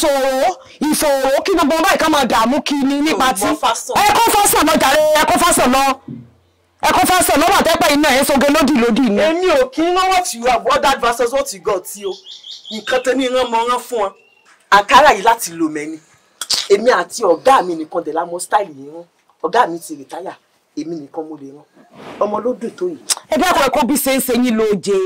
ìṣòro ìṣòro kí gbogbo báyìí ká máa dààmú kí ni nípa tí ẹkọ fásán lọ jàre ẹkọ fásán lọ ẹkọ fásán lọ wà tẹpẹ iná ẹ sọgẹ lódì lódì ni. èmi ò kí ń lọ́wọ́ tí wà bọ́dà versus what you got tí o nǹkan tẹ́ ní ìran mọ ọ̀rán fún ọ àkàrà yìí láti lò mẹ́ni èmi àti ọ̀gá mi nìkan dẹ̀ lámọ stáìlì yìí rán ọ̀gá mi ti rìtáyà èmi nìkan mo lè rán ọmọ ló dùn tó yìí. ẹ dákun ẹkọ bí ṣe ń ṣe yín lóje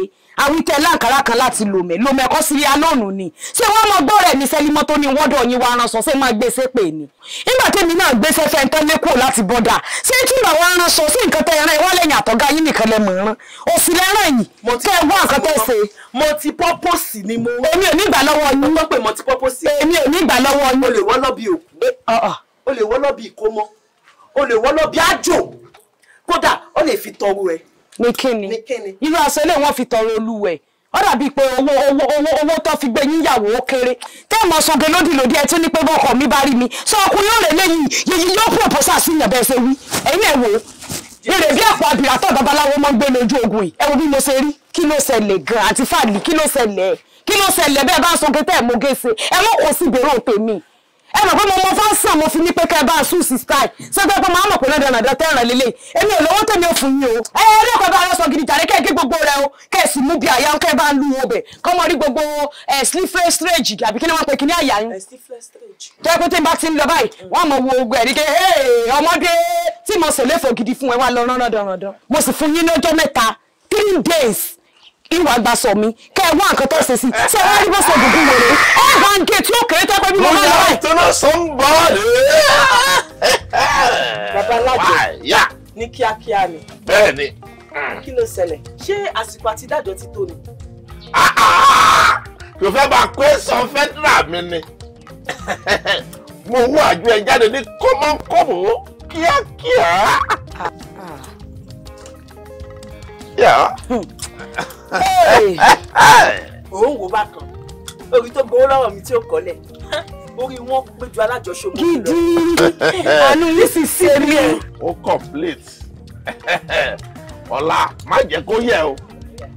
àwítẹ láǹkàrà kan láti lòmẹ lòmẹ kọ sí alọ́ọ̀nù ni ṣé wọ́n mọ gbọ́ rẹ̀ ní sẹ́límọ́ tó ní wọ́dọ̀ yín wa ránṣọ ṣé máa gbé sépè ni nígbà tẹ́mi náà gbé sẹ́fẹ́ ń tẹ́lẹ̀ kúrò láti bọ́dà ṣé kí ìgbà wọn ránṣọ sí nǹkan tẹ́ ẹran ìwọ́lẹ̀ yìn àtọ́gá yín nìkan lẹ mọ̀ọ́rán òsì lẹ́ràn yìí kẹ́ ẹ wọ́n nǹkan tẹ́ ṣe. mo ti pọ́pọ́sì ni mo. èmi ò ní gbà lọ́wọ́ yín. mo pè mo ti pọ́pọ́sì. èmi ò ní gbà lọ́wọ́ yín. o lè wọ́ ní kíni irú aṣọ ilé wọn fi tọrọ o ó dàbí pé owó owó owó owó tó fi gbé yín o ó kéré tẹ́ ẹ̀ mọ̀ sọ́gbẹ́ lódì lòdì ẹ̀ tún ní pé bọ́kọ̀ mi bá rí mi sọ ọkùnrin yóò rè léyìn yèyí yóò pòpọ́sà sí ìyàbẹ̀ ṣe wí ẹ̀yin ẹ̀ wò ó èrè bí àpò àbìrà tó babaláwo mọ́ ń gbé lójú ogun yìí ẹ wo bí mo ṣe rí kí ló ṣẹlẹ̀ gan àti fàlì kí ló ṣẹlẹ̀ kí ló ṣẹlẹ̀ bẹ́ẹ̀ bá sọ pé tẹ́ ẹ̀ mo gé ṣe ẹ mọ̀ kó sì bèrè òpè mi ẹ mọ̀ pé mo mọ fọ́nsán mo fi ní pé kẹ́ẹ̀ bá sùn sí style sọ́gbẹ́ pé màá mọ̀ pé lọ́dọ̀ ọ̀nàdọ̀ tẹ́ ẹ̀ràn lélẹ̀ èmi ò lówó tèmi ò fún yín o. ẹ ẹ lóko bá wọn sọ gidi jàre kẹ́ẹ̀kẹ́ gbogbo rẹ o kẹ́ẹ̀ sì mú bí àyà o kẹ́ẹ̀ bá lu wo bẹ̀ kọ́ mọ rí gbogbo ẹ̀ sleeve strange àbí kí ni wọ́n pe kí ni àyà yín. jẹ́ pé tí n bá ti ń lọ báyìí mm. wọ́n mọ̀ wo ogun ẹ̀rí ké ọmọdé tí mo sì léfò gidi fún ẹ wá lọ rán rán dandan mo sì fún yín lọ́jọ́ mẹ́ta three days ìwà gba sọ mi kẹ́ ẹ wá nǹkan tó ṣe sí ṣé wọ́n rí bọ́sọ̀ gùngùn wèrè ẹ bá ń gé tí ó kéré tó pé bí mo máa lọ. mo yà tó náà sọ ń bọ̀ ọ́ lè. babalájọ ní kíákíá ni. bẹ́ẹ̀ni. kí ló ṣẹlẹ̀ ṣé àsìkò àti dájọ́ ti tó ni. kò ah, ah. fẹ́ bá pé sọ fẹ́dúrà mi ni mo wú àjọ ẹ jáde ní kọ́mọ́kọ́mọ́ kíákíá. Ah, òun wò bá kan orí tó gbowó lọ́wọ́ mi tí ó kọ́lẹ̀ orí wọn péjú alájọṣogbo lọ. gidi àánú yìí sì sí èmi ẹ. ó complete ọ̀la má jẹ́ kó yẹ o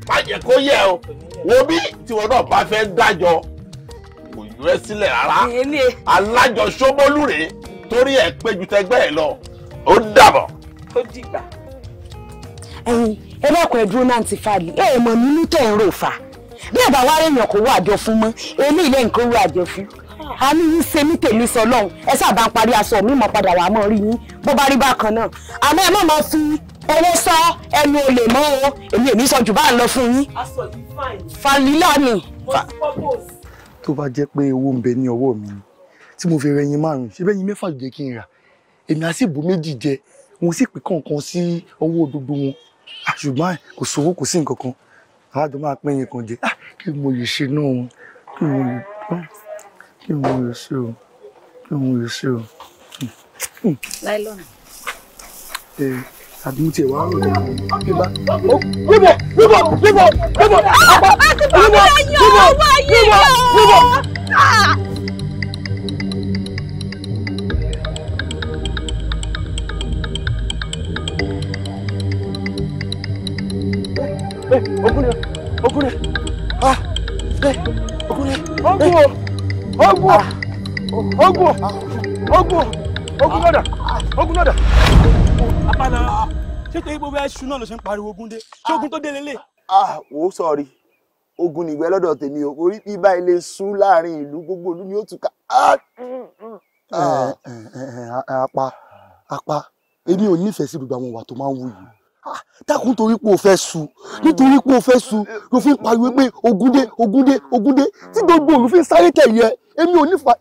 má jẹ́ kó yẹ o wo bí tiwọn náà bá fẹ́ dájọ́ kò yú ẹ sílẹ̀ rárá alájọṣogbo rèé torí ẹ péjú tẹgbẹ́ ẹ lọ ó dàbọ̀. ó dìgbà. ẹyin ẹ dákun ẹ dúró náà ti fa lè ẹ mọ̀ nínú tẹ̀ ń rò fà bí ẹ bá wá rẹ̀ yàn kó wà jọ fún mọ́ eléyìí lẹ́yìn kó wà jọ fún a ní yín ṣe mí tèmi sọ lọ́hùn ẹ sábà ń parí aṣọ mi mọ̀ padà wà á mọ̀ rí yín bó bá rí bákan náà àmọ́ ẹ má máa fi owó sọ ẹnu olè mọ́ o èmi èmi sọ jù bá ń lọ fún yín. aṣọ yìí fine. falila ni. tó bá jẹ́ pé owó ń bẹ ní ọwọ́ mi ni tí mo fi rẹyin márùn-ún ṣe bẹ́yìn mẹ́fà jẹ́ kí n rà èmi á sì bù méjì jẹ wọn sì pín kọ̀ọ̀kan sí owó gbogbo wọn ṣùgbọ́n kò sówó kò sí nǹkan kan àwọn àjọ máa pín yín kan jẹ ah, kí mo lè ṣe náà o kí mo lè ah, kí mo lè ṣe o kí mo lè ṣe o. Hmm. láìlọ́nà. ẹ hmm. eh, àbí tiẹ̀ wá rò ó bí bá. wíwọ wíwọ wíwọ wíwọ àpá wíwọ wíwọ wíwọ wíwọ. ogun ni ogun ni ah ogun ni ogun o ogun o ah. ogun o ogun o ogun lọ́dà ogun lọ́dà. abala ṣé torí gbogbo ẹṣu náà ló ṣe ń pariwo ogun dé ṣé ogun tó dé lélẹ̀. ah wò ó sọ̀rí ogun nìgbẹ́ lọ́dọ̀ tèmi o orí bíbá ilé sùn láàrin ìlú gbogbo ìlú ni ó tún ká. apá ah! eh, eh, eh, apá èmi ò nífẹ̀ẹ́ sí gbogbo àwọn ìwà tó Ah, dákun torí pé o fẹ́ su nítorí pé o fẹ́ su ló fi ń pariwo pé ogúndé ogúndé ogúndé tí gbogbo òun fi ń sáré tẹ̀lé ẹ èmi ò nífẹ̀ẹ́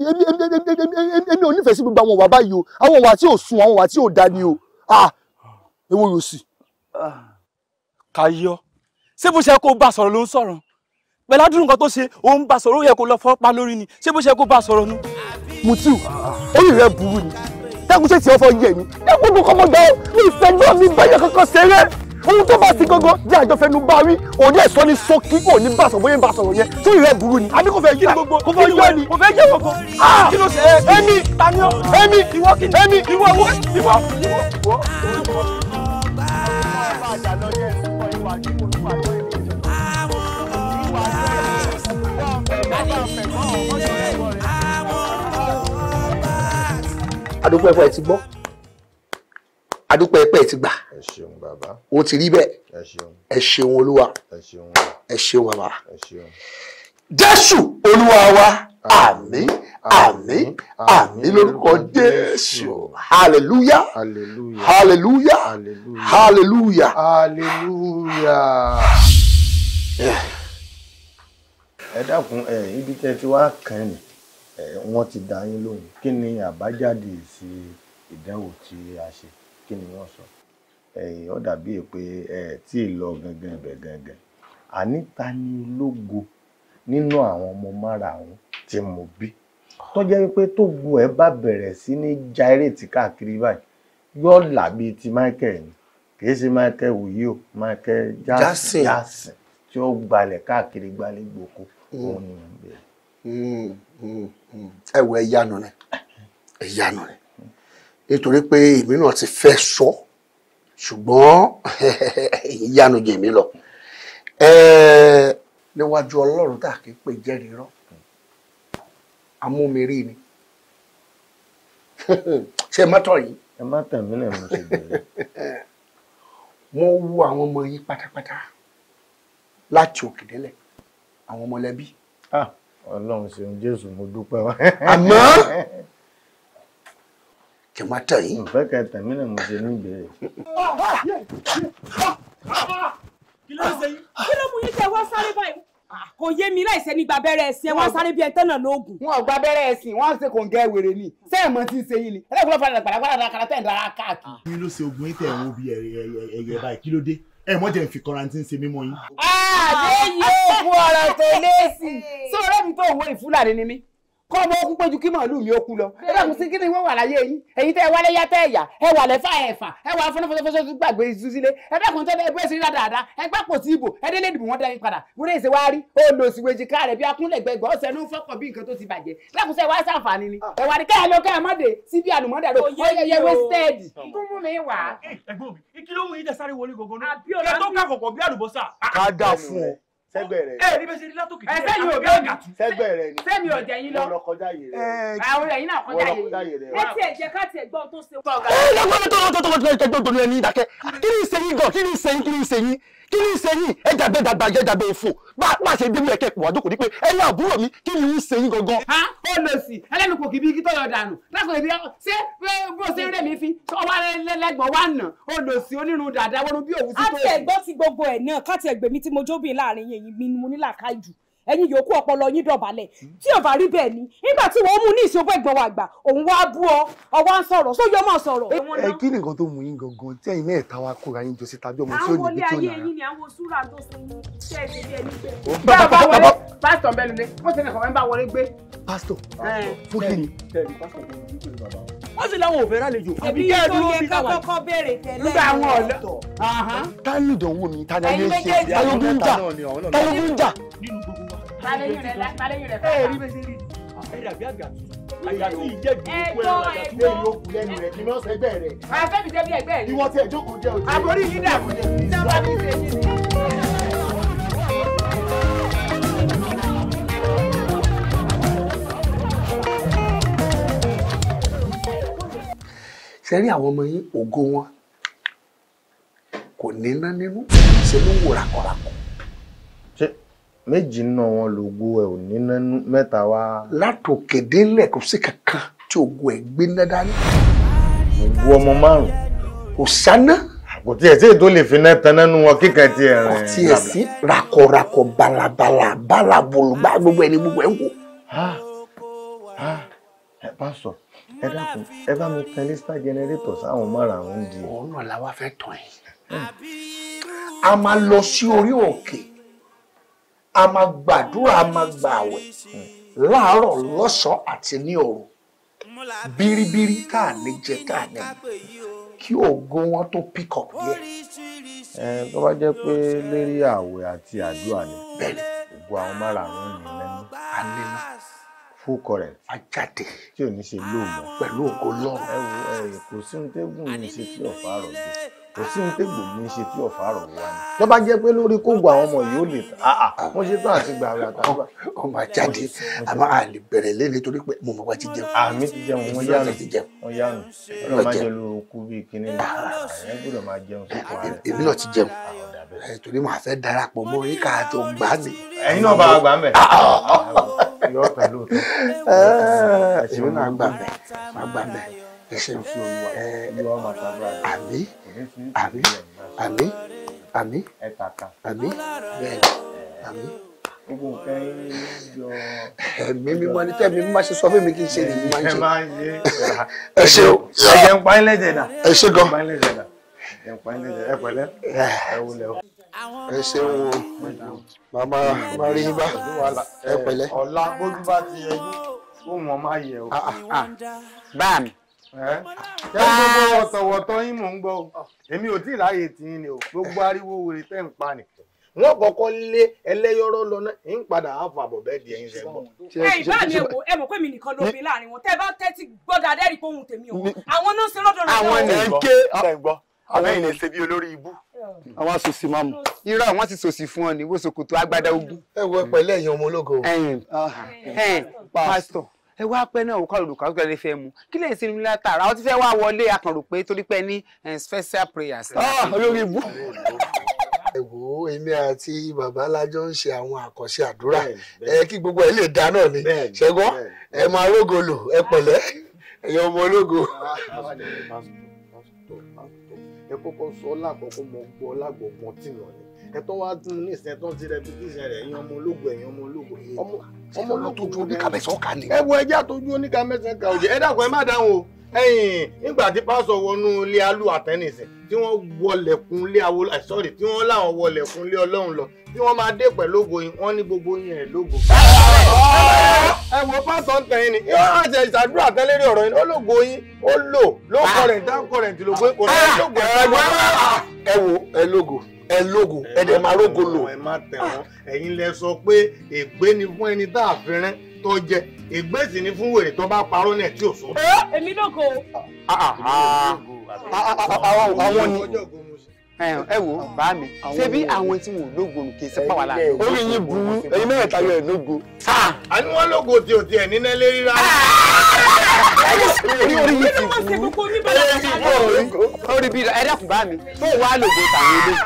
sí gbogbo àwọn ìwà báyìí o àwọn ìwà tí ò sun àwọn ìwà tí ò da ni o ah, ewo yóò sì. kàyọ ṣé bó ṣe kó bá sọ̀rọ̀ ló ń sọ̀rọ̀ pẹ̀lú àdúrà nǹkan tó ṣe òun bá sọ̀rọ̀ ó yẹ kó lọ fọ́ pa lórí ni ṣé bó ṣe kó bá sọ̀rọ̀ nu. mutiu orí rẹ burú ni dákun ṣe ti ọfọ yẹ mi dákun kò kọmọ gbà ó ní ìfẹnú mi báyọ kankan ṣeré ohun tó bá sí gangan jẹ àjọfẹnu bá wí òní ẹsọ ní ṣókí òní bá sọ bóyá bá sọ̀rọ̀ yẹn tó ìrẹ burú ni àbí kò fẹ́ yí gbogbo kò fẹ́ yọ ni kò fẹ́ yẹ gbogbo kí ló ṣe é ẹmí tani ọ ẹmí ìwọ kí ẹmí ìwọ ìwọ ìwọ ìwọ. Thank you adúpẹ́ pẹ́ ti gbọ́ adúpẹ́ pẹ́ ti gbà ó ti rí bẹ́ẹ̀ ẹ ṣeun olúwa ẹ ṣeun bàbá jésù olúwa wa àmín àmín àmín lórúkọ jésù hallelujah hallelujah hallelujah hallelujah. ẹ dákun ẹ ibi tẹ́ ti wá kàn mí wọ́n ti dá yín lóhùn kí ni àbájáde èsì ìdánwò tí a ṣe kí ni wọ́n sọ ó dàbí pé ẹ tí ì lọ gangan ibẹ̀ gangan àní ta ni ológo nínú àwọn ọmọ márààrún tí mo bí tó jẹ́ wípé tó gun ẹ̀ bá bẹ̀rẹ̀ sí ní gyrate káàkiri báyìí yóò là bíi ti Michael ni kì í ṣe Michael wuyi o Michael Jackson Jackson tí ó gbalẹ̀ káàkiri gbalẹ̀ gbòkó mm. òun ni mo bẹ̀rẹ̀. Mm, mm ẹ wọ ẹyánu rẹ ẹyánu rẹ nítorí pé èmi náà ti fẹ́ sọ ṣùgbọ́n ìyanu jẹ mí lọ níwájú ọlọ́run tá a kì í pè jẹ́rìí rọ́ amúmirí ni ṣe mọ́tò yìí. ẹ má tàn mí náà mo ṣe bẹ̀rẹ̀. wọ́n wú àwọn ọmọ yín pátápátá láti òkè délẹ̀ àwọn ọmọlẹ́bí. Ah ọlọ́run ṣeun jésù mo dúpẹ́ wá. àmọ́ kì í má tẹ̀ yín. ǹfẹ́ kẹ tẹ̀mí náà mo ṣe níbẹ̀rẹ̀. kí ló ń ṣe yín. kí ló mú yín tẹ wá sáré báyìí kò yé mi láìsẹ ní gba abẹ́rẹ́ ẹ̀sìn ẹ wọ́n sáré bí ẹtẹ́ náà lóògùn. wọn ò gba abẹ́rẹ́ ẹ̀sìn wọn ṣe kò ń gẹ wèrè ni sẹ́yìn mọ tí ń ṣe yín ni ẹlẹ́gbẹ̀rún fara dàgbàdàgbàdà ẹ mọ jẹ fi kọrantin ṣe mímọ yín. àlẹ́ ah, ah, yìí ó fún ọ̀rọ̀ tó lé sí i sórí mi tó wọ ìfúlàní ni mí kọ́ ọmọ okun péjú kí màálù mi ó kú lọ ẹ dàgbọ́n sí kí ni wọ́n wà láyé yín ẹ̀yin tẹ́ ẹ wálé yá tẹ́ ẹ̀yà ẹ wà lẹ́fà ẹ̀fà ẹ wà fọ́nàfọ́sọ́fọ́sọ́ tó gbàgbé iṣu sílé ẹ dàgbọ́n tẹ́ ẹ bẹ́ẹ̀ sí dáadáa ẹ gbà pò sí ibò ẹ délé ìdìbò wọn dá padà wúlé ìṣe wá rí ó lò sí ká rẹ̀ bí akúnlẹ̀gbẹ̀gbọ̀ ọ̀sẹ̀ ló fọ́kọ̀ bí nǹkan tó ti bàjẹ́ dàgbọ́n sẹgbẹ rẹ ẹ rí bẹ ṣe rí látòkè ẹ sẹmi ò bẹ́ẹ̀ gàtú sẹgbẹ rẹ ni sẹmi ò jẹyin lọ wọlọ kọjá yìí rẹ àwọn ẹyin náà kọjá yìí rẹ ẹ tiẹ̀ jẹ́ ká tiẹ̀ gbọ́ tó ṣe. ẹ lọ́gbọ́n mi tó tó tó tó tó tó tó tó tó ní ẹni dákẹ́ kí ni ìsẹyìn gan kí ni ìsẹyìn kí ni ìsẹyìn kí ni ṣe yín ẹ jàgbé dàgbà jẹ jàgbé èfò bá a ṣe bí mi ẹkẹ pò àjókòó ni pé ẹni àbúrò mi kí ni ń ṣe yín gangan. a ó lọ sí ẹlẹ́nu kò kì í bí kí tọ́yọ̀ dànù lákòó ibi ṣé bó ṣe rẹ̀ mi fi ọwọ́ ẹlẹ́gbọ̀n wà nà ó lọ sí onírun dàda wọnú bí òwú sí tó. àti ẹ̀gbọ́n ti gbogbo ẹ̀ náà káti ẹ̀gbẹ́ mi tí mo jóbìn láàrin yẹn mi ni mo ní làákàjù ẹ̀yin yòókù ọpọlọ yín dọ̀bálẹ̀ tí ò bá rí bẹ́ẹ̀ ni nígbà tí wọ́n mú ní ìṣòwò ẹ̀gbọ́n wa gbà òun wá bú ọ ọwọ́ ń sọ̀rọ̀ sóyọ́ mọ̀ sọ̀rọ̀. ẹ kí ni nǹkan tó mú yín gangan tí ẹ̀yin náà ta wá kóra yín jọ sí tàbí ọmọ tí ò ní ibi tó náà. pásítọ̀ bẹ́ẹ̀ ni pásítọ̀ wọ́n sì láwọn ò fẹ́ rálejò. àbí kẹ́ ẹ dúró bí táwa kọ́kọ́ béèrè tẹ́lẹ̀ nígbà àwọn ọ̀lẹ́. tálù ìdánwò ni tálù ayé ṣe tálógún jà tálógún jà. tálẹ́yìn rẹ̀ tálẹ́yìn rẹ̀ fẹ́ẹ́ rí bẹ́sẹ̀ àbórí yìí dàbò jẹ́. sábà ní ìṣèjì ni. ṣe rí àwọn ọmọ yín ògo wọn kò níná nínú ṣe ló ń wò rakọrakọ. ṣé méjì nínú wọn lògo ẹ ò níná mẹ́ta wá. látòkè délẹ̀ kò sí kankan tí ògo ẹ gbéná dání. ògo ọmọ márùn. kò sáná. kò tiẹ̀ sí ètò lè fi náà taná nu wọn kíkan tiẹ̀ rẹ̀. kò tiẹ̀ sí rakọrakọ balabala balabolo gbá gbogbo ẹni gbogbo ẹ ń wò. ẹ bá sọ̀rọ̀ ẹ dákun ẹ bá mi tan lista generator sáwọn márààrún di. òun náà la wá fẹ́ tàn ẹ́. a máa lọ sí orí òkè a máa gbàdúrà a máa gbà àwẹ̀ láàárọ̀ lọ́sàn-án àti ní òru bíríbírí tá à ní jẹ tá à ní kí ògo wọn tó pick up díẹ̀. ẹ tó bá jẹ́ pé lérí àwẹ̀ àti àdúrà ni ògo àwọn márààrún ní lẹ́nu. a lè lọ full current. ajáde. tí ò ní ṣe lóòmù. pẹ̀lú ògo lọ́rùn. ẹ wo ẹ kò sí ohun tẹ́gùn ní ṣe tí ọ̀fà rọ̀ jù kò sí ohun tẹ́gùn ní ṣe tí ọ̀fà rọ̀ wá ni. tó jẹ́ pé lórí kóògùn àwọn ọmọ yìí ó lè tà wọ́n ah, ah, ṣe tán àti gbà rà tàbí. ọmọ ajáde a máa lè bẹ̀rẹ̀ lẹ́ni torí pé mo máa wá ti jẹun. àmì ti jẹun wọ́n yá mi wọ́n yá mi ọlọ́run máa jẹ lóru kú bíi kinní ni ah. ẹ gbọ́dọ̀ máa jẹun sípò rẹ̀. Eh, torí màá fẹ́ darapọ̀ mọ́ yín ká tó gbà ẹ̀yin náà bá a gbà mẹ́ lọ́ọ̀tà lóòótọ́ ẹ̀sìn náà gbà bẹ̀ má gbà bẹ̀ ẹ̀sẹ̀ ń fi olùwà yọ ọmọ àtàbà àmì àmì àmì àmì àmì bẹ́ẹ̀ àmì. gbogbo nǹkan yọ. ẹ̀mí mímọ́ ní tẹ́ẹ̀mí mímọ́ ṣe sọ fún mi kí n ṣe ní mímọ́ ṣe. ẹ máa ń ṣe ẹ ṣe o. ẹ jẹun pa ẹ lẹ́jẹ̀ dà. ẹ ṣe gan. ẹ jẹun pa ẹ lẹ́jẹ̀ dà. ẹ pẹ̀lẹ́ ẹ wọlé o ẹ ṣeun màmá marí bá ẹ pẹ̀lẹ́. ọ̀la bójú bá ti yẹjú kó wọn má yẹ o. Ah, ah, ah. bá mi. ṣé gbogbo wọ̀tọ̀wọ̀tọ̀ yín mò ń gbọ́ o èmi ò tí ì láàyè tì í ni o gbogbo ariwo wèrè tẹ́ ń pa nìkan wọn kọ́kọ́ lé ẹlẹyọrọ lọ náà ń padà àfọ àbọbẹ di ẹyin rẹ bọ. ẹ ìbá mi ẹwọ ẹ pé mi nìkan ló láàrin wọn tẹ́ bá tẹ́tí gbọ́dọ̀ adẹrin pé ohun tèmi o àwọn náà ṣe lọ́dọ̀ rẹ. àwọn nìkan ń ké àbẹ́yìn lè ṣe bí olórí ibú. àwọn asòsì máa mú. irọ́ àwọn sì sòsì fún ọ ní wọ́n ṣòkòtò agbádá ogun. ẹ wọ pẹ̀lú ẹ̀yin ọmọ ológo. pásítọ̀ ẹ wá pẹ́ náà òkà olùkọ́ àgbà lè fẹ́ mu kí lè sinmi látara ọ ti fẹ́ wá wọlé akànrò pé torí pé ní special prayers. olórí ibú ẹ̀wò èmi àti bàbá lájọ ń ṣe àwọn àkànṣe àdúrà ẹ kí gbogbo ẹ lè dá náà ni ṣẹgbọ́n ẹ máa rógolo ẹ pẹ̀lẹ́ ẹ̀yọ́ ọmọ ológo ẹ kọ́kọ́ sọ lákọ̀ọ́kọ́ mọ gbọ́ lágbọ̀gbọ́n tì náà ni ẹ tó wá dún ní ìsìn ẹ tó ń ti rẹpitíṣẹ rẹ ẹ̀yin ọmọ ológun ẹ̀yin ọmọ ológun ọmọ ológun tójú oníkàmẹsàn ọkà ni. ẹ wo ẹjẹ àtọjú oníkàmẹsàn kà òjì ẹ dàgbọ́ ẹ má dáhùn o ẹ̀yin nígbà tí pásọ wọnú ilé alú àtẹnìsìn tí wọ́n wọlẹ̀kùn ilé awo sọ́ọ̀rì tí wọ́n láwọn wọlẹ̀kùn ilé ọlọ́run lọ tí wọ́n máa dé pẹ̀lú ògo yín wọ́n ní gbogbo yín ẹ̀ lógo ẹ wo pásọ tẹ̀ yín ni yóò hàn ṣe ìṣàdúrà tẹ́lẹ̀ rí ọ̀rọ̀ yín ó lògbó yín ó lò ló kọrẹ̀ dá kọrẹ̀ tí lògbó kò rẹ̀ lògbó ẹ wo ẹ lògbó ẹ lógo ẹ dẹ̀ máa rógo lò. ẹ má tẹ̀ wọ́n ẹ̀yin lẹ sọ pé ègbé ni fún ẹni tá a fi rán tó jẹ ègbé sì ni fún wèrè tó bá parọ́ náà tí ò sọ. èmi lógo. àwọn ni ẹ wo bá mi ṣé bí àwọn tí wọn ò lógo ní kí n sẹpá wà láàrin. orí yín burú ẹ̀yin mẹ́rin tayọ ẹ lógo. àní wọn lógo tí o ti ẹ níná lé rírà. orí orí yìí ti burú orí bí ẹ dẹ́kun bá mi tó wàá lògo tàwọn ilé.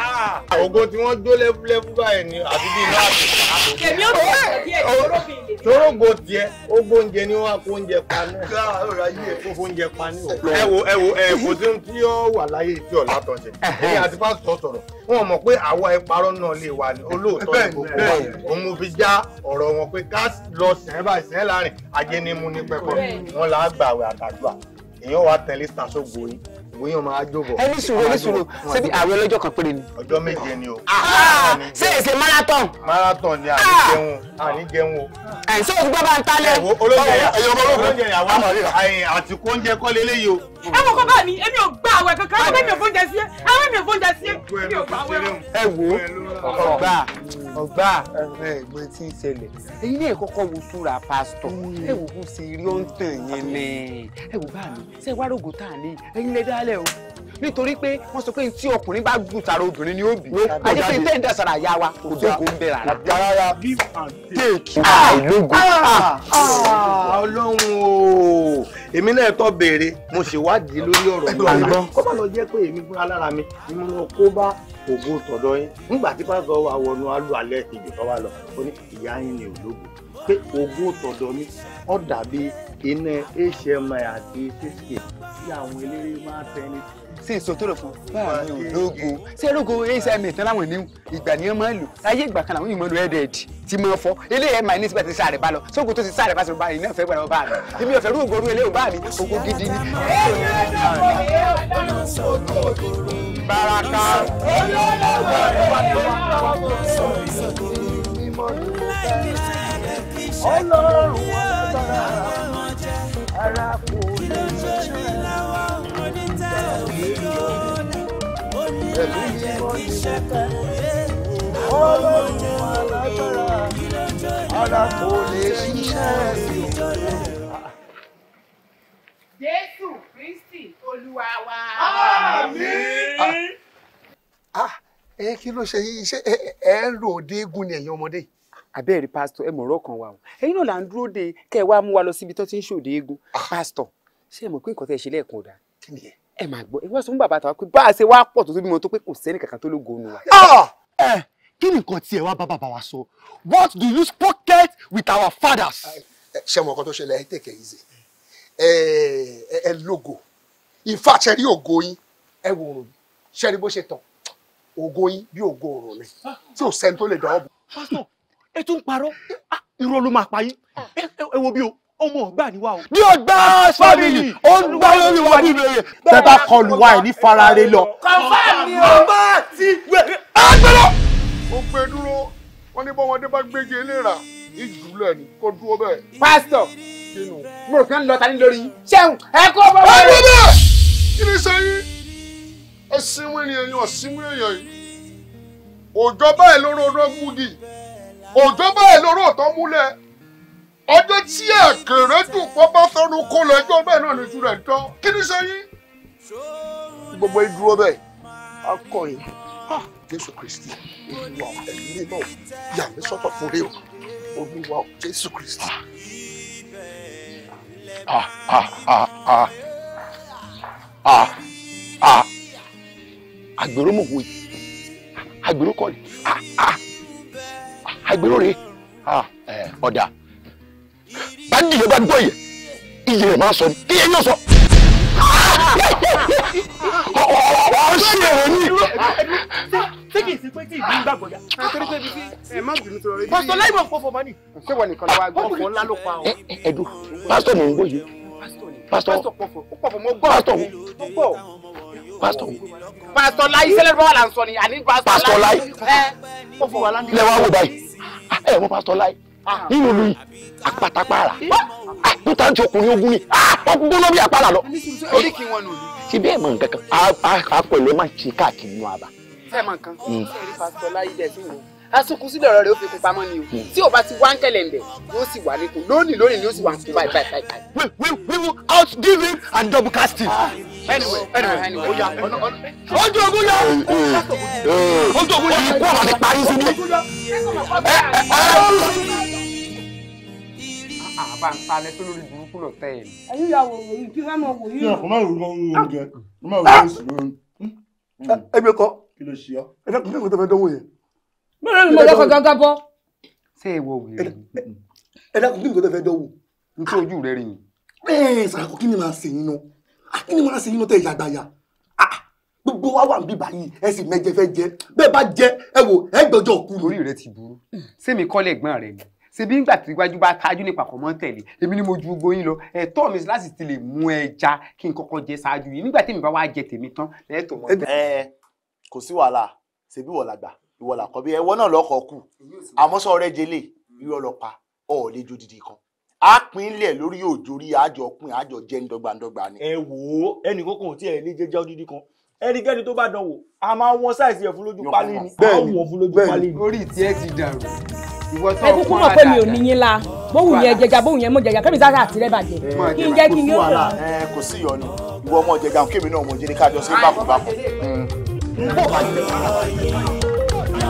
ògo tí wọ́n jó lẹ́fúlẹ́fú báyìí ni àti bí iná àti. èmi ò tó díẹ̀ torógo tiẹ̀ ó gbóúnjẹ ni wọn kó oúnjẹ pa náà. ẹ wo ẹ wo ẹ kò sí ohun tí yóò wà láyé tí ọ̀la tọ̀ ṣe pásítọ̀ sọ̀rọ̀ wọn mọ̀ pé àwa ìparọ́ náà lè wà ní olóòótọ́ ní gbogbo wa òun fi já ọ̀rọ̀ wọn pé ká lọ sẹ́ẹ̀ báyìí sẹ́ẹ̀ láàrin ajé ni mu ní pẹ́pọ́ wọn là á gbàwé àtàdúrà èèyàn wa tẹ̀lé sàṣọ́gbó yìí bóyá máa jó bọ̀. ẹni sùúrù ẹni sùúrù ṣebí ààrẹ ọlọ́jọ́ kan péré ni. ọjọ́ méje ni o. Ah, ah, ṣé èsè marathon. marathon ni àní ah! jẹun àní jẹun o. ẹ̀ ṣé o ti gbọ́ bá ń talẹ̀. olóyè olóyè àtìkú oúnjẹ kọ́ lélẹ́yìí o. ẹ wọ kọ́ bá mi èmi ò gbà àwẹ̀ kankan àwọn èmi ò fóúnjẹ sí ẹ àwọn èmi ò fóúnjẹ sí ẹ mi ò gbà àwẹ̀. ẹ wo ọgbà ọgbà ẹgbẹ tí ń ṣẹlẹ̀ èyí ní ìkọkọ wo súra pásítọ̀ mm. ẹ wò ó sì rí ọǹtàn yẹn ní ẹ wò bá mi ṣe wá rògùn tá à ní ẹ̀yin lẹ dálẹ̀ o nítorí pé wọ́n sọ pé tí ọkùnrin bá gùn tara obìnrin ni ó bì àti pé tẹ́ ń dàsára àyà wa kò dóko ń bẹ rárá. give and take ah! Ah! Ah! ọlọ́run o èmi náà tó béèrè mo ṣèwádìí lórí ọ̀rọ̀ mi. kó má lọ jẹ́ pé èmi fúnra lára mi ni mo kó bá ògo tọ̀dọ̀ yín nígbà tí pásítọ̀ wà wọnú alú alẹ́ kejì tó wà lọ ó ní ìyá yín ni ológo pé ògo tọ̀dọ̀ mi ó dàbí iná hmi àti fiske tí àwọn eléré máa tẹni ṣe sotoro fún báàmì ológun sẹ́rọ̀gò asm tán láwọn ní ìgbà ni wọ́n máa lò láyé ìgbà kan àwọn ìmọ̀lù ẹ̀ẹ́dẹ̀ẹ̀dì ti máa fọ́ eléyẹ̀ máa ní síbẹ̀ ti sáré bá lọ sóògùn tó ti sáré bá sọ báyìí náà fẹ́ gbọ́dọ̀ bá mi ọ̀fẹ́ rúgbò rú eléyìí bá mi gidi ni. baraka ọlọ́run ọ̀sán ara kò. ọlọ́run ah, kí ló ṣe yín ẹ ń rò ni ẹ̀yin ọmọdé pásítọ̀ ẹ kan wa o ẹ̀yin náà là ń dúró de kẹ́ ẹ wá mú wa lọ síbi tó ti ń ṣòde ah. pásítọ̀ ṣé ẹ mọ̀ pé nǹkan ẹ ṣe lẹ́ẹ̀kan ọ̀dà kí ni ẹ ẹ máa gbọ́ ẹ sọ fún bàbá tàwa pé bá a ṣe wá pọ̀ tó tó bímọ tó pé kò sẹ́ni kankan tó lógo nu wa. ẹ ah! ah! eh, kí ni nǹkan tí ẹ wá bá bàbá wa sọ what do you pocket with our fathers. Ah, eh, ṣé mo kàn tó ṣẹlẹ̀ ẹ tẹ̀kẹ̀ yìí ṣe ẹ lógo ìfà ṣẹ́rí ògo yín ẹ wò òrùn ṣẹ́rí bó ṣe tàn ògo yín bí ògo òrùn ni tí ò sẹ́ni tó lè dán ọ́ bù. pásítọ̀ ẹ tún parọ́ irọ́ ló máa pa yín ẹ wo bí o ọmọ ọgbà ni wa o. ní ọgbà family ó ń gbá lórí wa nínú eré tẹ́tà kọlù wa ẹ̀ ní farare lọ. kọ́fàmì o bá ti gbé. agbẹ́rọ. ó gbé e dúró wọn ní bọ́mọdé bá gbéje léra ìjùlẹ̀ ni kó dúró bẹ́ẹ̀. pásítọ̀ mo rò pé ń lọ ta ní lórí ṣẹ́hùn ẹ kó bọ́ wọlé. ẹ gbọ́dọ̀ kí ni sẹ́yìn ẹ sinmi ènìyàn yìí ọ̀sinmi ènìyàn yìí òjò báyìí lóró ọdún gbùdì òjò báyìí lóró ọ̀tọ́ múlẹ̀ ọjọ́ tí àkèrè dùn pọ́ bá fẹ́nu kó lọ́jọ́ bẹ́ẹ̀ náà lójú rẹ̀ tán kí ni sẹ́yìn. gbogbo ìdúró bẹ́ẹ̀ á kọ̀ yín jésù kristi olúwa ẹ̀mí náà yà mí sọ́tọ̀ fún rẹ o olúwa jésù kristi. Ah, ah, ah, ah. Ah, ah. Àgbèrò mò ń wòye. Àgbèrò kọ́ ni. Ah, ah. Àgbèrò rèé. Ah, ẹ̀ ọ̀dà bá dìde bá dúpọ̀ yẹ iye rẹ̀ máa sọ ni kí ẹyin sọ. ọ̀ ṣe èrè ni. ṣé kìí sí pé tí ìlú ń gbàgbọ́ ya. àtẹ̀lé pé bíbí ẹ̀ má bínú tọrọ rẹ. pásítọ̀ láì mọ̀ pọ̀fọ̀ mọ́ni. ṣé wọ́n nìkan lọ́wọ́ àgbọ̀ ọ̀fọ̀ ńlá ló pa ọ́. ẹ̀dùn pásítọ̀ ni ń gbọ́ yìí. pásítọ̀ pọ̀fọ̀ pọ̀fọ̀ mọ́ gbọ́. pásítọ̀ pásítọ̀ pásítọ̀ láì sẹ́lẹ̀ bá wà là ń sọ ni àní pásítọ̀ láì. pásítọ̀ láì lẹ́wọ̀n á wò báyìí ẹ̀ wọ́n pásítọ̀ láì. Ah. nínú olú yìí àpàtàpàrà àkútà ah, ti ọkùnrin ogun ni wọ́n ah, gbóná bí àpàrà lọ. ṣe bí ẹ̀ mọ̀ nǹkan kan a pẹ̀lú ẹ̀ máa ṣe káàkiri nù àbá. ẹ̀ mọ̀ nǹkan hmm. ṣe é rí pásítọ̀ láyé dẹ̀ sí wo asunkun ọ̀rọ̀ rẹ̀ ó fi kun pamọ́ ni o tí o bá ti wá ń kẹlẹ̀ ńbẹ̀ yóò sì wà lẹ́kùn lónìí lónìí ni yóò sì wà ń kun báyìí báyìí we we we will outgive him and double cast him. Ah, ojú ogun yá eh, eh, eh. ojú ogun yá ikú ọ̀rọ̀ ni parí sí ni. àbá ah, ah, ń palẹ̀ tó lórí burúkú lọ tẹ̀ ẹ̀. ẹ̀yin yà wò wò máa wò yìí. ṣé àkùnmá ìrù máa ń wò kọ́ kí ló ṣe ọ́ lórí ni mo lọ́kọ̀ gángan bọ́. ṣé ẹ wọ wèrè. ẹ dákun kí ni kò tẹ́ fẹ́ dánwò. n tí ojú rẹ rí yìí. bẹ́ẹ̀ sàràkọ kí ni màá ṣe yín náà kí ni màá ṣe yín náà tẹ ìyá àgbàyà gbogbo wa wà níbí báyìí ẹ sì mẹjẹ fẹ́ jẹ bẹ́ẹ̀ bá jẹ ẹ wò ẹ gbọ́jọ́ kú. orí rẹ ti burú sẹ́mi kọ́lẹ̀ gbọ́n rẹ ni ṣebí ńgbà tí iwájú bá tajú nípa kọ̀ mọ́ tẹ̀lé èmi ni mo ju gbogbo yín lọ ẹ̀tọ́ mi láti ti lè mú ẹja kí n kọ́kọ́ jẹ ṣáájú yìí nígbà tí mi bá wá jẹ tèmi tán lẹ́ẹ̀tọ́ mọ́ tẹ̀lé. ẹ kò sí wàhálà ṣebí wọ̀ làgbà ìwọ làkọ́bí ẹwọ́ náà lọ́kọ̀ kù àmọ́ sọ rẹ jẹlé irú ọlọ́pàá ọ̀ lè jó didi kan a pinlẹ̀ lórí òjòrí àjọ pin àjọ jẹ́ ńdọ́gbandọ́gba ni. ẹ wò ó ẹnì kókò tí ẹ lè jẹjẹ odidi kan ẹnikẹ́ni tó bá dán wò a máa wọn sáìsì ẹ̀ fún lójú pálí ni a wọ̀ fún lójú pálí ni. orí tí ẹ ti dàrú ìwọ tó kún àdàdà. ẹ kúkú mọ̀ pé mi ò níyín la bóun yẹn jẹjà bóun yẹn mọ̀ jẹjà kẹ́mi sáà àti rẹ̀ bàjẹ́ kí n jẹ́ kí n yóò rẹ̀. kò sí ìyọnu ìwọ ọmọ jẹjà kémi náà mọ̀ jẹ́ ní kájọ sí bákùbákù.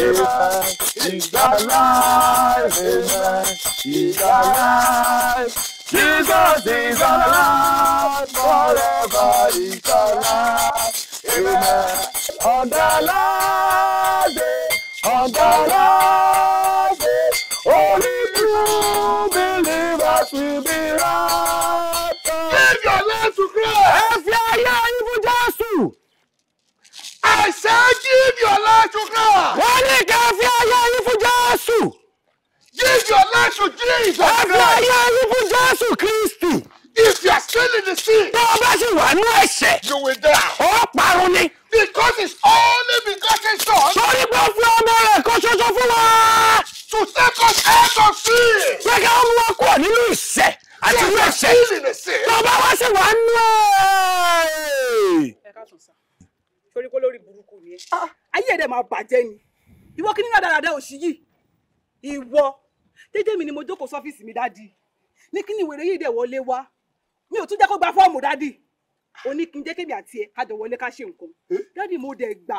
He's alive. He's alive. Amen. He's alive. Jesus is alive. Forever he's alive. Amen. On the last day, on the last àṣẹ́jìbì ọ̀làṣùkà. wọ́n ní kí a fi ayé yín fún jésù. jíjì ọ̀làṣù jíìsọ̀ kìrìsì. a fi ayé yín fún jésù kristi. If you are still in the sea, Tó o bá sì wà ní ẹ̀ṣẹ̀. You will die. Ó parun ni. Because it's only because it's son. Sori pé ó fi ọmọ rẹ̀ kan ṣoṣo fún wa. To take us out of sin. Pé ká ó mú wa kúrò nínú ìṣẹ̀ àti ìwé ẹ̀ṣẹ̀. Tó o bá wá sí wà nínú ẹ̀ torí pé lórí burúkú ni ẹ ah, ah. ayé rẹ máa bàjẹ́ ni ìwọ kí nínú àdáradá òṣì yìí ìwọ dédé mi ni mo jókòó sọ́fíìsì mi dádì ní kí ni ìwèrè yìí dẹ̀ wọlé wá mi ò tún jẹ́ kó gba fọ́ọ̀mù dádì òní kí n jẹ́ kébì àti ẹ̀ ká jọ wọlé ká ṣe nǹkan dádì mo dẹ̀ gbà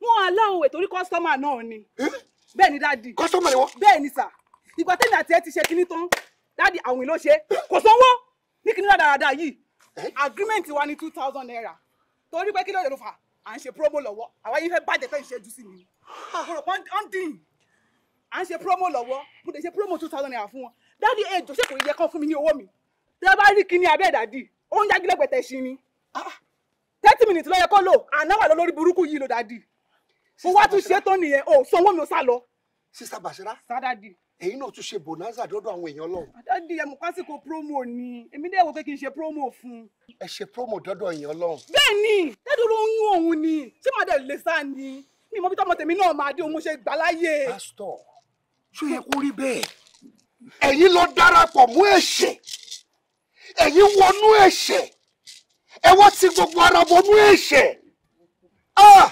wọn aláwọ̀ ètò orí kọ́sítọ́mà náà ni bẹ́ẹ̀ ni dádì kọ́sítọ́mà ni wọ́n bẹ́ẹ̀ ni sà ìgbà tẹ́mi àti ẹ ti ṣe kinní tán dádì àwìn ló ṣe kò sanwó ní kinní dáadáa yìí agreement wa ni two thousand naira torí pé kí ló lè lò fà à ń ṣe promo lọ́wọ́ àwa yìí fẹ́ bàjẹ́ fẹ́ ìṣẹ́jú sí mi ọ̀rọ̀ kan ń dín à ń ṣe promo lọ́wọ́ mo lè ṣe promo two thousand naira fún wọn dáàdi èjò ṣé kò yẹ kán fún mi ní owó mi tí wọ́n bá rí kinní abẹ́ dàdí ó ń jágílẹ̀gbẹ̀tẹ̀ ṣin ni ah. thirty minutes ló yẹ kó lò àná wà lórí burúkú yìí ló dàdí mo wá tún ṣe tó nìyẹn o sanwó mi ò sá lọ. sista Bashira. sá dàdí èyí náà tún ṣe bonanza dọ́dọ̀ àwọn èèyàn lọ́hùn. àdáńdì ẹmu pásíkò promo ni èmi dẹ́wọ̀ pé kí n ṣe promo fún. ẹ ṣe promo dọ́dọ̀ èèyàn lọ́hùn. bẹ́ẹ̀ ni dádùn ló ń yún òun ni ṣé màá dẹ̀ lè sá ni mi mọ bí tọmọ tèmi náà máa dé òun ṣe gbà láyè. pásítọ̀ ṣó yẹ kó rí bẹ́ẹ̀ ẹ̀yin lọ darapọ̀ mú ẹ̀ṣẹ̀ ẹ̀yin wọnú ẹ̀ṣẹ̀ ẹ wọ́n ti gbogbo ara wọnú ẹ̀ṣẹ̀ ah!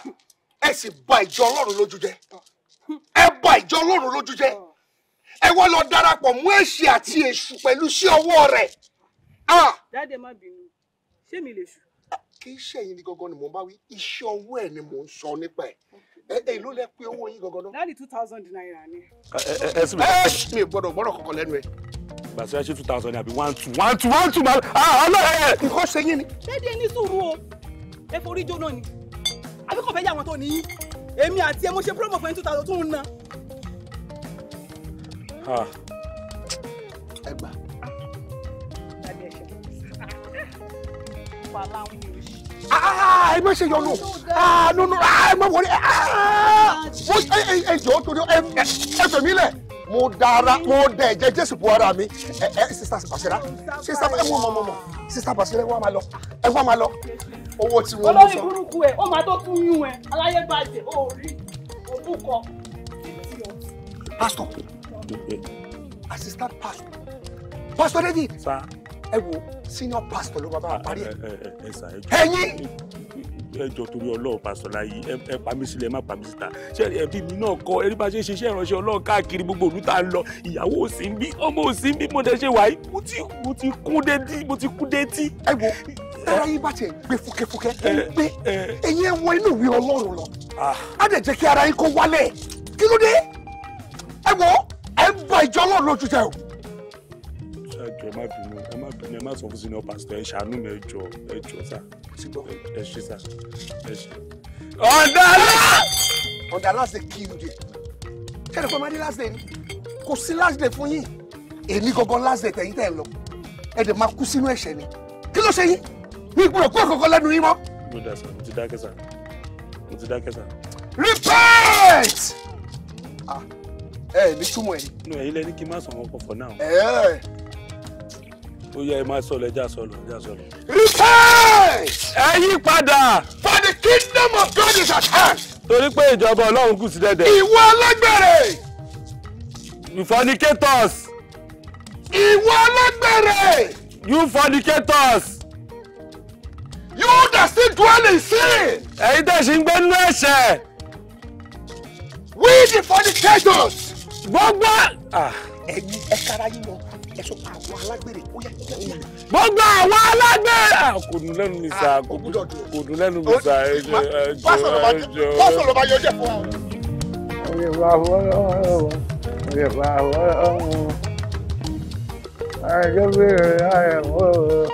ẹ sì bà ìjọ ọlọ́run lójú jẹ́ ẹ bà ìjọ ọlọ́run lójú jẹ́ ẹ wọ́n lọ darapọ̀ mú èsì àti èṣù pẹ̀lú sí ọwọ́ rẹ̀. dáadé má bínú ṣé mi lè ṣù. kì í ṣẹ̀yìn ní gangan ni mò ń bá wí iṣẹ́ ọwọ́ ẹ̀ ni mò ń sọ nípa ẹ̀ ẹ ló lẹ pé owó yín gangan náà. láti two thousand naira ni. ẹ ẹ mi gbọ́dọ̀ gbọ́dọ̀ kọ́kọ́ lẹ́nu ẹ. gbàtí ẹ ṣe two thousand àbí one two one two one two ah, ọlọ́rẹ́. nǹkan ṣe yín ni. dédé ní sùúrù o ẹ forí jóná ni àbíkọ̀ fẹ́ yà wọn tó nìyí ẹ gbà. Ah, ẹ má ṣe yọnu ah, nínú ah, ẹ má wọlé ẹ jọ torí ẹ fẹ̀mí lẹ̀ mo dara mo dẹ ẹ̀jẹ̀ Jésù bu ara mi ẹ ẹ sista Basira sista ẹ mọ mọ mọ sista Basira ẹ wá máa lọ ẹ wá máa lọ owó tí wọn mú sọ. olórí burúkú ẹ ó máa tó kún yún ẹ aláyé bàjẹ́ ó rí òbúkọ. pásítọ̀ bẹ́ẹ̀ assistant pastor pastor David ẹ wo senior pastor ló bá bá wa ah, parí ẹ eh, eh, eh, ẹ̀yin ẹjọ torí Ọlọ́run pásítọ̀ láyé ẹ pa mí sílẹ̀ ẹ má pa mí síta ṣé ẹbí mi náà kọ ẹ rí bá ṣe ń ṣiṣẹ́ ìránṣẹ́ Ọlọ́run káàkiri gbogbo òlú tá a lọ ìyàwó ò sí ń bí ọmọ ò sí ń bí mo dẹ ṣe wà yìí mo ti mo ti kún détí mo ti kún détí. ẹ wo tẹ́lá yín bá tiẹ̀ gbé fúkẹ́fúkẹ́ ẹ ń gbé ẹ̀yin ẹ wọ inú ìwé Ọlọ́run lọ á ah. dẹ̀ jẹ́ kí ara yín kó wálẹ̀ kí ló dé ẹ wọ́ ẹ ń bọ ìjọ Ọlọ́run lójú jẹ o. ẹ jọ̀ọ́ ẹ má bínú ẹ má bínú ẹ má sọ fún senior pastor ẹ ṣàánú mi ẹ jọ̀ọ́ ẹ jọ̀ọ́ sá ẹ ṣe sá ẹ ṣe. ọ̀dàlá. ọ̀dàlá last kí n jẹ kẹ́ni pé madi last day ni kò sí last day fún yín èmi gangan last day tẹ̀yìn tẹ̀ lọ ẹ dẹ̀ máa kú sínú ẹ̀ṣẹ̀ ni kí ló ṣe yín mi gbọ́dọ̀ kó àkọ́kọ́ lẹ́nu yín mọ́. mo dà sá mo ti dákẹ́ sá mo ti dákẹ́ sá. repent. Ah ẹ ní túmọ̀ ẹ̀. inú ẹ̀yin lẹ́ni kí n má sọ wọn pọ̀pọ̀ náà. ó yẹ ẹ máa sọ lọ ẹja sọ lọ ẹja sọ lọ. repent. ẹ yí padà. for the kingdom of God is at hand. torí pé ìjọba ọlọ́run kù sí dẹ́dẹ̀. ìwọ alágbèrè. you fornicators. ìwọ alágbèrè. you fornicators. you that still dwell in sin. ẹ̀yin tẹ̀sí ń gbé nínú ẹ̀ṣẹ̀. We the fornicators gbogbo ah, ẹ̀yin ẹ kára yín lọ ẹ sọ àwọn alágbèrè ó yá yá. gbogbo àwọn alágbèrè. Ah, ah, kò dùn lẹ́nu mi sá kò dùn lẹ́nu mi sá ẹ jọ ẹ jọ. bọ́sọ̀ ló bá yọjú ẹ̀ fún wa. oye wa wọ́rọ́ wọ́rọ́ oye wa wọ́rọ́ wọ́rọ́ ayẹyẹ bẹ̀rẹ̀ ayẹ wọ́rọ́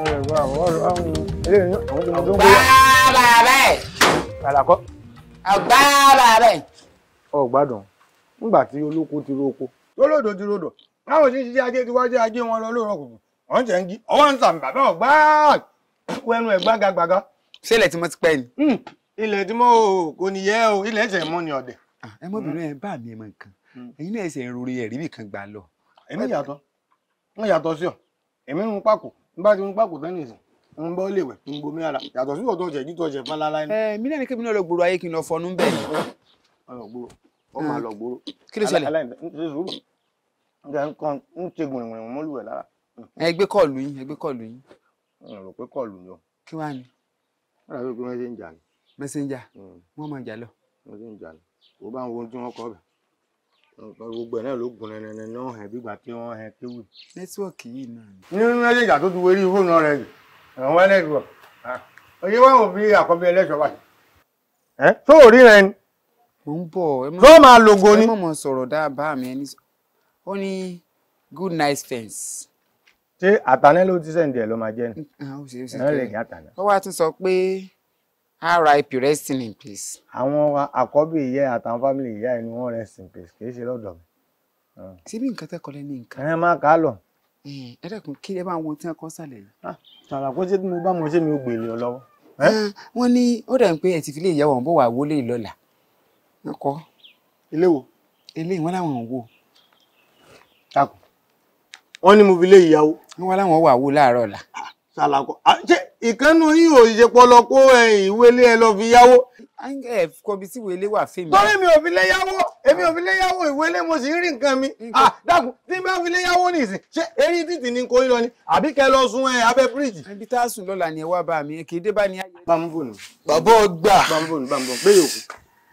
oye wa wọ́rọ́ wọ́rọ́ ilé ní àwọn tí mo dún bóyá. ọgbà bàbá ẹ̀. kàlàkọ́. ọgbà bàbá ẹ̀. ọgbàdùn. nígbà tí olóko ti roko lólòdò ti rodò láwọn tí ajé ti wájú ajé wọn lọ lóòrọ̀ kùkù wọ́n jẹ́ ń gí ọwọ́ ń sàmì bàbá ọ̀gbá ẹnu ẹ̀ gbágagbága. ṣé ilẹ̀ tí mo ti pẹ́ ni. Hmm. ilẹ̀ tí mo kò ní yẹ o ilẹ̀ ẹ̀sẹ̀ mọ́ ni ọ̀dẹ̀. Ah, ẹ bá mi mọ nǹkan hmm. ẹyin náà ẹsẹ̀ nìkan gbà lọ. èmi yàtọ̀ yàtọ̀ ọ èmi ń pàkó bá ti ó máa hmm. lọ gbòòrò kí ló ṣẹlẹ̀ nǹkan ń ṣe gbìnrìngbìnrìn mọ́lù ẹ̀ lára. ẹ gbé kọlù yín ẹ gbé kọlù yín. n rò pé kọlù ni o. kí wàá ní. wọ́n rà pé mẹ́sẹ̀njà ni. mẹ́sẹ̀njà hmm. wọ́n máa jà lọ. mẹ́sẹ̀njà ni wọ́n bá ń wo tí wọ́n kọ́ bẹ̀. gbogbo ẹ̀ náà ló gun nẹ́nẹ́nẹ́ náà hẹ̀ bí gbà tí wọ́n hẹ̀ kéwì. nẹ́tíwọ̀kì yìí náà ni. nínú mẹ́sẹ̀njà tó ti wérí fóònù rẹ̀ jù mo ń máa logo ni. ẹ mọ̀ mọ̀ sọ̀rọ̀ dábàá mi ẹni ó ní good nice fence. ṣé àtàná ló ti sẹ́ǹdì ẹ̀ ló máa jẹ́ ni. ẹ lè ní àtàná. ó wá tún sọ pé rip resting in peace. àwọn àkọ́bí ìyá àtàwọn fámìlì ìyá ẹ ni wọ́n rest in peace kì í ṣe lọ́dọ̀ mi. síbí nǹkan tẹ́kọ̀ọ́ lẹ́ni nǹkan. ẹ máa kà á lọ ẹ dẹkun kí ẹ bá ń wo tí wọn kọ sàlẹ̀ yìí. tààràkó ah, tí mo bá mọ ṣé mi ò gbèlè ọ lọ́wọ́. Ah, wọ́n ní ó dà ń pé ẹ ti fi lè yẹ wọn bó wà wọlé lọ́la ẹkọ eléwo eléyìí wọn làwọn ò wò. dàkú wọn ní mo fi lé ìyàwó. wọn làwọn wà wò láàárọ̀ ọ̀la. Ah, ṣàlàkọ ah, ṣé ìkànnì yìí ò ṣe pọlọ kó ìwé lé ẹ lọ fi yáwó. ẹ kọbi tí ìwélé wà fèmí. tọ́lá mi ò fi lé yáwó èmi ò fi lé yáwó ìwélé mo sì ń rí nǹkan mi. Ah, dàkú tí n bá fi lé yáwó nìsín ṣé eré títì ni kò ń lọ ni àbí kẹ lọ sun ẹ abẹ bíríìjì. ibi tá a sùn lọ́la ni ẹ wá bá mi kì í dé bá ní ayé. bàmúbò nù. bàbá ọgbà. bàmúbò nù bàmúbò nù pé yòókù.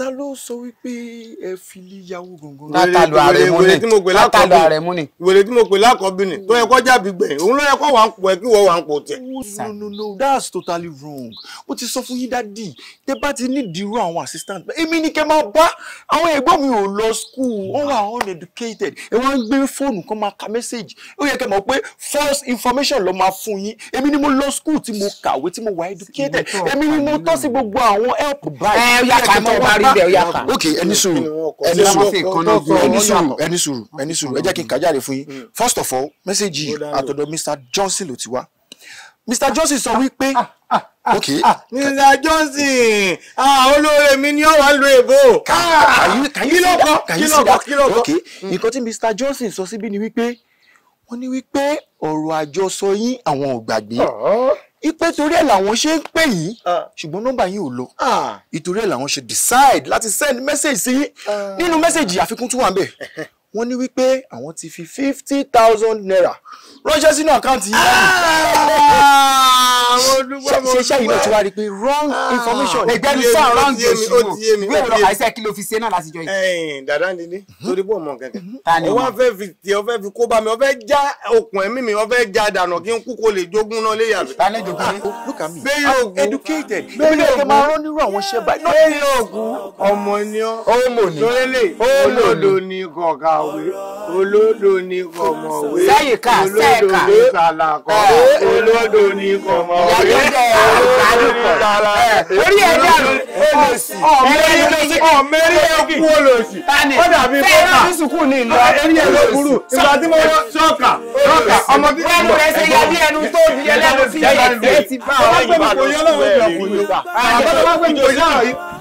ta ló sọ wípé ẹ fi lè yàwó gangan. látàlù ààrẹ mú ni látàlù ààrẹ mú ni. wèrè tí mo pè lákọ̀ọ́bí ni tó yẹ kó jàbí gbẹ̀yìn òun ló yẹ kó wà ń pò ẹ kí wọ́n wà ń pò tẹ̀. no no no that's totally wrong mo ti sọ fún yín dádì tẹ bá ti ní ìdírú àwọn assistant èmi ni kẹ máa bá àwọn ẹ̀gbọ́n mi ò lọ school wọ́n wà uneducated ẹ wọ́n ń gbé fóònù kan máa ka message ó yẹ kẹ mọ̀ pé false information ló máa fún yín èmi ni mo lọ school tí mo kàwé tí mo wà educated èmi ni mo tọ́ sí gbogbo àwọn help báyìí. ẹ yà kà mọ́ wá rí ibẹ̀ ó yàtọ̀. ok ẹni sùúrù ẹni sùúrù ẹni sùúrù ẹni sùúrù ẹni sùúrù ẹ jẹ́ kí n kàjáde fún yín mm. first of all mẹ́sẹ̀gì àtọ̀dọ̀ Mr Johnson ló ti wá Mr Johnson sọ wípé ah, ah, ah, ok. Mr Johnson olóore mi ni ó wà lóye bò. kílọ̀kọ̀ kílọ̀kọ̀ kílọ̀kọ̀. ok mm. nǹkan tí Mr Johnson sọ síbí ni wípé wọ́n ní wípé ọ̀rọ̀ àjọsọ yín àwọn ò gbàgbé ipe torí ẹ̀ làwọn ṣe ń pè yìí ah. ṣùgbọ́n nọ́mbà yìí ò lọ ah. ìtorí ẹ̀ làwọn ṣe decide láti send message sí ah. nínú message àfikún tún wà ń bẹ̀ wọ́n ní wípé àwọn ti fi fifty thousand naira ránṣẹ́ sínú àkáǹtì yìí lẹ́yìn. ṣe ṣẹ́yìn náà ti wá rí i pé wrong ah! information. ẹgbẹ́ni sọ wrong èṣù o bí òun lọ àìsẹ́ kí ló fi ṣe náà láti jọ yìí. dàda ni ní torí bó mọ kẹkẹ o wá fẹ́ fi tiẹ̀ o fẹ́ fi kó bá mi o fẹ́ já okùn ẹ̀mí mi o fẹ́ já dànù kí n kú kó lè jogún náà lé yàrá. ta ni jogún ah, look at me i'm educated. bẹ́ẹ̀ni ogun máa rán nírú àwọn iṣẹ́ báyìí. bẹ́ẹ̀ni ogun ọmọ ni ọ́. ó mò ní kàwé olódò ni kò mọ̀wé olódò ni kàlàkọ̀ olódò ni kò olódò ni kàlàkọ̀ orí ẹ̀dá olòsì ọ̀mẹ́rí ẹ̀kú olòsì ó dàbí kọ́kà ẹ̀rí ẹ̀ló burú ìgbà tí mo rọ ṣọ́ọ̀kà ṣọ́ọ̀kà ọmọ tí wọ́n lọ ẹsẹ̀ yẹ bí ẹnu tó di ẹlẹ́nu sí ẹ̀ ẹ̀ ti bá ọ̀rọ̀ ìbàdàn sí ẹ̀ ẹ̀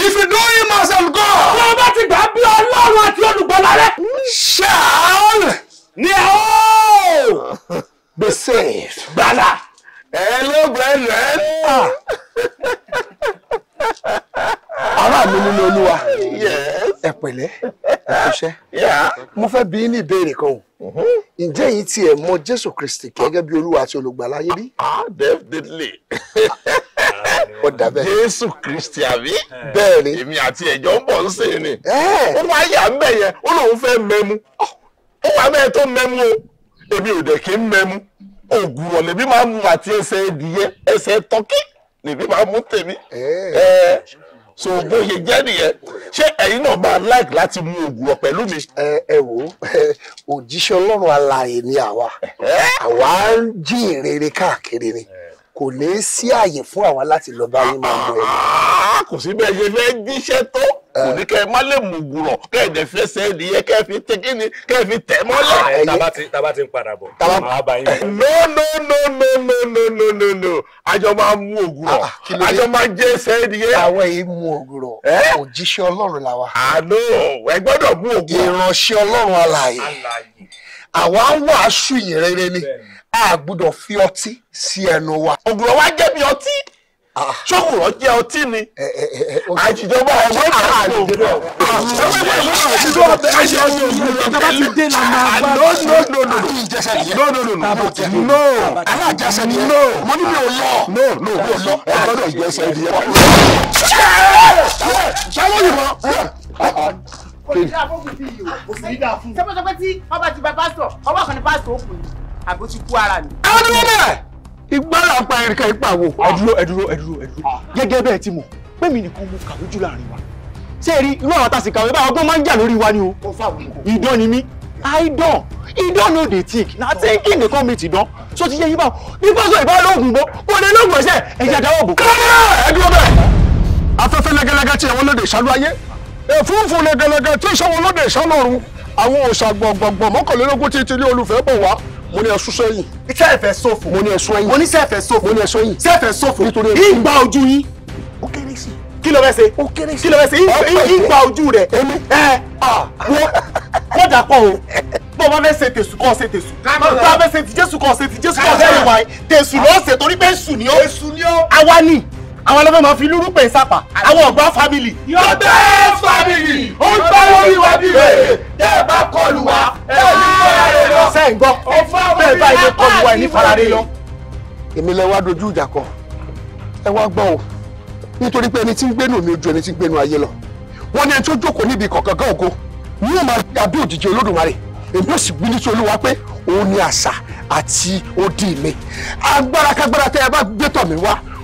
if you know him as am God. tó o bá ti gbà bí ọlọ́run àti olùgbọ́lá rẹ. shall ni a ó be saved. gbàlà. hello brethren. ará mi nínú olúwa ẹ pẹ̀lẹ́ ẹ kúṣẹ́ mo fẹ́ bi yín ní ìbéèrè kan o mm-hmm. ǹjẹ́ yìí tiẹ̀ mọ jésù kristi gẹ́gẹ́ bí olúwa àti olùgbàlà yé bí. ah definitely. ó dà bẹ́ẹ̀. jésù kristi àbí. Eh. bẹ́ẹ̀ ni. èmi àti ẹ̀jọ̀ ń bọ̀ ń sìn ni. Eh. ó wá yà ń bẹ̀ yẹn ó lóun fẹ́ mẹ́mu oh, ó wà bẹ́ẹ̀ tó mẹ́mu o èmi ò dẹ̀ kí ń mẹ́mu ògùrọ̀ lèmi máa mu àti ẹsẹ̀ ẹdìyẹ ẹsẹ̀ tọ́kí lèmi máa mú tèmi. Eh. so bóyá jẹ́ nìyẹn ṣé ẹ̀yin náà máa like láti mu ògùrọ̀ pẹ̀lú mi. ẹ ẹ wo òjíṣẹ́ ọlọ́run alààyè ni àwa àwa ń jìn rere káàkiri ni kò lè sí àyè fún àwọn láti lọ bá yín máa mú ẹ. Ah, kò sí bẹ́ẹ̀ ṣe fẹ́ jíṣẹ́ tó kò eh. ní kẹ́ ẹ má lè mùgùrọ̀ kẹ́ ẹ dẹ̀ nìyẹn kẹ́ ẹ fi tẹ kí ni kẹ́ ẹ fi tẹ̀ mọ́lẹ̀. Eh, taba ti ń padà bọ̀ máa bá yín. no no no no no no no no no àjọ máa mú ògùrọ̀ àjọ ah, máa jẹ́ ẹsẹ̀ nìyẹn. àwọn èyí mú ògùrọ̀ eh? òjíṣẹ́ ọlọ́run làwa. àná ẹ gbọ́dọ̀ mú ògùrọ̀. ìránṣẹ́ ọlọ́run alààyè àwa ń wàásù ìyìn ni a gbúdọ̀ fi ọtí sí ẹnu wa. ògùrọ̀ wa jẹ́ bí ọtí ah. ṣòkùrọ̀ jẹ́ ọtí ni àjìjọba ọmọ àjìjọba àjìjọba no no no no no ah, no no no no ni no mo tí ọba ti bá pásítọ ọwọ́ kan ní pásítọ ó kù yìí àbí ó ti kú ara mi. àwọn ọdún bẹ́ẹ̀ ìgbára pa ẹ̀ríkà ipa wo. ẹ dúró ẹ dúró gẹ́gẹ́ bẹ́ẹ̀ ti mọ̀ pé nìkan mo kàwé jù láàrin wa ṣé ẹ rí irú àwọn tá a sì kàwé báwọn ọgbọ́n máa ń jà lórí wa ni o ìdán ni mí àìdán ìdán no dey think na thinking dey come meet ìdán so ti yẹ yín báwọn bí pásọ ìbá àwọn olóde ìṣàlù mọ́kànlélógún ti ti olùfẹ́ bọ̀ wá mo ní ẹsùn sẹ́yìn. iṣẹ́ ẹ̀fẹ̀ sófò. mo ní ẹsùn ẹ̀yìn. mo ní sẹ́ẹ̀fẹ̀ sófò. mo ní ẹsùn ẹ̀yìn. sẹ́ẹ̀fẹ̀ sófò. nítorí ẹ̀fẹ̀ ìgbà ojú yín. ó kéré sí. kí ló fẹ́ ṣe. ó kéré sí. kí ló fẹ́ ṣe ìgbà ojú rẹ̀. èmi ẹ wọ́n wọ́n dà pọ̀ o. bó o bá fẹ́ ṣe tèṣù kọ́ ṣe tèṣù. bó o bá fẹ́ ṣe ti jésù kọ́ ṣe ti jésù kọ́ ṣe ìwà tèṣù lọ́ọ̀ṣẹ̀ torí pé èṣù ni ó. èṣù ni ó. àwa ni àwọn ọlọ́fẹ́ máa fi lúrú pè sápà àwọn ọ̀gbá family. your best family ó ń gbá lórí wa bí rèé tẹ́ ẹ bá kọlù wa ẹ ní farare lọ. sẹ́yìn gbọ́ bẹ́ẹ̀ bá ilé kọlù wa ẹ̀ ní farare lọ. èmi lẹ wá dojú ìjà kọ ẹ wá gbọ́ o nítorí pé ẹni tí ń gbénu mi ojú ẹni tí ń gbénu ayé lọ wọn ni ẹni tó jókòó níbi kọ̀ọ̀kan gan ògo ní ìmọ̀ abẹ́ òjijì olódùmarè èmi ò sì gbí ní sí pé òun ni àṣà àti odi mi agbára kágbára tẹ ẹ bá gbé tọ̀ mí wá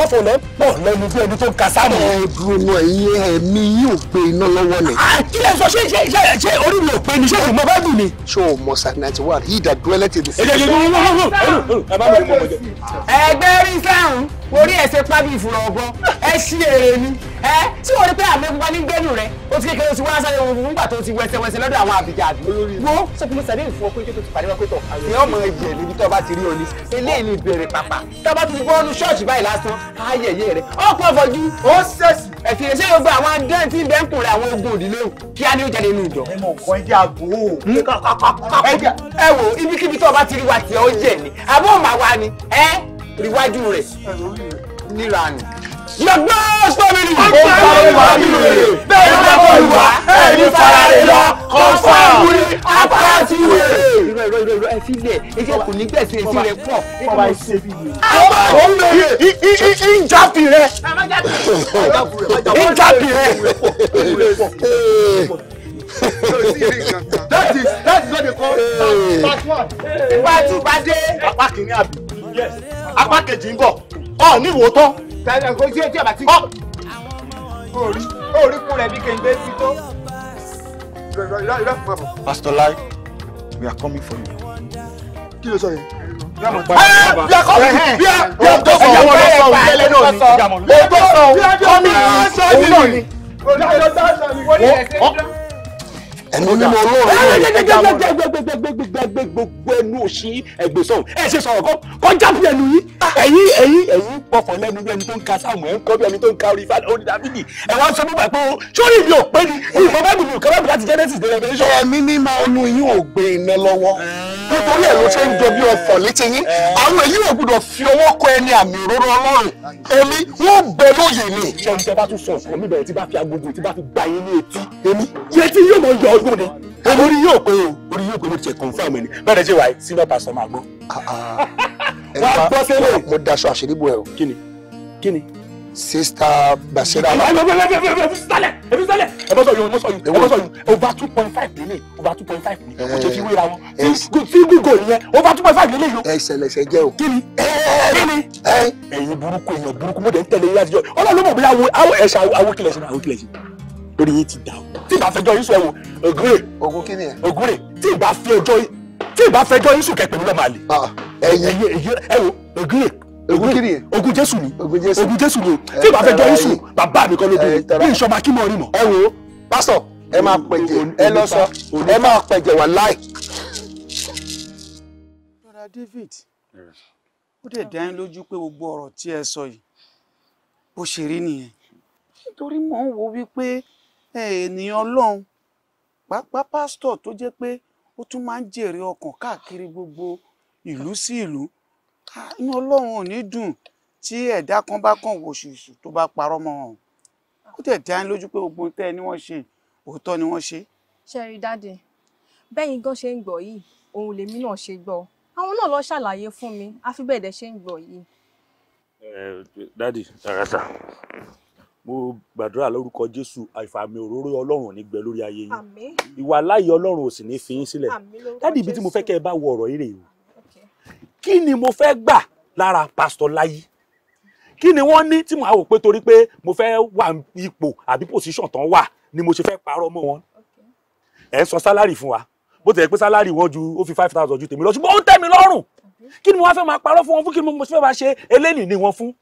ọ̀fọ̀ lẹ́ pọ̀ lẹ́nu bí ẹni tó ń ka sáàmù. ẹ dúró náà iye ẹ̀mí yóò gbé iná lọ́wọ́ ni. kílẹ̀ sọ ṣé ṣé ṣé ṣé orí mi ò pé ni ṣé kò mọ báyìí ni. ṣé o mọ sa ninety one he that dwelleth in the city. èdè ìdè ìdè ìdè ìdè ìdè ìdè ìdè ìdè ìdè ìdè ìdè ìdè ìdè ìdè ìdè ìdè orí ẹ̀ ṣe pábí ìfura ọgbọ́n ẹ ṣí èrè ni ẹ tí wọ́n rí pé àmì pupa ní gbẹ́nu rẹ o ti kékeré o ti wá sáré ohun fún nígbà tó ti wẹsẹwẹsẹ lọ́dọ̀ àwọn àbíjà àbí. wo sọfúnmi sàdé ìfún ọkùnrin tó ti pàdé wá pẹ́tọ̀ ni ọmọ ẹ̀jẹ̀ níbi tó bá ti rí oní eléyìí ni ìbẹ̀rẹ̀ pàpà tábà tó ti gbọ́ ọnu ṣọ́ọ̀ṣì báyìí lásán ayẹyẹ rẹ ọkọ̀ ọ̀fọ̀jú ó ṣèṣì ẹ̀fìyẹ ṣé gbogbo àwọn adẹ́n tí ń bẹ́ ń kùn rẹ̀ àwọn ogun òdìlé o kí á ní ó jáde inú ìjọ. ẹ mọ nǹkan ẹjẹ àgbo o. Hmm? ẹ wo ibikíbi tó o bá ti rí wa tiẹ̀ ó jẹ̀ ni àbọ̀ màwa ni ẹ iwájú rẹ̀ níranù. yọgbọ́ sọ́mìnì. ó olùwà nínú rẹ̀ bẹ́ẹ̀ bá olùwà ẹ̀mí fara rẹ̀ lọ kọ́fàmù ní apáàtì rẹ̀. irọ́ irọ́ irọ́ ẹ fi lẹ̀ ẹ jẹ́ kò ní gbẹ̀sẹ̀ ẹ sí rẹ̀ pọ̀. ọba ẹ ṣe bí mi. ó ń bẹ ìjàpì rẹ. ìjàpì rẹ that is that is what they call part one. Ìgbà tí ìbá Apá kìíní àbí apá kejì ń bọ̀ ọ níwò tán. tẹ̀lé kò sí etí àbátí. orí orí kún rẹ̀ bí kéńgbé sí tó. Pastor Lai, we are coming for you. kí ló sọ yẹn. bí a kọ́ mi bí a bí a tó sọ wọn lọ sọ òun tẹ́lẹ̀ náà ni o tó sọ òun náà ni ẹ̀mí mímọ́ ọlọ́run yóò rẹ̀ ẹja wọn. gbogbo ẹnu òsì ẹgbẹ̀sọ̀n ẹ ṣe sọ̀rọ̀ kọ́ kọjá bí ẹnu yìí ẹ̀yìn ẹ̀yìn ẹ̀yìn pọ̀fọ̀ lẹ́nu bí ẹni tó ń ka sáàmù ẹ̀ ń kọ́ bí ẹni tó ń ka orí ifá orí dábìlì ẹ̀ wá sọ bíbà pé o sórí mi ò pé ni ìmọ̀ bábìlì mi ò kẹ́rẹ́ bìlá ti genesis dé revolution. ẹ̀mí mímọ́ ọnu yìí ò gbé iná lọ́wọ́ nítorí ẹ̀ ló ṣe ń jọ bí ọfọ̀ létí yín àwọn èyí ò gbọdọ̀ fi ọwọ́ kọ ẹni àmì òróró ọlọ́run èmi wọ́n bẹ lóye mi. ṣé ìjọba tún sọ ọ̀sán mi bẹ̀rẹ̀ tí bá fi agogo tí bá fi gbà yín ní etí èmi yẹtí yóò mọ yọ orogún ni orí yóò pé o orí yóò pé mo tiẹ̀ confam ni bẹ́ẹ̀ ṣe wà á sínú ọ̀pá sọmọ àgbọ̀. wà á gbọ́ sílẹ̀. mo daṣọ àṣírí bu ẹ o. kí ni kí ni. sista Basira. ẹbísálẹ̀ ẹbísálẹ̀ ẹbọ́sọ̀yún ẹbọ́sọ̀yún over two point five lélẹ̀ over two point five ni kò ṣe fi wéra wọn tí eh, eh. gúgò yẹn over two point five lélẹ̀ yìí. ẹsẹ̀ lẹsẹ̀ jẹ́ o. kí ni eh, kí ni. ẹ̀yin burúkú èèyàn burúkú mo dẹ̀ ń tẹ̀lé yín láti jọ ọlọ́run ló mọ̀ bí i àwọn ẹ̀ṣẹ̀ àwọn kílẹ̀ sí orí yín ti dà o tí ìbá fẹjọ́ yín sùn ẹ̀wò ògúnrè ògún kí ni ẹ ògúnrè tí ìbá fẹjọ́ yín tí ìbá fẹjọ́ yín sùn kẹpẹ mi lọ máa lè. ẹyẹ ẹyẹ ẹwò ògúnrè ògún kí ni ẹ ògún jésù ni ògún jésù ni o tí ìbá fẹjọ́ yín sùn bàbá mi kọ́ ló bí mi ní ìṣọ́mọ akímọ̀ rí mọ̀. ẹ wo pásọ ẹ máa pẹ̀jẹ̀ ẹ lọ sọ ẹ máa pẹ̀jẹ̀ wà láì. brother david ó dẹ̀ dá yín lójú pé gbogbo ọ̀rọ̀ tí ẹ sọ yìí bó ṣe rí nìyẹn nítorí mò ń wo wípé ènìyàn ọlọ́run pàápàá pásítọ̀ tó jẹ́ pé ó tún máa ń jèrè ọkàn káàkiri gbogbo ìlú sí ìlú inú ọlọ́run ò ní dùn tí ẹ̀dá kan bá kàn wòṣùṣù tó bá parọ́ mọ́ wọn ó tẹ̀ dá yín lójú pé gbogbo tẹ́ ẹ ní wọ́n ṣe òótọ́ ni wọ́n ṣe. ṣẹ́rí dáde bẹ́yìn gan ṣe ń gbọ́ yìí òun lèmi náà ṣe gbọ́ àwọn náà lọ ṣàlàyé fún mi àfi bẹ́ẹ̀ dẹ̀ ṣe ń gbọ́ yìí. ẹ dádì mo gbàdúrà lórúkọ jésù àìfàmì òróró ọlọ́run ò ní gbẹ lórí ayé yín ìwà láàyè ọlọ́run ò sì ní fi yín sílẹ̀ dáàdi ibi tí mo fẹ́ kẹ́ ẹ bá wọ ọ̀rọ̀ eré o kí ni mo fẹ́ gbà lára pásítọ̀ láyé kí ni wọ́n ní tí mo àwò pé torí pé mo fẹ́ wà ipò àbí pòsíṣàn tán wà ni mo ṣe fẹ́ parọ́ mọ́ wọn ẹ̀ ń sọ sálárì fún wa bó ti yẹ pé sálárì wọn ju ó fi five thousand ju tèmi lọ ṣùgbọ́n ó tẹ́ mi lọ́rùn kí ni wọ́n fẹ́ máa parọ́ fún wọn fún kí ni mo fẹ́ máa ṣe eléyìí ni wọ́n fún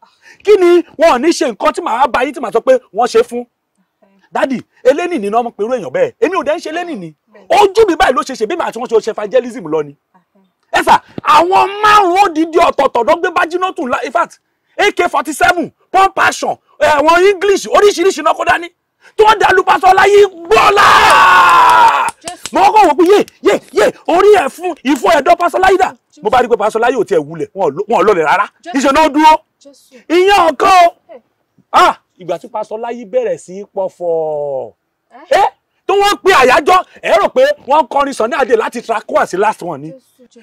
kí ni wọn ò ní ṣe nǹkan tí màá bá yín tí màá sọ pé wọ́n ṣe fún dádì eléyìí ni wọ́n pẹ̀lú èèyàn bẹ́ẹ̀ èmi ò dẹ́ ń ṣe eléyìí ni ojú mi báyìí ló ṣe ṣe bí màá tí wọ́n ṣe evangelism lọ ni ẹ sà àwọn márùn-ún odidi ọ̀tọ̀ọ̀tọ̀ ló gbé bájínọ́tù in fact ak forty seven pump action ẹ̀wọ̀n eh, english oríṣiríṣi náà kó dání tí wọ́n dàlú pásọ láyé gbọ́lá mọ́ kọ́ wọ́n pé yé yé yé orí ẹ̀ fún ìfọ́ ẹ̀dọ́ pásọ láyé dà mo bá rí pé pásọ láyé ò tiẹ̀ wulẹ̀ wọn ò lọlẹ̀ rárá iṣẹ́ náà dúró ìyẹn ọ̀kan o ah, ìgbà tí pásọ láyé bẹ̀rẹ̀ sí pọ̀fọ̀ ẹ́ eh? eh? tó wọ́n pe àyájọ́ ẹ rò pé wọ́n kọrin sọ ní adé láti tracoa sí last one ni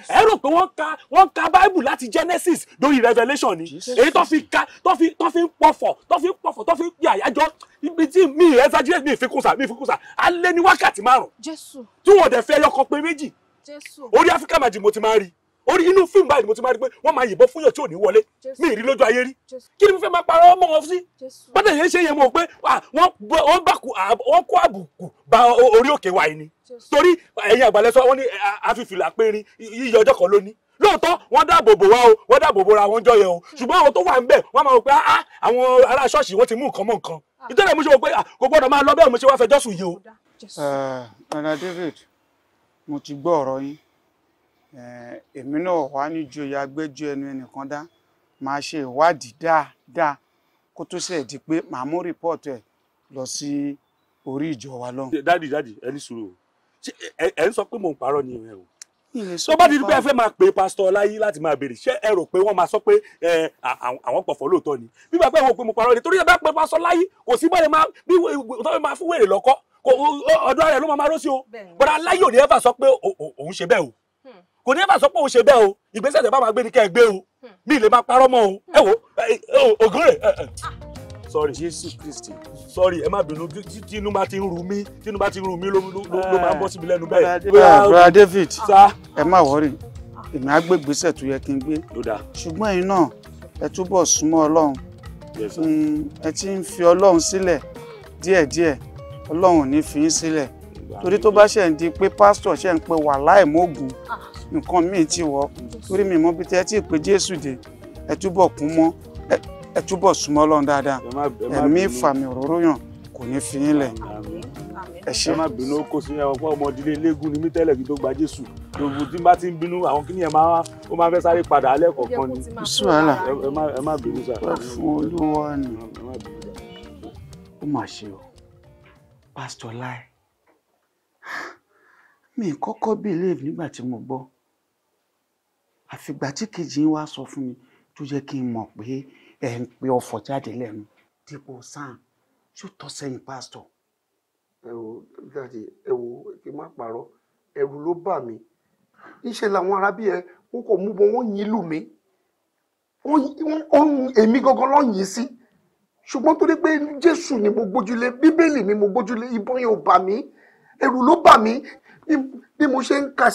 ẹ rò pé wọ́n ka wọ́n ka bible láti genesis dórí revelation ni èyí tó fi ka tó fi tó fi pọ̀fọ̀ tó fi pọ̀fọ̀ tó fi pe àyájọ́ ibi tí mi exaggerate mi ìfikùnsà mi ìfikùnsà alẹ́ ní wákàtí márùn-ún tí wọ́n dẹ̀ fẹ́ yọkọ pé méjì orí africa magic mo ti máa rí orí inú fíìmù báyìí mo ti máa rí pé wọ́n máa yìnbọn fún yàn tí ò ní wọlé mi ìrí lójú ayé rí kí ni mo fẹ́ máa parọ́ ọmọ wọn sí bọ́dẹ̀ yẹn ṣe yẹn mo pé wọ́n kó àbùkù ba orí òkè wa yìí ni torí ẹ̀yin àgbàlẹ́sọ wọn ní àfìfìlà périn yíyọ ọjọ́ kan lónìí lóòótọ́ wọ́n dáàbò bò wá o wọ́n dáàbò bò ra wọn jọ yẹn o hmm. ṣùgbọ́n àwọn tó wà ń bẹ̀ wọ́n máa wọ pé áá àwọn ará ṣọ́ọ̀ṣì wọ́n ti mú nǹkan mọ́ nǹkan ah. ìtọ́lẹ̀ mo ṣe wọ pé kò gbọ́dọ̀ máa lọ bẹ́ẹ̀ mo ṣe wá fẹjọ́ sùn yìí o. Dr. Eh, David mo ti gbọ́ ọ̀rọ̀ yín Eh, èmi náà wá ní joyè agbẹ́jọ́ ẹnu ẹnìkan dá máa ṣe ìwádìí dáadáa kó tó ṣe di pé màá mú rìpọ́ọ̀tù ẹ̀ lọ sí orí ìjọ wa lọ́hùn. dádì dádì ẹ ní sùúrù o ẹ ń sọ pé mò ń parọ́ ni ẹ o tó bá di pé ẹ fẹ́ máa pe pásítọ̀ ọláyí láti máa béèrè ṣé ẹ rò pé wọ́n máa sọ pé àwọn pọ̀fọ́ lóòótọ́ ni bí bàbá ìwọ̀n pé mo parọ́ ni torí ẹ bá pe pásítọ̀ ọláyí kò sí bọ́ọ̀lù máa bí tọ́wọ́ máa fún wèrè lọ́kọ́ ọ̀dọ́ rẹ̀ ló máa máa rọ́ sí o bọ́dà aláyí ò ní ẹ fà sọ pé òun ṣe bẹ́ẹ̀ o kò ní bá sọ pé òun ṣe bẹ́ẹ̀ o ìgbésẹ̀ tẹ́ bá máa gbé ni kẹ́ ẹ gbé o hmm. mi lè máa parọ́ mọ́ o ẹ wo ògúnrè ah. sorry jésù kristi sorry ẹ má bínú tínú bá ti ń rú mi tínú bá ti ń rú mi ló máa bọ́ síbi lẹ́nu bẹ́ẹ̀. brother david ẹ má wọrí èmi á gbé gbèsè tó yẹ kí n gbé ṣùgbọ́n ẹ̀yin náà ẹ túbọ̀ súnmọ́ ọlọ́run hmm, ẹ ti ń fi ọlọ́run sílẹ̀ díẹ̀díẹ̀ ọlọ́run ò ní fi yín sílẹ̀ torí tó bá ṣe ń di pé pásítọ̀ ṣe ń pe wàhálà ẹ̀mọ́gùn nǹkan míì ti wọ̀ torí mi mọ̀ bí tẹ́ ẹ ti pè Jésù dé ẹ túbọ̀ kún mọ́ ẹ túbọ̀ súnmọ́ Ọlọ́run dáadáa ẹ̀mí ìfàmì òróró yàn kò ní fi yín lẹ̀ ẹ ṣe. ẹ bínú ó kó sí ẹ wọn pé ọmọ ìdílé ni mí tẹ́lẹ̀ kí n tó gba jésù gbogbo tí n bá ti ń bínú àwọn kí ni ẹ máa ó máa fẹ́ sáré padà alẹ́ kọ̀ọ̀kan ni. ṣé wàhálà ẹ má bínú sá. wọ́n fún olúwa ni. ó mà ṣe o pásítọ̀ láì mi kọ́kọ́ believe nígbà tí mo gbọ́ àfìgbà tí kejì wa sọ fún mi tó jẹ́ kí n mọ̀ pé ẹ̀ ń pe ọ̀fọ̀ jáde lẹ́nu dípò sàn yóò tọ́ sẹ́yìn pásítọ̀. ẹ wo dáàdi ẹ wo kí n má parọ́ ẹ̀rù ló bà mí níṣẹ́ làwọn arábíyẹ wọn kò mú wọn wọ́n yín lù mí èmi gangan ló yìn sí ṣùgbọ́n tó dé pé jésù ni mo gbójúlé bíbélì ni mo gbójúlé ìbọn yẹn ò bà mí ẹ̀rù ló bà mí bí mo ṣe ń ka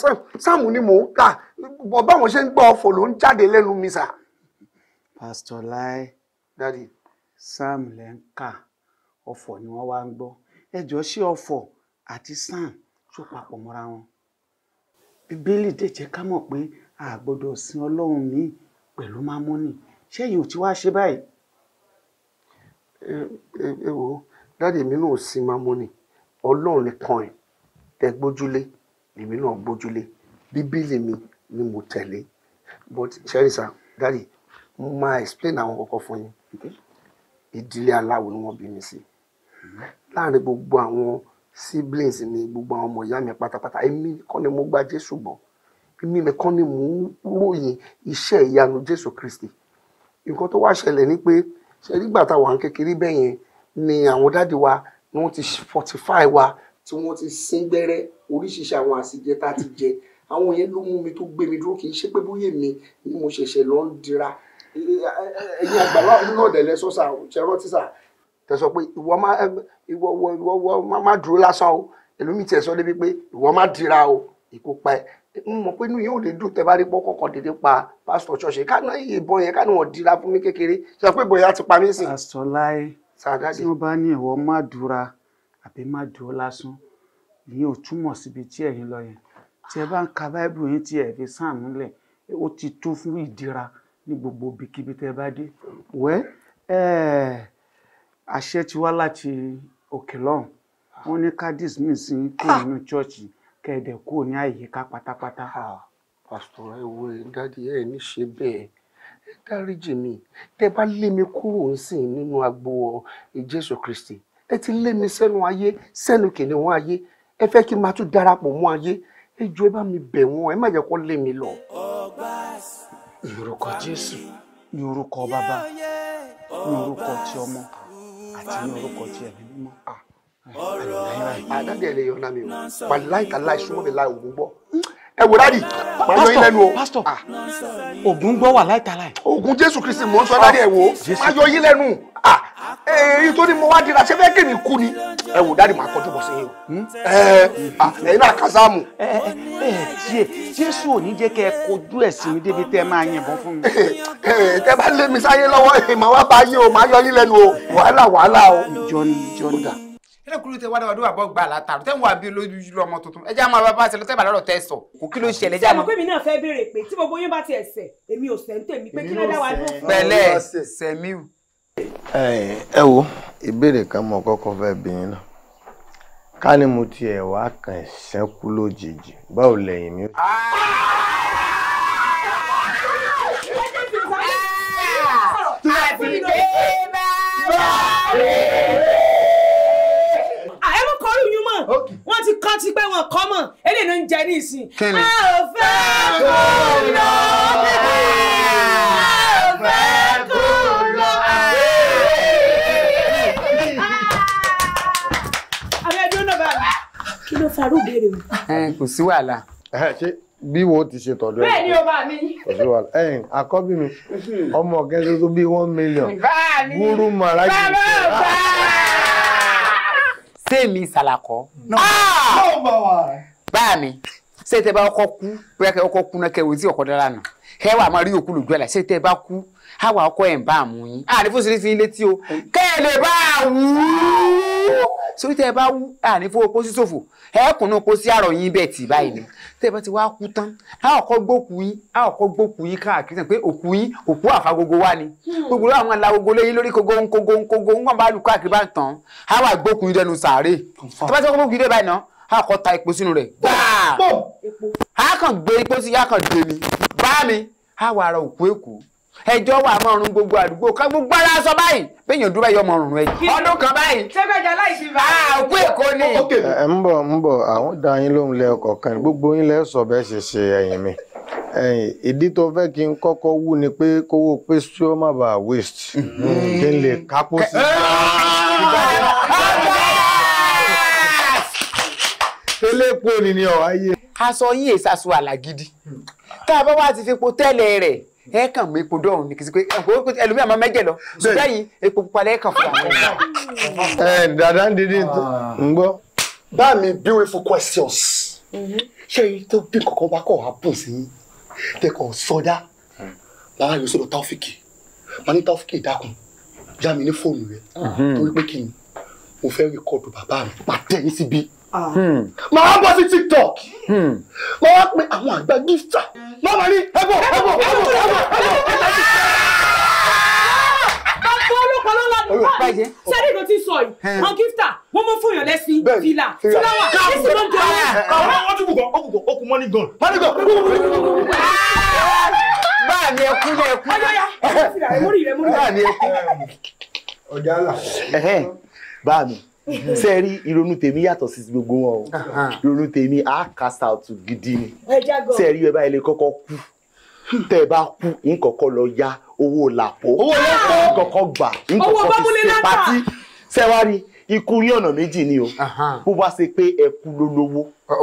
sáàmù ni mò ń kà bọ̀ báwọn ṣe ń gbọ́ ọ̀fọ̀ ló ń jáde lẹ́nu mi sà. pásítọ̀ láì dáàdì sáàmù lẹ́ ń kà ọ̀fọ̀ ni wọ́n wá ń gbọ́ ẹ ṣé ọ̀fọ̀ àti sáàmù tó papọ̀ mọ́ra wọn. bíbélì dẹ̀ ká mọ̀ pé a gbọ́dọ̀ sin ọlọ́run mi pẹ̀lú mámọ́nì ṣé èyí ò ti wá ṣe báyìí. ẹ ẹ wo dáàdì mi náà sin mámọ́nì ọlọ́run nìkan ẹ̀ tẹ gbójúlé lèmi náà gbójúlé bíbélì mi ni mo tẹ̀lé but sẹ́rìsà dáàdì mo máa explain àwọn kọ̀ọ̀kan fún yín ìdílé aláwo ni wọ́n bí mi sí mm-hmm. láàrin gbogbo àwọn siblings ni gbogbo àwọn ọmọ ìyá mi pátápátá èmi kọ́ ni mo gba Jésù gbọ́ èmi nìkan ni mò ń ròyìn iṣẹ́ ìyanu Jésù Kristi nǹkan tó wá ṣẹlẹ̀ ni pé ṣe nígbà táwọn kékeré bẹ́ẹ̀ ni àwọn dáàdi wa ni wọ́n ti fortify wa tí wọ́n ti sín gbẹ́rẹ́ oríṣiríṣi àwọn àsìjẹ tá a ti jẹ àwọn yẹn ló mú mi tó gbé mi dúró kì í ṣe pé bóyá mi ni mo ṣẹ̀ṣẹ̀ lọ ń dira ẹ̀yin àgbàlá náà dẹ̀lẹ́ sọ́sà ṣẹ̀rọ tísà tẹ sọ pé ìwọ má ìwọ ìwọ ìwọ má dúró lásán o ẹlòmíì tiẹ̀ sọ débi pé ìwọ má dira o ìkópa ẹ̀ mo mọ̀ pé inú yóò lè dùn tẹ́ bá rí pọ́kọ́ kan dédé pa pásítọ̀ ṣọ̀ṣẹ́ káná ìbọn yẹn káná wọ́n dira fún mi kékeré ṣe pé bóyá ti pa mí sìn. àsọláì tí wọ́n bá ní ìwọ má dúra àbí má dúró lásán ìyẹn ò túmọ̀ síbi tí ẹ̀yin lọ yẹn tí ẹ bá ń ka báíbù yín tí ẹ fi sáàmù lẹ̀ ó ti tó fún ìdíra ní gbogbo ibikíbi tẹ́ bá dé wẹ́ àṣẹ ti wá láti òkè lọ́hùn wọ́n ní ká dismiss yín kúrò nínú chọ́ọ̀chì kẹ̀dẹ̀ kúrò ní àyíká pátápátá. pásítọ̀ ẹ wo ẹ ní ṣe bẹ́ẹ̀ ẹ dáríjì mi tẹ́ bá lé mi kúrò ń sìn nínú agbo eh, Jésù Kristi ẹ ti lé mi sẹ́nu ayé sẹ́nu kìnìún ayé ẹ fẹ́ kí n máa tún darapọ̀ mọ́ ayé ẹ jọ̀ọ́ ẹ bá mi bẹ̀ wọ́n ẹ má jẹ́ kó lé mi lọ. yorùkọ jésù yorùkọ bàbá yorùkọ ti ọmọ àti yorùkọ ti ẹ̀mí mímọ́ àdàdé ẹ lè yọ ọ́ náà mi o pàdé láìka láì súnmọ́ mi láì ògùn gbọ́ ẹ wò dáàdì màá yọ yín lẹ́nu o. pásítọ̀ ògùn ah. gbọ́ wà láìtara ẹ̀. ògùn jésù kristi mò ń sọ dáàdì ẹ wò màá yọ yín lẹ́nu ah, èyí tó ní mo wá dira ṣé fẹ́ kí mi kú ni ẹ wò dáàdì màá kọjú bọ̀ sí yín o. Hmm? Ah, ẹ̀yin náà kásámù. ẹ ẹ ẹ tiẹ̀ jésù ò ní jẹ́ kẹ́ ẹ kojú ẹ̀ sí mi débi tẹ́ ẹ máa yìnbọn fún mi. tẹ́ bá lé mi sáyé lọ́wọ́ màá wá bá yín o màá yọ yín lẹ́nu o wàhálà wàhálà o. ìjọ ni ìjọ ni kílẹ̀ kúrò tẹ wádàá wádàá bọ́ gbà látàrú tẹ́ ń wà bí olójú ọmọ tuntun ẹjẹ́ àwọn bàbá àti ẹlọ́tẹ́ ìbàlọ́rọ̀ tẹ́ sọ kò kí ló ṣẹlẹ̀ jáde. sẹ́mi náà fẹ́ béèrè pé tí gbogbo yín bá ti ẹ̀sẹ̀ èmi ò sẹ́ pé kí ló dá wa pẹ̀lẹ́ sẹmiu. ẹ wo ìbéèrè kan mo kọ́kọ́ fẹ́ bi yín náà ká ní mo tiẹ̀ wá kàn ṣẹ́kù lójijì báwo lẹ́yìn mi. wọ́n ti kọ́ ti pé wọn kọ́ mọ̀ eléyìí ló ń jẹ ní ìsìn. a ò fẹ́ kó lọ a ò fẹ́ kó lọ. abẹ́dún náà bá mi kí ló farú béèrè o. kò sí wàhálà. bí wo ti ṣe tọ́jú ẹ. bẹ́ẹ̀ o bá mi. kò sí wàhálà ẹ̀yin àkọ́bí mi ọmọ kẹsàn tó bí one million. bá a ní. gúrú màrá kì í ṣe. bàbá ò bá a tèmi sàlàkọ́. Ah! báà mi ṣé tẹ bá ọkọ kú bóyá kẹ ọkọ kú náà na tí ọkọ dára nà kẹ wà máa rí òkú lójú àlà ṣé tẹ bá kú àwa ọkọ ẹ̀ ń bá àmú yín àdìfúnṣe fi létí o Ke le ba wu. a sórí tẹ́ ẹ bá wú àní fowó kó sí ṣòfò ẹ kùnú kó sí àrọ̀ yín bẹ́ẹ̀ tì báyìí ni tẹ́ ẹ bá ti wá kú tán á ọ̀kọ́ gbókù yín á ọ̀kọ́ gbókù yín káàkiri sàn pé òkú yín òkú àfagogo wá ni hmm. gbogbo àwọn alágogo lẹ́yìn lórí kogo nkogo nkogo wọn bá lù káàkiri bá ń tàn á wà gbókù yín dẹnu sàárè tẹ́ bá ti wá gbókù yín dẹ́ báyìí náà á ọ̀kọ́ ta epo sínú rẹ̀ gbáà á kàn gbé epo sí yá kàn dé mi bá mi á wà ara òkú èkó ẹjọ́ wà mọ́ ọ̀run gbogbo àdúgbò kan gbogbo ara sọ báyìí bẹ́yìn dúró yọ mọ́ ọ̀run ẹ ọdún kan báyìí. sẹ́gbẹ̀jà láìsí bá a ah, òkú èkó ni. ẹ ń bọ̀ ń bọ̀ àwọn dá yín lóhùn lẹ ọkọ̀ kan gbogbo yín lẹ sọ bẹ́ẹ̀ ṣe ṣe ẹ̀yìn mi ìdí tó fẹ́ kí n kọ́kọ́ wú ni pé kówó pé tí ó má bàa waste mm-hmm. kí n lè kápó sí i. elépo ni ni ọ̀ ayé. aṣọ yín èsàsọ àlàgídí tá a bá wá ti fi po tẹ́lẹ̀ rẹ̀ ẹ kàn mú epo dọ́ọ̀hún ní kìsí pé ẹlòmíà máa mẹ́jẹ̀ lọ ṣùgbọ́n yìí epo pupa lẹ́ẹ̀kan fún àwọn ọmọ. ẹ dada ń dídí ń ah. gbọ́. that me beautiful questions mm-hmm. ṣé èyí tó bí kankan wá kọ̀ wá bùn sí yín tẹkọ̀ sọdá lára yóò sọ̀rọ̀ táwọ́fìkì máa ní táwọ́fìkì dákun já mi ní fóònù rẹ ah. torí pé kí ni mo fẹ́ rẹ́kọ̀dù bàbá mi pàtẹ́yìn síbí. Ah. Hmm. màá bọ́ sí tiktok hmm. màá wá pe àwọn àgbà gífà màá wà ní ẹ̀bọ̀ ẹ̀bọ̀ ẹ̀bọ̀ ẹ̀bọ̀ ẹ̀bọ̀ bàjẹ́. sẹ́rí ló ti sọ yìí wọn gíftà wọn mọ fún yàn lẹ́sìn fìlà fúláwà kíṣì ló ń jẹ ọ́. káwọn wọn tún kùkọ ọkùnkùn ọkùn mọ́nì gan. mọ́nì gan. báà ní ẹkú ní ẹkú. ọjọ́ ya mórí rẹ mórí rẹ. báà ní ẹkú. ọ̀gá là. báà mi. ṣe rí ìrònú tèmi yàtọ̀ sí gbogbo wọn o ìrònú tèmi á cast out gidi ni ṣe rí ẹ báyìí lè kọ́kọ́ kú hmm. tẹ ẹ bá kú nkọ̀kọ́ lọ ya owó làpọ̀ owó làpọ̀ nkọ̀kọ́ gbà nkọ̀kọ́ fi ṣe pati ṣe wá rí ikú ní ọ̀nà méjì ni o bó bá ṣe pé ẹ kú lólówó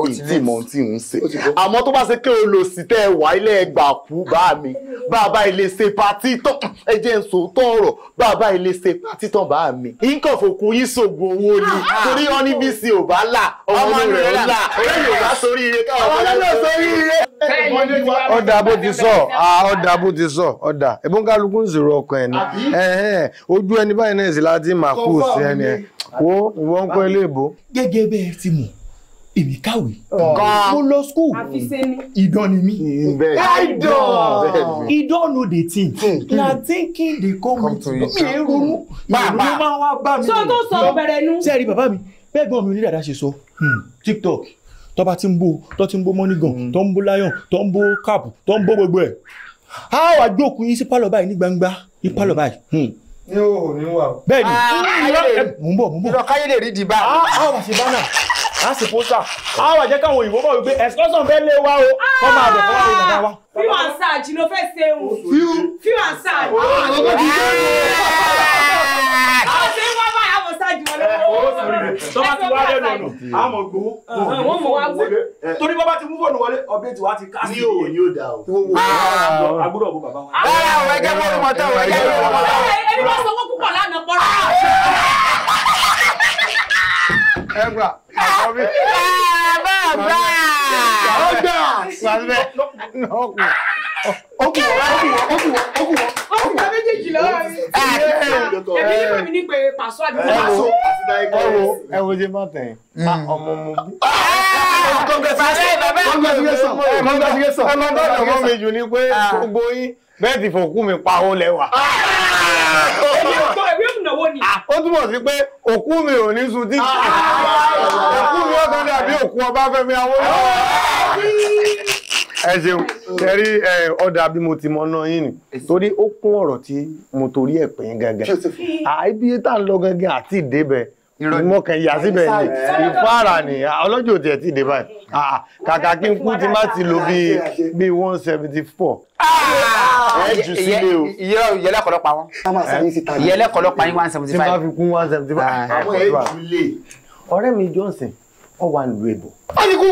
ìtì mọ̀ tí ń ṣe àmọ́ tó bá ṣe pé olòṣì tẹ́ ẹ wà ilé ẹgbà kú bá mi bàbá ilé ṣe patí tán ẹ jẹ́ ń sòótọ́ ọ̀rọ̀ bàbá ilé ṣe patí tán bá mi. nǹkan fòkun yín ṣògùn owó ni torí wọn ní bíi ṣe ò bá là ọmọ rẹ̀ ń là ọ̀rẹ́ yóò bá sórí ire káwọn ọmọ rẹ̀ lọ sórí ire. ọ̀dà bó ti sọ ọ̀dà bó ti sọ ọ̀dà ẹ̀bùn kálukú ń zèrò ọkàn ẹ̀ ní ojú ẹni báyìí náà sì láti máa kú sí ẹni ẹ̀ wo ìwọ́n ń pẹ́ léèbó. gẹ́gẹ́ bẹ́ẹ̀ ti mọ̀ èmi kàwé oh. mo lọ school ìdán ni mi ìdán ìdán no dey think hmm. na thinking dey come to me. mi ẹ ronú mi ẹ ronú máa wá bá mi. sọ tó sọ bẹ̀rẹ̀ nu. sẹ́ẹ̀rì bàbá mi bẹ́ẹ̀ gbọ́n mi onídàáda ṣe sọ hmm. tiktok tó bá ti ń bó tó ti ń bó money gun hmm. tó ń bó lion tó ń bó cap tó ń bó gbogbo ẹ̀ á wà jókòó yín sí pálọ̀ báyìí ní gbangba ní pálọ̀ báyìí yóò ní wà. bẹ́ẹ̀ni ah, mo ń bọ̀ mo ń bọ̀. ìrọ̀káyé lè rí di bá. a wà ṣe bá náà á sì pósà á wà jẹ́ káwọn òyìnbó bọ̀ wípé excursion fẹ́ lé wa o kọ́ máa bẹ̀ fọwọ́ ìdàgbà wa. fíwọ̀ àṣà àjìnà fẹ́ ṣe o fíwọ̀ àṣà àjìnà. àwọn ṣe ń wá báyà wọ ṣáàjì wọn lọ́wọ́. tọ́ba ti wá lẹ́nu ọ̀nà àmọ̀ gbowó. wọ́n mọ̀ wá wọlé. torí bàbá ti mú fóònù wọlé ọ̀bẹ tiwa ti ká sí. ní òun yóò dà o. àbúrò ọ̀bù bàbá wa. ara àwọn ẹgbẹ́ bọ́ọ̀lù mọ́tò ẹgbẹ́ bọ́ọ̀lù ẹ gbà àkọ́ mi. bàbá gbà. ó gbà sàbẹ̀ ọkù ọkù ọkù ọkù ọkù méjèèjì lọ́wọ́ mi. èmi ní pèmí ní pé pàṣọ àdúgbò. ẹ wo ẹ wo jẹ má tẹ̀ ẹ́ ọmọ mo bí ọmọ méjì ni pé gbogbo yín bẹ́ẹ̀ ti fòkú mi pa ó lẹ́wà owó ni. Ah, ó túmọ̀ sí pé òkú mi ò ní sun díjì ah, òkú mi ó tán dàbí òkú Ọbáfẹ́mi Awólọ́wọ̀ ẹ ṣeun tẹrí ọ̀dà bí mo ti mọ náà yín ni torí ó kún ọ̀rọ̀ tí mo torí ẹ̀ pín gangan àìbíyé tá à ń lọ gangan àti ìdébẹ̀ mo kàn yà síbẹ̀ ni ìfáàrà ni ọlọ́jọ́ òtí ẹ̀ ti dé báyìí ah, ah. kàkà kí n kú ti má ti lo bíi one seventy four ah! ẹ jù sílé o. iye yẹlẹ kọlọ pa wọn. yẹlẹ kọlọ pa yín one seventy five. tí wọ́n fi kún one seventy five. àwọn ẹ̀ jù lè. ọ̀rẹ́ mi Johnson ọ wà nílùú èbò. ó ti kú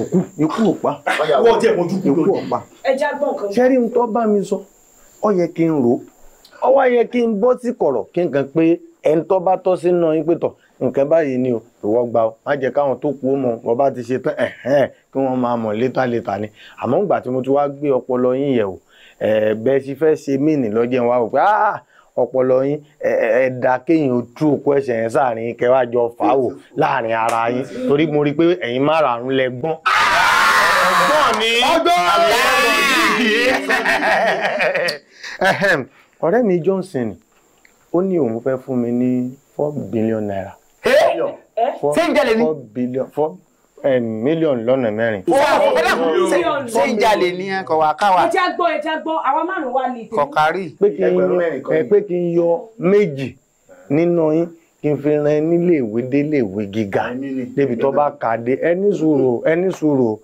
òkú ikú òpá wọ́n jẹ́ ìmọ̀jú kú lóde ẹja gbọ́n kan. sẹ́rí ń tọ́ bá mi sọ ọ yẹ kí n rò ó wá yẹ kí n bọ́ sí kọ̀rọ̀ kí n kàn pé ẹni tó bá tọ́ sínú yín pé tọ̀ nǹkan báyìí ni o ìwọ gba o má jẹ́ káwọn tó kú ó mọ̀ wọ́n bá ti ṣe tán ẹ̀hẹ́n kí wọ́n máa mọ̀ létà létà ni àmọ́ ìgbà tí mo ti wá gbé ọpọlọ yín yẹ̀ wò bẹ́ẹ̀ ṣe fẹ́ ṣe mí nì lọ́jọ́ wa wò pé ọpọlọ yín ẹ̀ẹ́dà kéèyàn tú òkú ẹ̀ṣẹ̀ yẹn sáàrin kẹwàá jọ fà á wò láàrin ara yín torí mo rí i pé ẹ̀yin márààrún lẹ gbọ́n ọgbọ́n ni ọgbọ́n ọ̀rẹ́ mi Johnson ó ní òun fẹ́ fún mi ní four billion naira. Eh? Eh? ṣé ń jalè ni. four billion four eh, million lọ́nà mẹ́rin. ṣé ń jalè ni kò wá ká wa. ẹja gbọ́ ẹja gbọ́ àwọn márùn-ún wa ní ìtẹ̀lé. kọ̀kárì. pé kí n yọ méjì nínú yín kí n fi ran níléèwé déléèwé gíga débi tó bá kà dé ẹni sùúrù ẹni sùúrù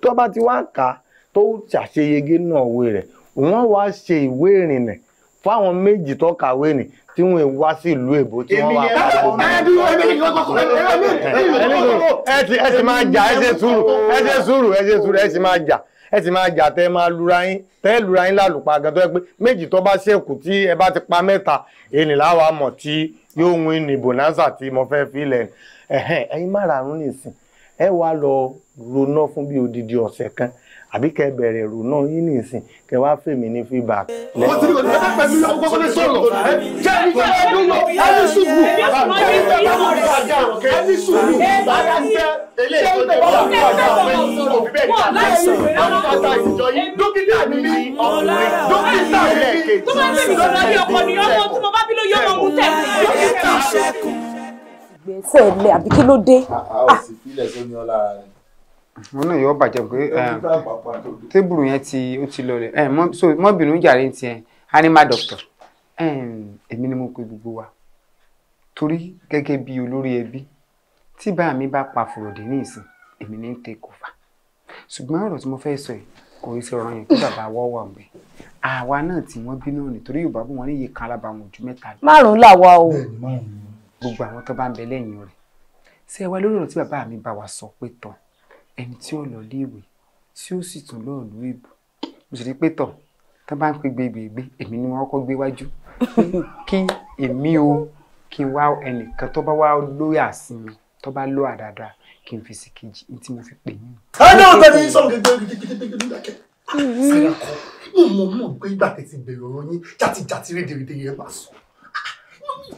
tó bá ti wá kà tó ṣàṣeyege náà òwe rẹ̀ wọ́n wá ṣe ìwé ìrìnnà fáwọn méjì tó kàwé nì tí wọn wá sí ìlú èbó tí wọn wá pàdé. ẹbí ẹbí ẹbí ẹ ti máa jà ẹ ṣe sùúrù ẹ ṣe sùúrù ẹ ṣe sùúrù ẹ ti máa jà ẹ ti máa jà tẹ máa lura yín tẹ lura yín lálùpà gan tó yẹ pé méjì tó bá ṣèkù tí ẹ bá ti pa mẹ́ta ènìlá wa mọ̀ tí yóò win ní bonanza tí mo fẹ́ fi lẹ̀ ẹ̀hìn ẹ̀yin márààrún nìsín ẹ wá lọ ronú fún bí odidi ọ̀sẹ̀ kan àbí kẹ bẹ̀rẹ̀ ẹ̀rù náà yín nìsín kẹ wá fèmí ní feedback. ọmọ tí kò tẹ́tẹ́ pẹ̀lú ọkọ̀ kọ́kọ́ sọ̀rọ̀ jẹ́ ìgbà ẹdún lọ ẹni sùúrù bàbá ẹ bá wà ní ọjà ẹni sùúrù bàbá ẹ jẹ́ eléyìí tó wà ní ọjà ọ̀gbẹ́ni òbí bẹ́ẹ̀ ní ọjà ìṣòro àtàtà ìjọ yìí dókítà mi ní ọkùnrin dókítà mi ní kejì tó máa ń bẹ̀rẹ̀ ìjọba bí ọkọ ni ọmọ tí mo bá bí ló yọ ọmọ mú tẹ̀ dókítà mi ní kejì. gbèsè lẹ àbí kí ló dé. a ò sì fílẹ̀ sóní ọlára rẹ̀ wọn náà yọ bàjẹ́ pé eh, tébùrù yẹn ti ó ti lọlẹ̀ eh, mọ́bìnú jàre tiẹ̀ animal doctor eh, èmi ni mo pe gbogbo wa torí gẹ́gẹ́ bí olórí ẹbí tí bá mi bá pa fòròdì ní ìsìn èmi ní take over ṣùgbọ́n ọ̀rọ̀ tí mo fẹ́ sọ yìí kò í ṣe ọ̀rọ̀ yẹn kí bàbá wọ́ wà mẹ́ àwa náà tí wọ́n bínú nítorí Yorùbá bò wọ́n ní iye kan alábàáwọn ojú mẹ́ta márùn-ún làwa o. gbogbo àwọn tó bá ń bẹ lẹ́yìn rẹ̀ ṣé ẹ wá lórí ọ̀rọ̀ tí bàbá mi bá wa sọ pé tán ẹni tí ò lọ léèwé tí ó sì tún lọ́ọ̀ lú èbù mo sì rí pé tọ̀ tó bá ń pe gbègbègbè èmi ni wọ́n kọ́kọ́ gbé wájú kí èmi o kí n wá ẹnìkan tó bá wá lóyè àsinmi tó bá lóyà dáadáa kí n fi sí kejì ní tí mo fi pè yín. ẹ náà tẹ̀lé sọ̀rọ̀ gidigidi dákẹ́ sára kọ́ mo mọ̀ mọ̀ pé ìgbà tẹ̀sí bẹ̀rẹ̀ ọ̀rọ̀ yín játijàti rédèrèdè yẹn máa sọ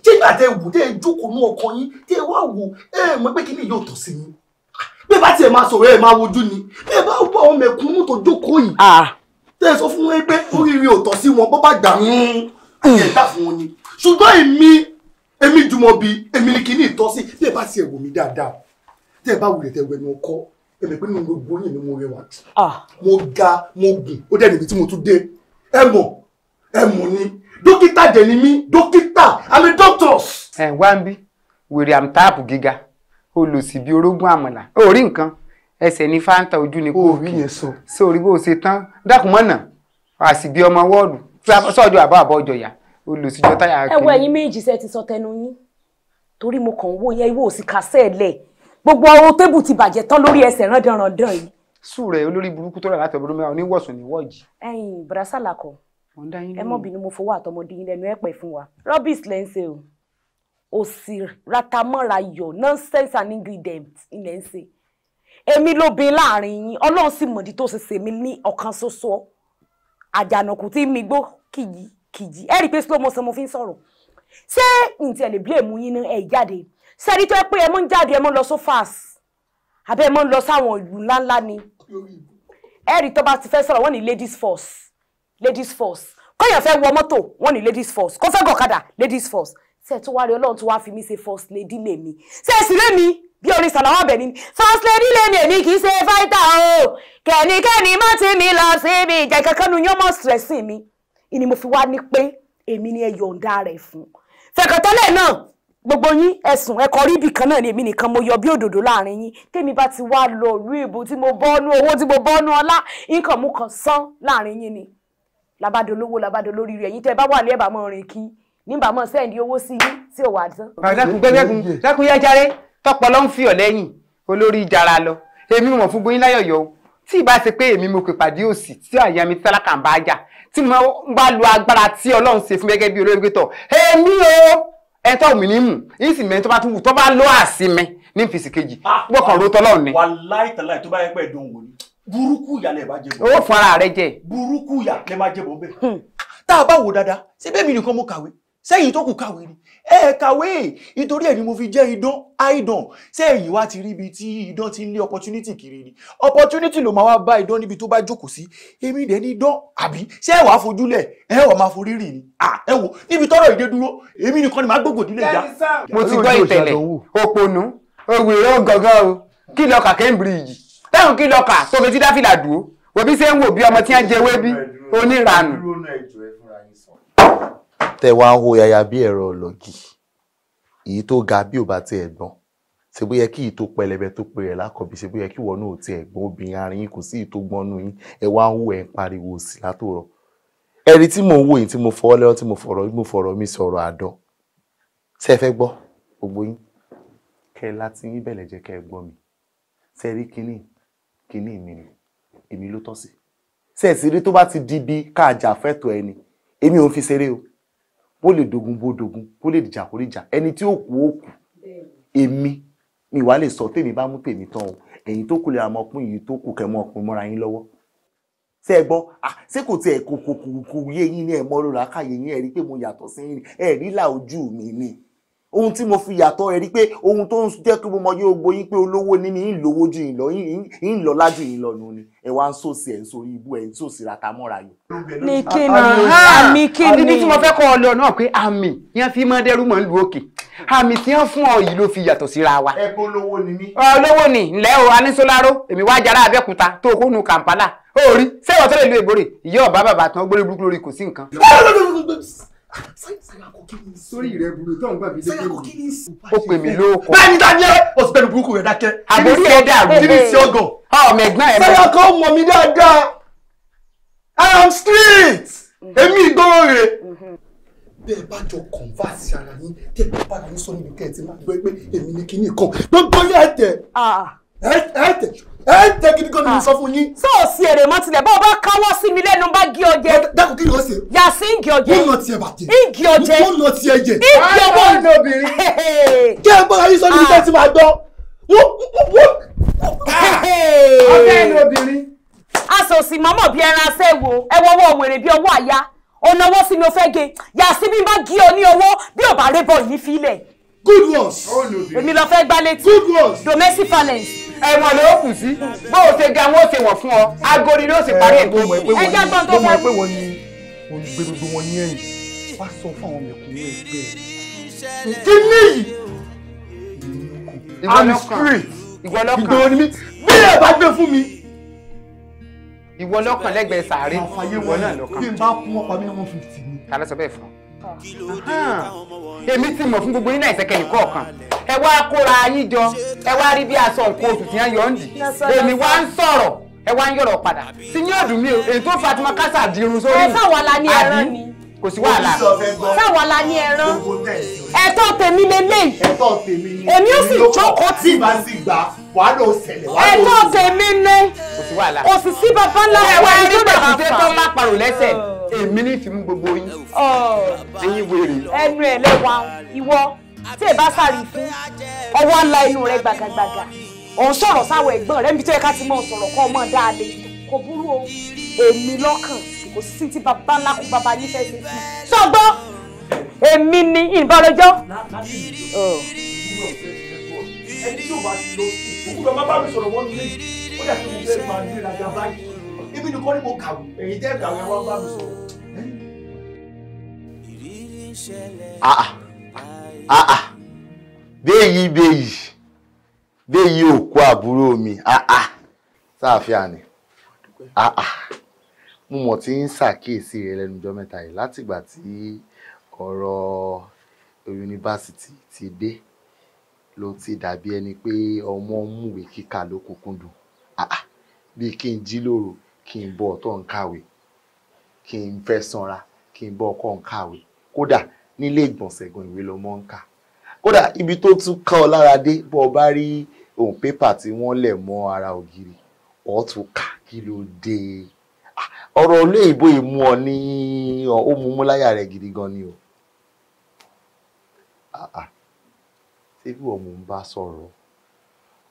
jẹ́gbà tẹ wò tẹ jókòó ní ọkọ yín tẹ wá wò ẹ mọ̀ pé kí ni yóò tọ́ sí yín bí ẹ bá tiẹ̀ máa sọ̀rọ̀ ẹ máa wojú ni bí ẹ bá wọ ọmọ ẹ̀kúnnú tó jókòó yìí tẹ́ ẹ sọ fún wọn pé oríire ò sí wọn bó bá gbà ń ẹ̀ dá fún wọn ni ṣùgbọ́n èmi èmi jùmọ̀ bíi èmi ni kìíní ìtọ́sí bí ẹ bá tiẹ̀ wò mí dáadáa tẹ́ ẹ bá wulẹ̀ tẹ́ wẹ̀ ni wọn kọ́ pé nínú gbogbo yìí ni mo rẹwà mo ga mo gùn ó dẹ̀ níbi tí mo tún dé ẹ mọ̀ ẹ mọ̀ ni dókítà dẹ̀ ni mí dókítà àmì doctors. ẹ̀ wá ń bí wèrè àmì táàpù gíga olùsì bíi orógún àmàlà orí nǹkan ẹsẹ̀ ní fáńtà ojú ni kóòkì sórí bó ṣe tán dákùmọ́nà àsìgbé ọmọ wọ́ọ̀dù sọ́jọ́ àbọ̀ àbọ̀ ọjọ́yà olùsíjọ́ táyà kiri. ẹ wo ẹ̀yin méjì ṣe ti sọ tẹnu yín torí mo kàn ń wo yẹn ìwọ òsì kásẹ̀ lẹ̀ gbogbo ọ̀rọ̀ tébù ti bàjẹ́ tán lórí ẹsẹ̀ rándanrandan yìí. sùn rẹ olórí burúkú tó rà láti ọdún mẹ́wàá oníwọ̀sùn níwọ̀jì. ẹ̀yin brasala kọ ẹ mọ bínú mo fowó àtọmọdé yín lẹ́nu ẹ pẹ fún wa rubbish lẹ o òsì ratamọ́ra yọ̀ nonsense and ingredients ilẹ̀ ń ṣe èmi ló bin láàrin yín ọlọ́run sì mọ̀dí tó ṣe ṣèmi ní ọ̀kan ṣoṣo àjànàkú tí mi gbó kìjì kìjì ẹ rí i pé slow motion mo fi ń sọ̀rọ̀ ṣé ǹtí ẹ lè bí èmú yín ní ẹ jáde sẹ́ni tó pé ẹ mọ́ ń jáde ẹ mọ́ ń lọ sófàs àbẹ́ ẹ mọ́ ń lọ sáwọn ìlú ńláńlá ni ẹ rí tó bá ti fẹ́ sọ̀rọ̀ wọ́n ní ladies force, ladies force kọ́yàn fẹ́ wọ mọ́tò wọ́n ní ladies force kó fẹ́ gọ̀kadà ladies force ṣe tó wá rí ọlọ́run tó wá fi mí ṣe first lady lèmi ṣe èsì lèmi bí orin sàlàwà bẹ̀ ni first lady lèmi èmi kì í ṣe fáìtà o kẹ̀nikẹ́ni má ti mi lọ sí ibi ìjà ìkankan nu yóò mọ̀ stressing mi ìní mo fi wá ní pé èmi ni ẹ yọ̀ǹda rẹ̀ fún fẹ̀kọ̀tẹ́lẹ̀ náà gbogbo yín ẹ̀sùn ẹ̀kọ́ rí ibì kan náà ni èmi nìkan mo yọ bí òdòdó láàrin yín tèmi bá ti wá lọ ìlú ìbò tí mo bọ́nú owó tí mo bọ́nú ọlá nǹkan mú kan sán láàrin yín ni labádolówó labádolórí rẹ̀ yín tẹ́ bá wà ní ẹ̀bà mọ́ rìn kí nígbà mọ́ sẹ́ndì owó sí yín tí ò tán. Ah, dákun gbẹ́gbẹ́gun dákun yá jàre ń fi ọ̀ olórí ìjara lọ èmi mọ̀ fún gbóyin láyọ̀yọ̀ o tí ì bá ṣe pé èmi mo pèpàdé òsì tí àyà mi tálákà ń bá jà tí mo bá lo agbára tí ọlọ́run ṣe fún gẹ́gẹ́ bí olórí pé tọ̀ èmi o ẹtọ mi ni mu yìí sì mẹ́rin tó bá tún wù tó bá lọ àsìmẹ ní fèsì kejì gbọkàn ah, ro tọlọ ni. wàláì tàláì tó bá yẹ pé ẹdùn wò ni burúkú ìyá lè má jẹ bọ. owó fún ara rẹ jẹ. burúkú ìyá lè má jẹ bọ bẹ́ẹ̀. Hmm. tá a bá wò dáadáa ṣé bẹ́ẹ̀ mi nìkan mo kàwé sẹ́yìn tó kù kàwé ni ẹ kàwé nítorí ẹ̀ ni mo fi jẹ́ idán àìdán sẹ́yìn wá ti rí ibi tí idán ti ń lé opportunity kiri ni opportunity ló máa wá bá idán níbi tó bá jókòó sí èmi dẹ̀ ní idán àbí ṣé ẹ wàá fojúlẹ̀ ẹ wàá máa forí rìn ni ẹ wò níbi tọ́rọ̀ ìdè dúró èmi nìkan ni màá gbogbo ìdílé ìjà. mo ti gbọ́ ìtẹ̀lẹ̀ òpònú òwèrè ọ̀gángan o kí lọ Cambridge táwọn kí lọ tó fi ti dáfìlà dúró òbí ṣe bí ọmọ tí wọ́n jẹ wébí onírànù tẹ wá ń ho yaya bí ẹ̀rọ ọlọ́gì èyí tó ga bí ò bá tiẹ̀ gbọ́n ṣe bó yẹ kí èyí tó pẹlẹbẹ tó pe rẹ̀ lákọ̀bí ṣe bó yẹ kí ìwọ náà tiẹ̀ gbọ́n obìnrin arin yín kò sí èyí tó nù yín ẹ wá ń ho ẹ̀ ń pariwo sí látòrọ̀ ẹ̀rí tí mò ń wò yín tí mo fọwọ́ lẹ́wọ́ tí mo fọ̀rọ̀ mo fọ̀rọ̀ mi sọ̀rọ̀ àdán ṣe fẹ́ gbọ́ gbogbo yín kẹ́ ẹ láti yín bẹ̀lẹ̀ jẹ́ kẹ́ ẹ gbọ́ mi ṣe rí kínní kínní mi ni èmi ló tọ́ sí ṣe é rí tó bá ti di bí káàjà fẹ́tọ̀ ẹni èmi ò ń fi ṣeré o bó lè dogun bó dogun kó lè dìjà kó lè jà ẹni tí ó kú ó kú èmi mi wàá lè sọ tèmi bá mú tèmi tán o ẹ̀yin tó kù lè ra ọmọkùnrin yìí tó kù kẹ́ ọkùnrin mọ́ra yín lọ́wọ́ ṣé ẹ gbọ́ à ṣé kò tiẹ̀ kò kò kò yé yín ní ẹ̀ mọ́ lóra káyé yín ẹ̀ rí pé mo yàtọ̀ sí yín ẹ̀ rí là ojú mi ni ohun tí mo fi yàtọ̀ rẹ̀ rí pé ohun tó ń jẹ́ kí mo mọ yóò gbóyin pé olówó ní mi ń lówó ju ìlọ ń lọ lájú ìlọ nù ni ẹ wá ń sòsì ẹ̀ ń sòrí ibú ẹ̀ ń sòsì rata mọ́ra yìí. ní kíni àmì kíni. ibi tí mo fẹ́ kọ́ ọ lọ náà pé àmì yẹn fi máa dẹ́rù mọ́ ń lu òkè àmì tí wọ́n fún ọ yìí ló fi yàtọ̀ síra wa. ẹ kó lówó ni mí. olówó ni ǹlẹ́ o anísóláró èmi wá jara Abẹ́òkúta tó kó nu Kampala ó rí sẹ́wọ̀n tó lè lu ègbò ìyá ọ̀bá bàbá tán gbórí burúkú lórí kò sí nǹkan sórí rẹ burú tó ń gbà mí lẹ́yìn mi. ó pè mí lóko. bẹ́ẹ̀ ni dájú ẹ o burúkú rẹ̀ dákẹ́. àbórí ẹ̀ dàrú. kí ni sí ọgàn. ọmọ ẹ̀gbọ́n ẹ̀ dáadáa I am street mm-hmm. èmi ìgbọ́rọ̀ rẹ̀. Mm-hmm. bẹ́ẹ̀ bá jọ converse ara yín tẹ́ bá bára yín sọ níbi kẹ́ẹ̀tì máa gbọ́ pé èmi ni kinní kan gbogbo yẹn tẹ̀ ah. ẹ̀ ẹ ń tẹ gidi gan ni mo ah. sọ fún yín. sọ ò sí èrè mọ́ tilẹ̀ bá o bá káwọ́ sí mi lẹ́nu bá gé ọjẹ́. dákun kí ni o ṣe. yà sí ìgì ọjẹ́. wọ́n lọ tiẹ̀ bàjẹ́. ìgì ọjẹ́. wọ́n lọ tiẹ̀ jẹ. ìgì ọwọ́ ìdòbìrì. kí ẹ bọ́ra yín sọ ní iṣẹ́ tí màá gbọ́. ọjọ́ ẹni obìnrin. asòsì mọ́mọ́ bíi ẹran aṣẹ́ wo ẹ wọ́wọ́ wèrè bíi ọwọ́ àyà ọ̀nà ọwọ́ sí mi ò fẹ́ ge yà sí bí n bá gé ọ ní ọwọ́ bí ò bá rébọ̀ yìí fi ilẹ̀. good words. èmi lọ fẹ́ gbá létí. good words. domestic violence ẹ̀wọ̀n ló kù sí bó o ṣe ga wọn ó ṣe wọ̀n fún ọ agori ló sì parí ètò ẹjẹ́ gbọ́n tó fẹ́. pé wọ́n ní olùgbé gbogbo wọn ní ẹ̀yìn wá sọ fún àwọn mẹ̀kúnnú ẹgbẹ́ ẹ̀. kí níyì i'm straight ìgbọ̀n ni mi bí ẹ bá gbé fún mi. ìwọ lọ́kàn lẹ́gbẹ̀ẹ́ sàárè ìwọ náà lọ́kàn. bí n bá kún ọ̀pá mi ní one fifty ni. ta ló sọ bẹ́ẹ̀ fún ọ. èmi ti mọ̀ fún gbogbo yín náà ìsẹ̀kẹ̀ nìkọ̀ọ̀kan ẹ wá kóra yín jọ ẹ wá rí bí aṣọ nǹkan oṣù tí wọ́n yọ ń dì èmi wá ń sọ̀rọ̀ ẹ wá ń yọ̀rọ̀ padà sí ní ọ̀dùn mi o èyí tó Fatima kásá di irun sórí àbí kò sí wàhálà sáwọn la ní ẹran ẹ̀tọ́ tèmi lélẹyìí ẹ̀tọ́ tèmi ni èmi ó sì jókòó tì í ẹ̀tọ́ tèmi ni kò sì sí bàbá ńlá ẹwà ẹjọ bàbá fẹ tó má parò lẹ́sẹ̀ èmi ní fi mú gbogbo yín ẹ̀yin wèrè ẹnu ẹ lẹwa ìwọ tí ẹ bá sáré fún ọwọ́ ńlá inú rẹ gbàgàgbàgà òun sọ̀rọ̀ sáwọn ẹ̀gbọ́n rẹ níbi tó yẹ ká ti mọ̀ sọ̀rọ̀ kọ́ ọmọ dáadé kò burú o èmi lọ́kàn kò sí ti bàbá ńlá kú bàbá yín fẹ́ ṣe sí. sọgbọ́ èmi ni ìbálòjọ́. ẹni tí ò bá ti lọ òkú lọ má bá mi sọ̀rọ̀ wọ́n nílé ó yà kí mo fẹ́ máa ní ìrajà báyìí ibi nìkan ni mo kàwé èyí jẹ́ ìgbà wẹ́wà bá mi sọ̀rọ̀. Ah, ah ah ah béèyí béèyí béèyí òkú àbúrò mi ah ah sáàfíà ni ah ah mo mọ̀ tí ń ṣàkíyèsí rẹ lẹ́nujọ́ mẹ́ta yìí látìgbà tí ọ̀rọ̀ yunifásitì ti dé ló ti dàbí ẹni pé ọmọ múwèé kíkà ló kúkún dùn ah ah bíi kí n jí lóru kí n bọ ọ̀tọ̀ ń kàwé kí n fẹ́ sanra kí n bọ ọkọ ń kàwé kódà nílé ìgbọ̀nsẹ̀ gan ìwé ló mọ́ ń kà kódà ibi tó tún kàn ọ́ lára dé bó o bá rí ohun pépà tí wọ́n lẹ̀ mọ́ ara ògiri ọ̀ tún kà kí ló dé ọ̀rọ̀ olóyìnbó ìmú ọ ní ó mú mú láyà rẹ̀ gidi gan ni o ṣé bí ọmọ ń bá sọ̀rọ̀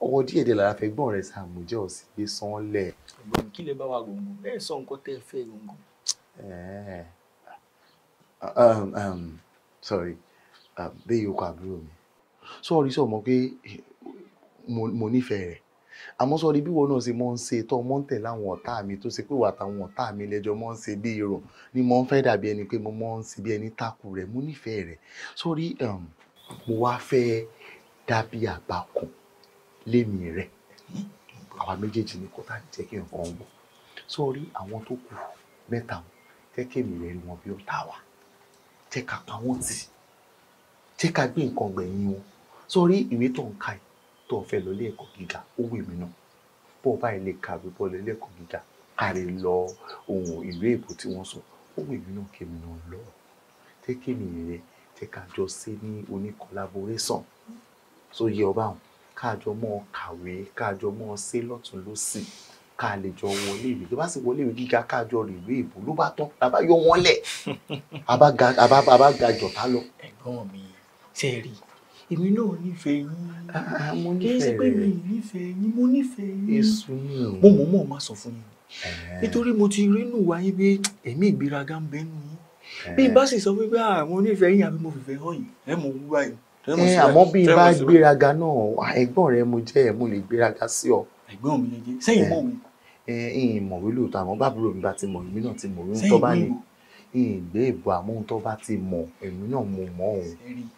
ọwọ́ díẹ̀ díẹ̀ lára fẹ́ rẹ̀ sàmù ò sì gbé sán lẹ̀. ẹ̀gbọ́n kí lè bá wa gbòǹgbò bẹ́ẹ̀ sọ nǹkan tẹ́ fẹ́ gbòǹgbò sorry um, bẹ́ẹ̀ ọkọ àbúrò mi sọ́ọ̀rí sọ mọ́ pé mo nífẹ̀ẹ́ rẹ̀ àmọ́ sọ́ọ̀rí bí wọn náà ṣe mọ́ ń ṣe tọ́ mọ́ ń tẹ̀ láwọn ọ̀tá mi tó ṣe pé wà táwọn ọ̀tá mi lẹ́jọ́ mọ́ ń ṣe bí irun ni mo ń fẹ́ dàbí ẹni pé mo mọ́ ń ṣe bí ẹni takù rẹ̀ mo nífẹ̀ẹ́ rẹ̀ sọ́ọ̀rí um, mo wá fẹ́ dàbí àbákùn lémi rẹ̀ àwa méjèèjì ni kò tá à ń jẹ́ kí nǹkan wọ̀ sọ́ọ̀rí àwọn tó kù mẹ́ta jẹ́ kémi rẹ̀ ni wọ́n bí ọ̀tá wa jẹ́ ká pa wọ́n tì jẹ́ ká gbé nǹkan gbẹ̀yìn wọn sórí ìwé tó ń ka yìí tó o fẹ́ lọ ilé ẹ̀kọ́ gíga ó wù mí náà bó o báyìí lè ka àbí bó o lọ ilé ẹ̀kọ́ gíga ká lè lọ ohun ìlú èbó tí wọ́n sọ ó wù mí náà kémi náà lọ jẹ́ kémi rẹ jẹ́ ká jọ ṣe ní oní collaboration sóyè ọba àwọn ká jọ kàwé ká jọ mọ́ ọ ṣe ká lè jọ wọlé ìwé tó bá sì wọlé ìwé gíga ká jọ rè ìwé ìbò ló bá tán la bá yọ wọn lẹ̀ abá ga jọ̀tá lọ. ẹ̀gbọ́n mi ṣe rí èmi náà nífẹ̀ẹ́ yín ah, ah, mo nífẹ̀ẹ́ rẹ kí ẹ ṣe pé mi nífẹ̀ẹ́ yín mo nífẹ̀ẹ́ yín èso mi ò mo mọ̀ mọ̀ máa sọ fún yín eh. nítorí mo ti rí nù wáyé pé ẹ̀mí ìgbéraga ń bẹ nù yín bí n eh. bá sì sọ pé àwọn ah, onífẹ̀ẹ́ yín àbí mo fìfẹ́ hàn yìí ẹ mọ̀ eh, wúwa yìí. àmọ́ bí n bá gbéraga náà ẹ̀gbọ́n rẹ mo jẹ́ ẹ̀ mo lè gbéraga sí ọ ẹ̀gbọ́n mi lè jẹ́ sẹ́yìn mọ̀ mi. ẹ ẹ ìmọ̀wé lóòótọ́ àmọ́ bábúrò mi bá ti mọ̀ èmi náà ti mọ̀ ohun tó bá ní ìgbé ìbò àmọ́ ohun tó bá ti mọ̀ èmi náà mo mọ̀ òun.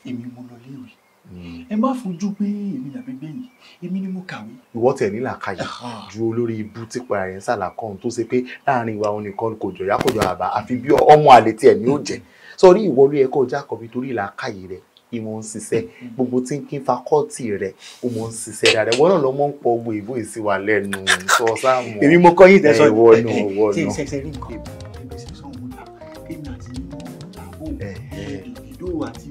èmi mo lọ léèwé hmm. ẹ má fojú pé èmi làbí gbẹ̀yìn èmi ni mo kàwé. ìwọ tẹ̀ ní làkàyè ju olórí ibú tí para ẹ̀ ń sàlàkọ́hún tó ṣe pé láàrin ìwà òun nìkan kò jọ̀yà kò jọ àbá àfi bí ọmọ àlè tiẹ̀ ni ó jẹ́ hmm. sọrí ìwọ ló yẹ kó jákọ̀bí torí làkàyè rẹ̀ ìmọ̀ ń ṣiṣẹ́ gbogbo tí ń kí fakọ́ọ̀tì rẹ̀ ó mọ̀ ń ṣiṣẹ́ dáadáa ìwọ náà ló mọ̀ ń pọ̀ owó ìbò ìsìwà lẹ́nu sọ sáàmù èmi mo kọ́ yín tẹ́sán ìwọ nù ìwọ nù. tí n ṣẹ̀ṣẹ̀ rí nǹkan ìgbésẹ̀ sọ̀hún la èmi àti mímọ́ ìyàwó ìdó àti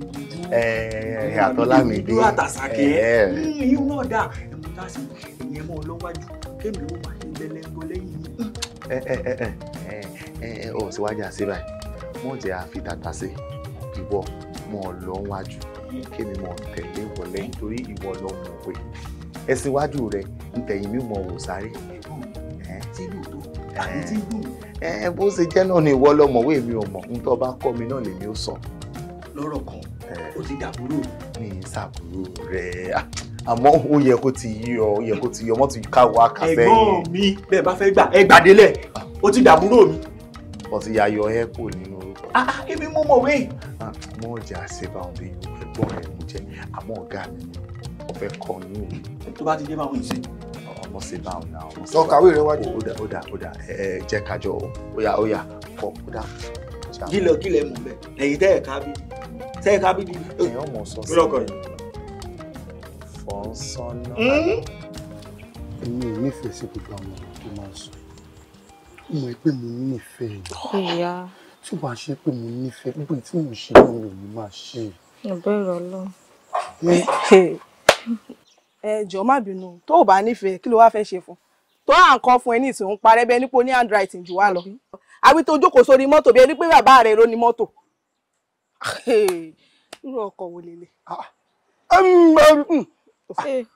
ojú àtọ́lámídé ìdó àtàsàkẹ́ ìyún náà dà ẹ̀mú lásìkò ìyẹn mọ́ ọlọ́wájú kémi ó máa ṣe lẹ́lẹ́ńgọ́ lẹ́yìn ẹ ẹ ẹ ẹ ẹ ọ síwájú àṣìbáyé wọn jẹ àfi tàtàṣe ìwọ mọ̀ ọ́ lọ wájú kémi mọ̀ tẹ̀lé wọlé nítorí ìwọ lọ mọ̀ pé ẹsìn wájú rẹ ntẹ̀yìn mi mọ̀ wò sáré. ẹ bó ṣe jẹ́ náà ni ìwọ lọ́mọ̀wé mi ò mọ̀ nítorí ọba kọ́ mi náà lèmi ó sọ. lọ́rọ̀ kan ó ti dàbúrò. mi ì sàbúrò rẹ̀ ah, àmọ́ ó yẹ kó ti yí ọ ó yẹ kó ti yí ọ mọ́ ti ká wa kà sẹ́yìn. ẹ̀gbọ́n mi bẹ́ẹ̀ bá fẹ́ gbà ẹ gbàdélẹ̀ ó ti dàbúrò mi. ọtí yayọ ẹ kò nínú ah ibi ah, mo mọ̀wé. Ah, mo jẹ́ àṣebà òde ìgbọ́n rẹ̀ mo jẹ́ àmọ́ ọ̀gá mi ò fẹ́ kọ́ ní o. tó bá ti dé báwo ń ṣe. ọmọ ṣe báwo náà ọmọ ṣe báwo. ọkàwé rẹ wájú. ó dà ó dà ó dà ẹ jẹ́ kájọ óyà óyà kọ ó dà. kílẹ̀ kílẹ̀ mọ̀ bẹ́ẹ̀ ẹ̀yin tẹ́ ẹ̀ kábí tẹ́ ẹ̀ kábí di. ẹ̀yin ọmọ sọ sí i fọ́nsọ́nà. Hmm? èmi ò nífẹ̀ẹ́ sí gbogbo àwọn ọmọ tó máa sọ tí wàá ṣe pé mo nífẹ̀ẹ́ gbogbo tí mo ṣe náà mi ò ní máa ṣe. ìbéèrè Ọlọ́run. ẹ jọ̀ọ́ má bínú tó o bá nífẹ̀ẹ́ kí ló wá fẹ́ ṣe fún tó à ń kọ́ fún ẹ ní ìsìn ń parẹ́ bẹ́ẹ̀ nípo ní handwriting jù wá lọ àbí tó jókòó sórí mọ́tò bí ẹni pé bàbá rẹ̀ ló ni mọ́tò irú ọkọ̀ wo lélẹ̀. Ah, ah, um, um, um. Eh.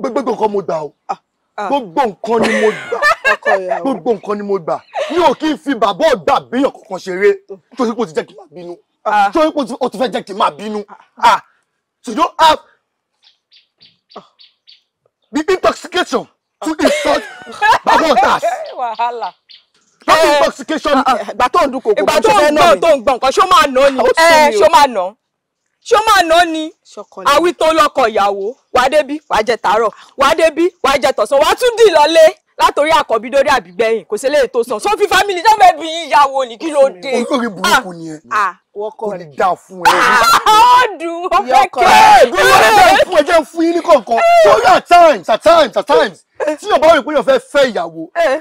gbogbo nǹkan mo dà o ah. Ah. gbogbo nǹkan ni mo gbà gbogbo nǹkan ni mo gbà mi ò kí n fi bàbá ọ̀gbà béèyàn kankan ṣeré torí pé o ti jẹ́ kí n máa bínú ah. Ah. torí pé o ti fẹ́ jẹ́ kí n máa bínú ah you don't have the intoxication to insult bàbá ọ̀tàs. wàhálà eh. intoxication. ìgbà tó ń dun kòkó kan ṣe fẹ́ náà ni ìgbà tó ń gbọ̀n kan eh, ṣó máa nà ni ṣó máa nà ṣó máa ná ni àwí tó lọ́kọ ìyàwó wàá débí wàá jẹ tàárọ̀ wàá débí wàá jẹ tọ̀sán wàá tún dì lọlé látòrí àkọ́bí dórí àbígbẹ̀yìn kò sí eléyìí tó sàn sófin fámìlì tó fẹ́ bí ìyàwó ni kí ló dé. olórí burúkú ni ẹ ah, ah, wọkọ rẹ kò ní dà fún ẹ. ọdún ọfẹ kẹ ẹ bí wọn lè dá fún ẹ jẹ fún yín ní kọ̀ọ̀kan so eh. at times at times at times tí yóò bá rìn pé yóò fẹ́ fẹ́ ìyàwó eh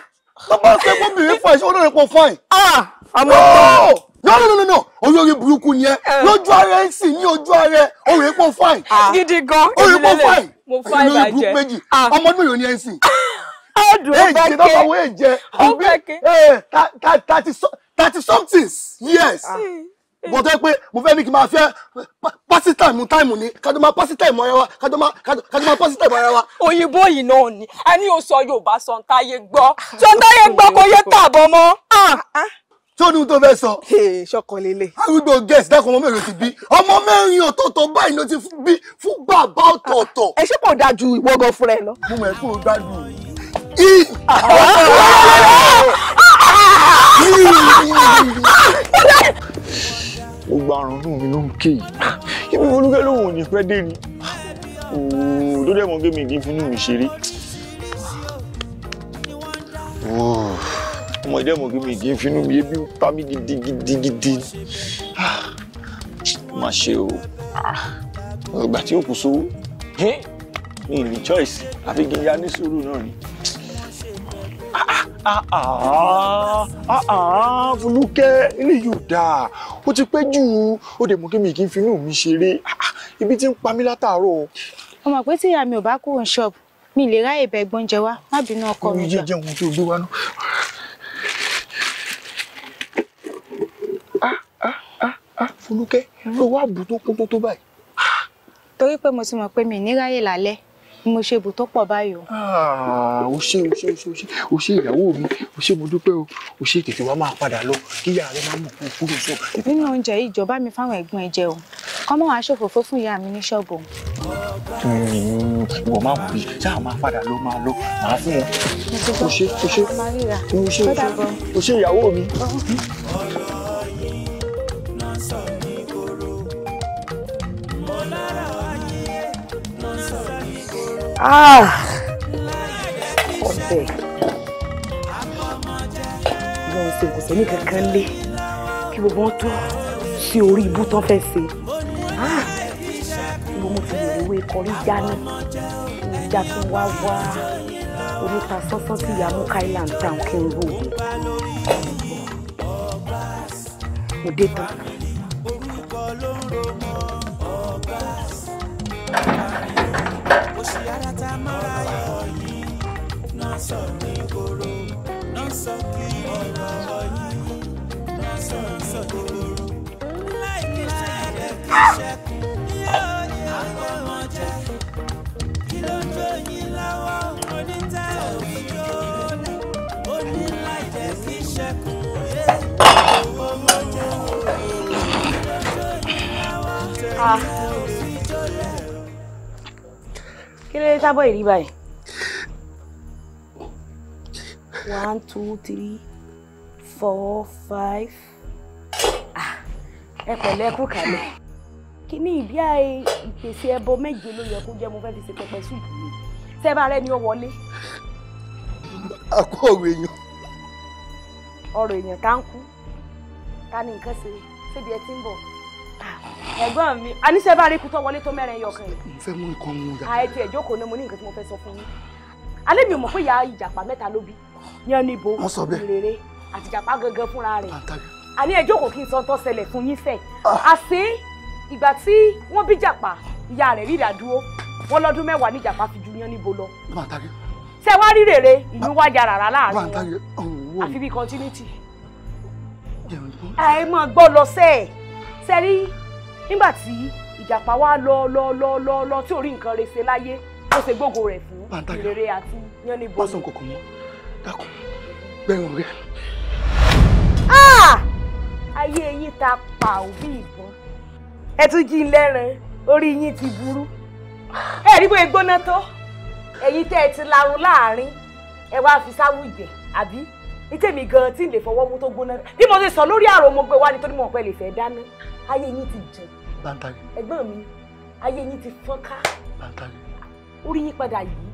bàbá ṣe kó bìrì fà ìṣòro rẹ̀ pọ̀ fáìn. Ah, àmọ́ no no no no olórí burúkú ni ẹ eh. lójú ara ẹ sì ní ojú ara ẹ o rè pọ̀ fáìn. Ah. gidi gan èmi lélẹ̀ mo fáìn bàjẹ́ olórí burúkú méjì ah. ọmọ ọdún yòó ni ẹ sì. ọdún ó bẹ ké èjì náà wọ èjì ẹ ó bẹ ké eh, thirty somethings yes. Ah mo tẹ́ pé mo fẹ́ ní kí n máa fẹ́ pásí táìmù táìmù ni kájọ máa pásí táìmù ara wa kájọ máa kájọ máa pásí táìmù ara wa. òyìnbó yìí náà ni a ní o sọ yorùbá sọ̀ǹtàyé gbọ́ sọ̀ǹtàyé gbọ́ kò yẹ tààbọ̀ mọ́. tí ó ní tó fẹ́ sọ. sọkàn lélẹ̀. arúgbó gẹ̀ẹ́sì dákun ọmọ mẹ́rin ti bí ọmọ mẹ́rin ọ̀tọ̀ọ̀tọ̀ báyìí ló ti bí fún bàbá ọ̀tọ̀ọ̀tọ̀. ẹ ṣé kò dáa ju ìwọ́gọ̀ gbogbo àrùn inú mi ló ń ké yìí ibi olúkẹ́ lòun ò ní pẹ́ dé ni ooo tó dẹ̀ mọ́ gé mi kì í finú mi ṣeré ọmọ ìdẹ́mọ̀ kí mi kì í finú mi ebi pa mí gidigidigidi má ṣe o ìgbà tí ó kù sówó mi ní choice àfi kí n ya ní sùúrù náà ni. Ah ah ah, ah dáa ó ti pẹ́ jù ó dẹ̀ mú kí mi kí n fi inú mi ṣeré ah, ah, ibi tí ń pa mí látàárọ̀. ọmọ pé tí ìyá mi ò bá kúrò ní ṣọ́ọ̀bù mi lè ráyè bẹ gbóúnjẹ wá má bínú ọkọ mi gbà. orí jíjẹ ohun tó gbé wá náà. Folúkẹ́ hmm. ló wá bù tó kún tó tó báyìí. torí pé mo ti mọ̀ pé mi ní ráyè lálẹ́ mo ṣe ibù tó pọ̀ báyìí o. Ah, o ṣe o ṣe o ṣe o ṣe o ṣe ìyàwó mi o ṣe mo dúpẹ́ o o ṣe tètè wá máa padà lọ kí ìyá rẹ máa mọ̀ kó kúrò sọ. nínú oúnjẹ yìí ìjọba mi fáwọn ẹ̀gbọ́n ẹ jẹ o kọ́mọ wàá ṣòfófó fún ìyá mi ní ṣọ́ọ̀bù. ìwọ hmm, máa wù mí ṣáà máa padà lọ máa lọ máa fún wọn. o ṣe o ṣe o ṣe o ṣe ìyàwó mi. Ah, ọ̀bẹ ìwọ ò ṣe kò sẹ́ni kankan lé kí gbogbo wọn tó ṣe orí ibú tán fẹ́ ṣe ah. kí gbogbo ti lè wé kọrí jáná ìjà tó wá wá oríta sọ́sọ́ sí ìyàmú island town kí n rò mo dé tán. òṣì ara ta mọ́ra yọ yìí náà sọ ní ìgboro náà sọ kí ọ̀rọ̀ yìí náà sọ ní ìgboro láì ní ṣẹ́yẹ kí ṣẹ́kù yóò ní ọwọ́ wọn jẹ́ kí ló ń jó yín lọ́wọ́ oníta òbí yóò lẹ̀ ó ní láì kí ṣẹ́kù owó wọn jẹ́ òbí ló ń jó yín lọ́wọ́ ah. oníta òbí yóò lẹ̀ kí ló dé sábọ̀ ìrí báyìí. one two three four five ah, ẹ pẹ̀lú ẹkú kalẹ̀ kíní ìbí àyè ìpèsè ẹbọ méje ló yẹ kó jẹ́ mo fẹ́ fi ṣe pẹpẹ súùpù mi sẹ́bà rẹ ni ó wọlé. àpò ọ̀rọ̀ èèyàn. ọ̀rọ̀ èèyàn ká ń kú ká ní nǹkan ṣe ṣébi ẹ ti ẹ̀gbọ́n mi aníṣẹ́ bá rí ikú tó wọlé tó mẹ́rin yọ kan yìí. mo fẹ́ mú ikọ̀ mu yà. àyè tiẹ̀ jókòó náà mo ní nǹkan tí mo fẹ́ sọ fún yín. alẹ́ mi ò mọ̀ pé ìyá ìjàpá mẹ́ta ló bí yan níbo ìrèrè àti ìjàpá gangan fúnra rẹ̀. àní ẹ jókòó kí n sọ tó ṣẹlẹ̀ fún yín sẹ́. àṣé ah. ìgbà tí wọ́n bí jàpá ìyá rẹ̀ rírà dúró wọ́n lọ́dún mẹ́wàá ní ìjàpá fi ju yan níbo lọ. ṣé wá rí rèrè ìlú ah. wájà rárá láàrin oh, àfi bí continuity. ẹ máa gbọ́ lọ sẹ́ẹ̀ sẹ́rí nígbà tí ìjàpá wa lọ lọ lọ lọ lọ tí ò rí nǹkan rẹ̀ ṣe láyé ó ṣe gbógo rẹ̀ fún ìrere àti yánnibó. pásán kòkò mọ dákun gbẹrun rẹ. Ah! ayé yín ta pa òbí ìbọn ẹ tún jí lẹ́rìn orí yín ti burú ẹ rí bóyá e gbóná tó ẹ̀yin tẹ́ ẹ ti larun láàrin ẹ wá fi sáwù jẹ àbí ní tèmi gan tí n lè fọwọ́ mú tó gbóná bí mo ṣe sọ lórí àrò mo gbé wá nítorí mo pẹ́ lè fẹ́ dáná ayé yín ti jẹ. bàǹtàrí. ẹ̀gbọ́n mi ayé yín ti fọ́n ká. bàǹtàrí. orí yín padà yìí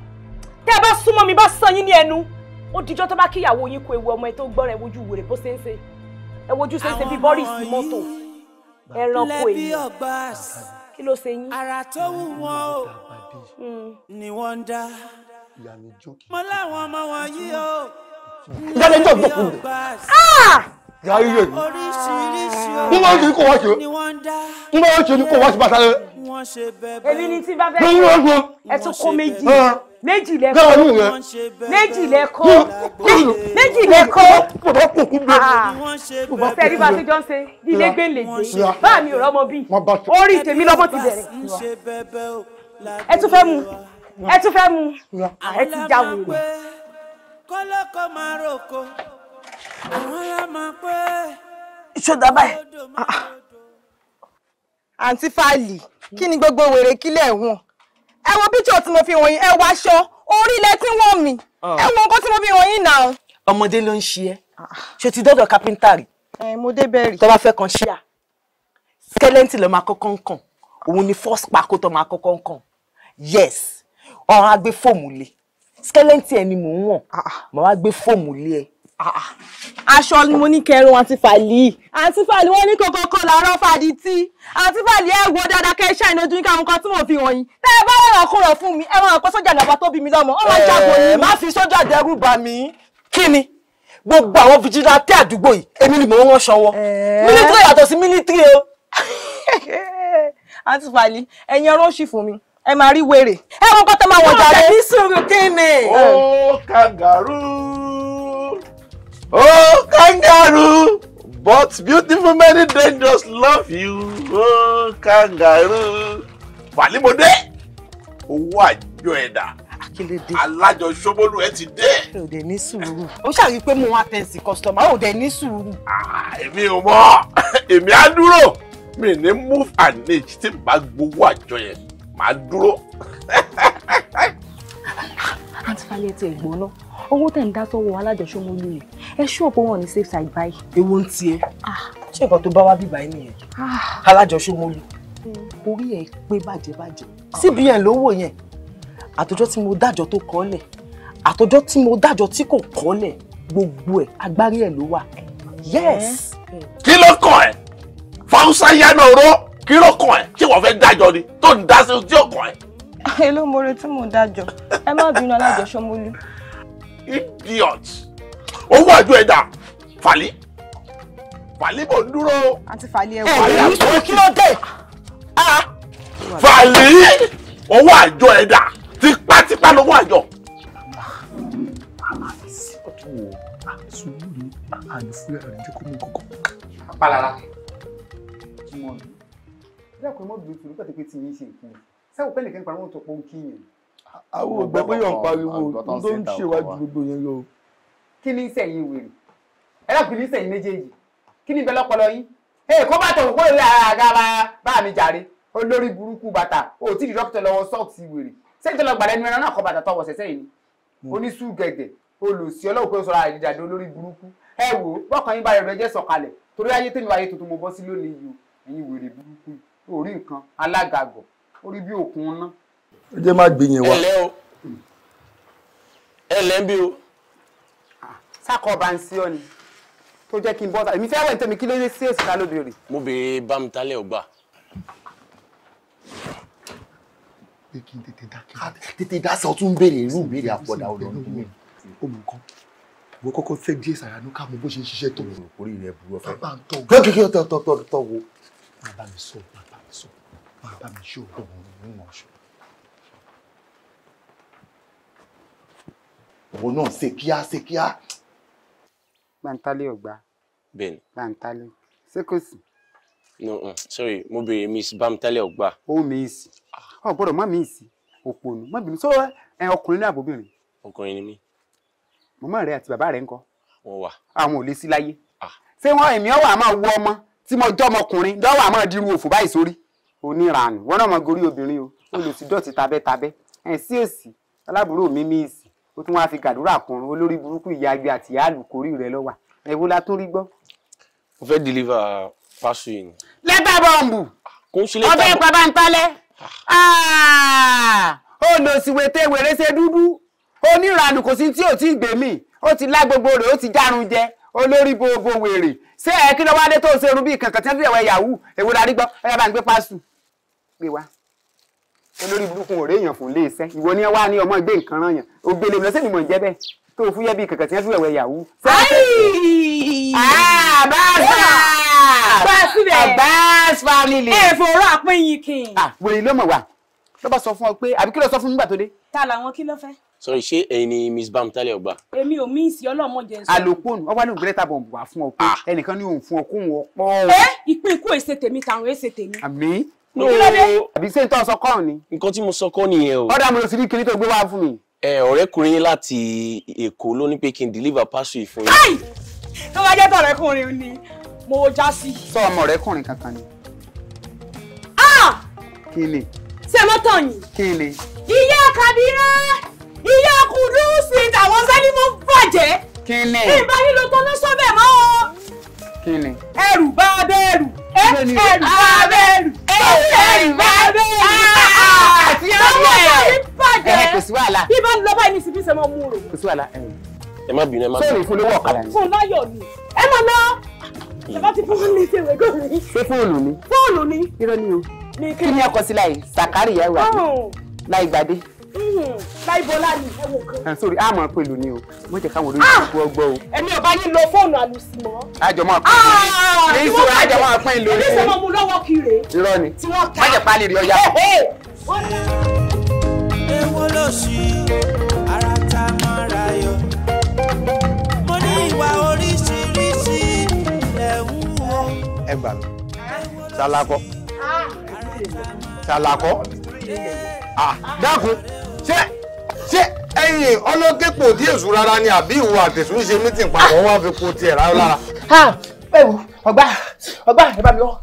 tẹ́ ẹ bá súnmọ́ mi bá sàn yín ní ẹnu ó dijọ́ tó bá kíyàwó yín kó ewu ọmọ ẹ tó gbọ́ràn ẹ wojú wèrè bó ṣe ń ṣe ẹ wojú ṣe ń ṣe bí bọ́rìsì mọ́tò ẹranko èyí kí ló ṣe yín. ara tó wù wọ́n o hmm. ni wọ́n ń dá mọ́ láwọn ọmọ wọn yí o. ìyá lẹ́jọ́ gbọ́kùn yàrá yẹ mi bí wọ́n ṣe ní kó wá ṣe bí wọ́n ṣe ní kó wá ṣe bàtà rẹ. èmi ni tí bá bẹ́ẹ̀ kọ́ ẹ tún kó méjì méjì lẹ́kọ́ méjì lẹ́kọ́ méjì lẹ́kọ́ sẹ́rí bá ṣe jọ ń ṣe ilé gbẹ̀lẹ̀gbẹ̀ bá mi ò rọ́mọ bí orí tèmi lọ́mọ ti bẹ̀rẹ̀ ẹ tún fẹ́ mu ẹ tún fẹ́ mu ẹ ti já wòlò. kọ́lọ́kọ́ máa roko ìṣòdà báyìí. Ah, ah. àǹtí fáìlì kí ni gbogbo wèrè kílẹ̀ wọn ẹ wo píṣọ tí mo fi wọ̀nyí ẹ wọ aṣọ orílẹ̀ tí wọ́n mi ah. ẹ wo nǹkan tí mo fi wọ̀nyí náà. ọmọdé ló ń ṣe ẹ ṣe ti dọdọ kápẹ́ńtà rí. ẹ mo dé bẹ́ẹ̀ rí. tọ́ba fẹ́ kan ṣíà skẹ́lẹ́ǹtì ló máa kọ́kọ́ ń kàn òun ni first pako tó máa kọ́kọ́ ń kàn yes ọ̀run á gbé fóòmù lé skẹ́lẹ́ǹtì ẹ ni mò ń wọ̀n màá wá gbé fóòmù lé ẹ aṣọ ni mo ní kẹrin àti fàlì àti fàlì wọn ní kókó kó làárọ fàdí tí àti fàlì ẹ wo dáadáa kẹ ṣáà ìnojú yín káwọn kan tí mo fi hàn yín tẹ ẹ bá wọn ràn kúrò fún mi ẹ wọn àpò sójà nàbà tó bí mi lọmọ ọmọ ìjàgbọ yìí. má fi sójà dẹ́rù bà mí kí ni gbogbo àwọn fìjìláńtẹ àdúgbò yìí èmi ni mò ń wọn ṣọwọ eh. mílítírì yàtọ̀ sí mílítírì o. àti fàlì ẹ̀yin ọ̀rọ̀ ṣì fún mi ẹ máa rí wèrè ẹ mọ kọ́tà máa wọ̀ jáde. Eh. ó kàgàrú Oh, kangaroo! But beautiful many dangerous love you. Oh, kangaroo! Wàlímọ̀dé! Owó àjọ ẹ̀dá. Akílédé. Alájọ Ṣóbólú ẹ ti dé. O dẹ̀ ni sùúrù. Ó ṣàrí pé mo wá tẹ̀sí kọ́sítọ́mà, ó dẹ̀ ní sùúrù. Ah, èmi ò mọ̀, èmi á dúró. Mi ní move and age tí màá gbowó àjọ yẹn, màá dúró. àǹtí falẹ̀ ti ìgbóná owó tẹ̀ ń dá sọ́wọ́ alájọṣọ́mọlú yìí ẹ ṣú ọ̀pọ̀ wọn ní safe side báyìí. ewo ń tiẹ̀ ah. ṣé nǹkan tó bá wá bíbá ẹ nìyẹn ah. alájọṣọ́mọlú hmm. orí ẹ pé bàjẹ́ bàjẹ́ ah. cbn ló wò yẹn àtọjọ́ tí mo dájọ́ tó kọ́ lẹ̀ àtọjọ́ tí mo dájọ́ tí kò kọ́ lẹ̀ gbogbo ẹ̀ agbárí ẹ̀ ló wà yes. Eh, eh. kí ló kàn ẹ́ fáwùsá yánà oró kí ló kàn ẹ́ ṣé wọ́n fẹ́ dájọ́ ni tó ń dá sí ojú ọkàn ẹ̀. Hello, More tí mò ń dájọ́. Ẹ má bínú alájọṣọ́mólú. Idiot! Owó àjọ ẹ̀dá! Fàlí! Fàlí mò ń dúró. Àǹtí Fàlí ẹ wò. Ẹ̀rọ yìí tó kí ló dé. Ah! Fàlí! Owó àjọ ẹ̀dá! Tipátipá lówó àjọ. Sùúrù ni àyànfúyà rẹ̀ jẹ́ kó mú kọ̀kọ̀. Apá lára. Bẹ́ẹ̀ kò mọ̀ bí o tòlú pẹ̀tẹ́pẹ́ ti yín ṣe ìpín sẹ́wọ̀n pẹ́ẹ́nì kan pariwo tó pọ̀ ń kí yẹn. àwọn ògbẹ́ pé yọ̀ ń pariwo tó ń ṣèwádìí gbogbo yẹn yọ. kí ni sẹ́yìn wèrè ẹlẹ́kùn ní sẹ́yìn méjèèjì kí ni ìbẹ́ lọ́pọlọ yín ee kó bá tọ̀ kó lè ara bá mi jàre olórí burúkú bàtà o tí di dókítà lọ́wọ́ sọ́ọ̀sì wèrè sẹ́yìn tó lọ gbàdẹ́ nu ẹran náà kọ́ bàtà tọwọ́ sẹ́sẹ́ yìí hmm. oníṣú gẹ̀gẹ̀ olùsí ọlọ́wọ́ pé ó sọ̀rọ̀ àìdíjàdé olórí burúkú ẹ wò ó bọ́kàn yín bá rẹ̀ jẹ́ sọ̀kalẹ̀ torí ayé tèmi wáyé tuntun mo bọ́ sí lónìí yìí ẹ̀yin wèrè burúkú ó bí òkun ná. ó jẹ́ má gbìyìn wa. ẹlẹ́ o ẹlẹ́ ń bí o. sákọ̀ bá ń sí ọ ni tó jẹ́ kí n bọ́ ta èmi fẹ́ wẹ̀ tẹ́mi kí ló dé sí èsì ta ló béèrè. mo béèrè bámutalẹ̀ ọgbà. pé kí n tètè dákẹ́. tètè dáṣà ó tún béèrè irú ìbéèrè àpọ̀dà ọ̀dọ̀ ọ̀dọ̀ ọ̀dọ̀ wo kọ́kọ́ fẹ́ díẹ̀ sàrànú ká mo bó ṣe ń ṣiṣẹ́ tó. orí rẹ burú ọfẹ. bàbá ń tọ́ wo. kí ọ̀tọ̀ ọ̀tọ̀ ọ̀tọ̀ wo. bàbá mi sọ bá máa bá mi ṣe òògùn òun mọ̀ ṣù. òun náà ṣe kíá ṣe kíá. gbàǹtálẹ̀ ọ̀gbà. bẹ́ẹ̀ni. gbàǹtálẹ̀ ṣé kò sí. no um, sorry mo bèrè miss bamtálẹ̀ ọ̀gbà. ó miss Oh gbọ́dọ̀ má miss òpònú má bínú sọ ẹ ọkùnrin náà àbóbìnrin. ọkùnrin ni mí. màmá rẹ àti bàbá rẹ ńkọ́. wọn wà. àwọn ò lè sí láyé. Ah. ṣé wọn èmi ọwọ àmọ wọ ọmọ tí mo jọ ọmọkùnrin lọ́wọ́ àmọ dirú òfò báyìí sórí oníranù wọn náà mọ gorí obìnrin o olùsídọ̀tí tabẹ́tabẹ́ ẹ̀ sí èsì aláàbúrò mi mí èsì ó tún wáá fi gàdúrà kùnrin olórí burúkú ìyá àti ìyá àlùkòrí rẹ lọ́wà ẹ wo la tún rí gbọ́. mo fẹ́ deliver parcel yìí. lẹ́tà bọ́ǹbù ọbẹ̀ ìpa bá ń talẹ̀ ah. ah. olùsíwètèwèrè ṣe dúdú oníranù kò sí tí ò tí ì gbé mi ó ti lá gbogbo rẹ̀ ó ti járun jẹ olórí gbogbo wèrè ṣé ẹ kí ló wá dé tó ṣerú bí kankan tí wọ́n fi ẹ̀wọ̀ yahoo èwo la rí gbọ́ ẹ bá ń gbé pásù pé wá olórí burúkú ọ̀rẹ́ èèyàn fún iléeṣẹ́ ìwọ ni wá ní ọmọ ìgbé nǹkan ràn ògbélé mi lọ́sẹ̀ mi mọ̀ ń jẹ́ bẹ́ẹ̀ tó fúyẹ́ bíi kẹ̀kẹ́ tí wọ́n fi wẹ̀wẹ̀ yàwó. àbáṣà family. ẹ fòrò àpín yìí kì í. wèrè ló mọ̀ wá ló bá sọ fún ọ pé àbí kí ló sọ fún nígbà tó dé. ta làwọn kí ló fẹ́. sọ ṣé ẹ̀yin ni miss bam tálẹ̀ ọgbà. èmi ò míì sí ọlọ́mọ jẹ sọ. àlòpọ̀nù ọba ní ògbẹ́rẹ́ta bọ̀ wá fún ọ pé ah. ẹnìkan ní òun fún ọ kóun ọpọ́. ẹ ìpín ikú èsè tèmi tàwọn èsè tèmi. àmín no àbí ṣé n tọ́ sọ kọ́ ni. nǹkan tí mo sọ kọ́ nìyẹn o. ọ̀dà mo lọ sí ní kinní tó gbé wá fún mi. ẹ ọ̀rẹ́kùnrin yín láti èkó ló ní pé kí n deliver parcel fún yín. káì tó bá jẹ́ tọ̀rẹ́kùnrin ni mo já sí. sọ ọmọ ọ̀rẹ́kùnrin kankan ni. Ah! kí ni. ṣé mo tàn yín. kí ni. ìyá kàdírá ìyá kùdùsì tàwọn sẹ́ni mo bàjẹ́. kí ni. ìbánilò tó ná sọ́bẹ̀ mọ́ o. kí ni. ẹrù bá bẹ́ẹ̀rù. ẹrù bá bẹ́ẹ̀rù ẹsẹ̀ ìbàdàn àti ọwọ́ yìí bàjẹ́ kò sí wàhálà bí bá ń lọ báyìí ní ìsìnkú ìsẹ̀mọ́ mú rò. kò sí wàhálà ẹ má bínú ẹ má bínú sóòrè fún lówó ọ̀kadà ni. fún láyọ̀ ni ẹ má lọ bàbá ti fún mi ṣe wẹ̀gọ́ mi. ṣé fóònù ni. fóònù ni. irọ́ ni o kí ni ọkọ̀ sí láì sàkárì yẹn wà láì gbadé láìbọlá ni ẹ wò kan. sori a máa pèlú ni o mo jẹ káwọn olóyún ah! kú ọgbọ o. èmi ò bá yín lo fóònù àlùsì mọ́. àjọ máa pín in ní sọ àjọ máa pín in lórí. ilé ìṣẹ́ mọ́ mu lọ́wọ́ kiri. irọ́ ni má jẹ́ pálí rí ọjà. èwo ló ṣí ara ta mọ́ra yọ mo ní ìwà oríṣiríṣi ilẹ̀ ń wọ. ẹ gbà mí salakọ salakọ ah! ah! dákun ṣé ṣé ẹ̀yin ọlọ́gẹ́pọ̀ tí èṣù rárá ni àbí ìwọ àtẹ̀sùn ṣe mítìn papọ̀ wá fi po tiẹ̀ rárá. ẹ wo ọgbà ọgbà ẹ bá mi wọ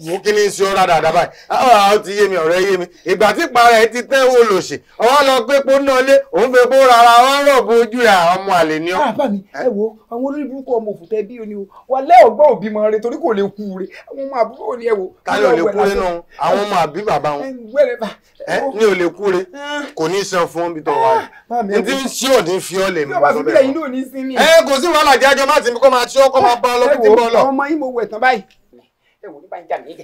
wo kí ni ń ṣe ọ́ra dáadáa báyìí àwọn ah, ah, ti yé mi ọ̀rẹ́ yé mi ìgbà tí parẹ́ ti tẹ́ wo lò ṣe ọwọ́ lọ pé kó náà lé òun fẹ́ kó rárá wọn rọ̀ bo ojú ẹ̀ ọmọ àlè ni ọ́. bàbá ah, mi ẹ wo àwọn olórí burúkú ọmọ òfùtẹ bí o ni o wà lẹ́ọ̀gbọ́n òbí mọ rẹ torí kò lè kú rẹ àwọn ọmọ àbúrò ni ẹ wo. táyọ̀ lè kú nínú àwọn ọmọ àbí bàbá wọn ní ò lè kú rẹ kò ní san fún bí tọ́ wa rẹ̀ ní tí ń ṣí ò ní fi ọ́ lè mú ọ bẹ́ẹ̀. ẹ kò sí wàhálà jẹ́jọ́ ẹ wò ní bá ń jà nìyí.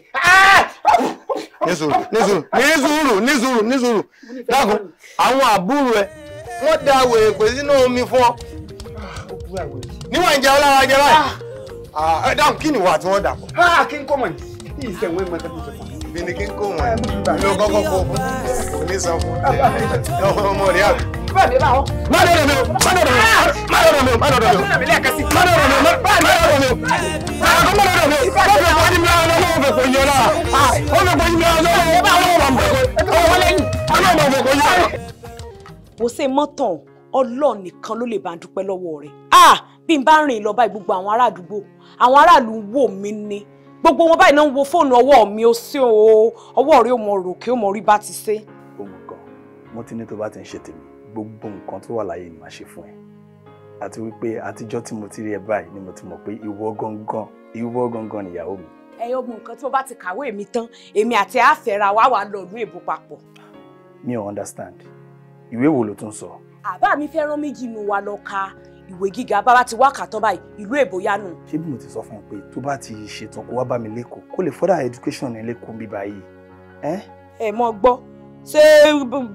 ní sùúrù ní sùúrù ní sùúrù ní sùúrù ní sùúrù dákun àwọn àbúrò ẹ wọn da wèrèpè sínú omi fún ọ níwọ̀n ìjà ọlọ́wọ́ ajẹ́ báyìí ah. Ah, dákun kí ni wà tí wọ́n dà pọ̀. Ah, kí n kọ́ mọ̀ ní ìṣẹ̀wé mọ́tẹ́kùtù mi ni kí n kó wọn ní o kọ́kọ́ kó fún o ní san fún ọmọ ọmọ rẹ àbí. má lè rà ah, mí o má lè rà mí o má lè rà mí o má lè rà mí o má lè rà mí o má lè rà mí o má lè rà mí o má lè lè rà mí o má lè rà mí o má lè rà mí o má lè rà mí o gbogbo wọn báyìí náà ń wo fóònù ọwọ́ mi ó sí o ọwọ́ rẹ ò mọ rò kí ó mọ rí bá ti ṣe. ohun kan mo ti ní tó bá ti ń ṣe tèmi gbogbo nǹkan tó wà láyé ni màá ṣe fún ẹ àti wípé àtijọ́ tí mo ti rí ẹ báyìí ni mo ti mọ̀ pé ìwọ gangan ìwọ gangan nìyàwó mi. ẹyin ogun nǹkan tí mo bá ti kàwé mi tán èmi àti àfẹ́ra wa wà lọ́ọ̀dún èbó papọ̀. mi ò understand ìwé wo ló tún sọ. àbá mi fẹ́ràn méjì nù wa lọ ka ìwé gíga bàbá ti wákà tán báyìí ìlú èbó yánu. ṣé bí mo ti sọ fún ọ pé tó bá ti ṣetán kó wá bá mi lẹ́kọ̀ọ́ kó lè further education ní lẹ́kọ̀ọ́ bí báyìí. ẹ mọ gbọ́ ṣé ó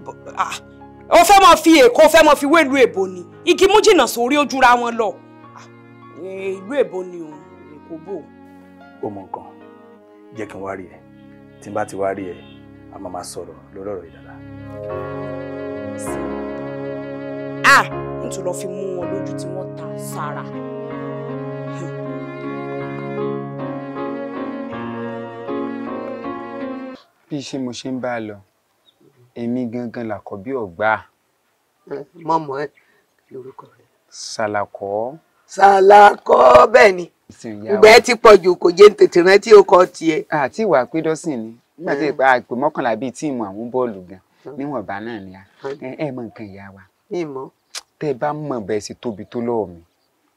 ah, fẹ́ mọ fi èkó fẹ́ mọ fi wélu èbó ni igi mú jìnnà sórí ojúra wọn lọ ah, ìlú èbó ni òun èkó bò. ó mọ nǹkan jẹ́ kí n wá rí ẹ tí n bá ti wá rí ẹ a máa máa sọ̀rọ̀ lórí ọ̀rọ̀ ìdàlá. ah oògùn tó lọ fi mú wọn lójú tí wọ́n ta sára. bí ṣe mo ṣe ń bá a lọ èmi gangan làkọ́bí ọ̀gbà. mọ́mọ́ ẹ lórúkọ rẹ. ṣàlàkọ́. ṣàlàkọ́ bẹ́ẹ̀ ni ìgbẹ́ ti pọ̀ jù kò jẹ́ tètè rántí ọkọ tiẹ̀. àti ìwà pé dọ́sìn ni láti pa àpè mọ́kànlá bíi tíìmù àwọn bọ́ọ̀lù gan níwọ̀nba náà ni a ẹ mọ nǹkan ìyá wa. ìmọ̀ tẹ́ ẹ bá mọ̀ bẹ́ẹ̀ sì tóbi tó lọ́wọ́ mi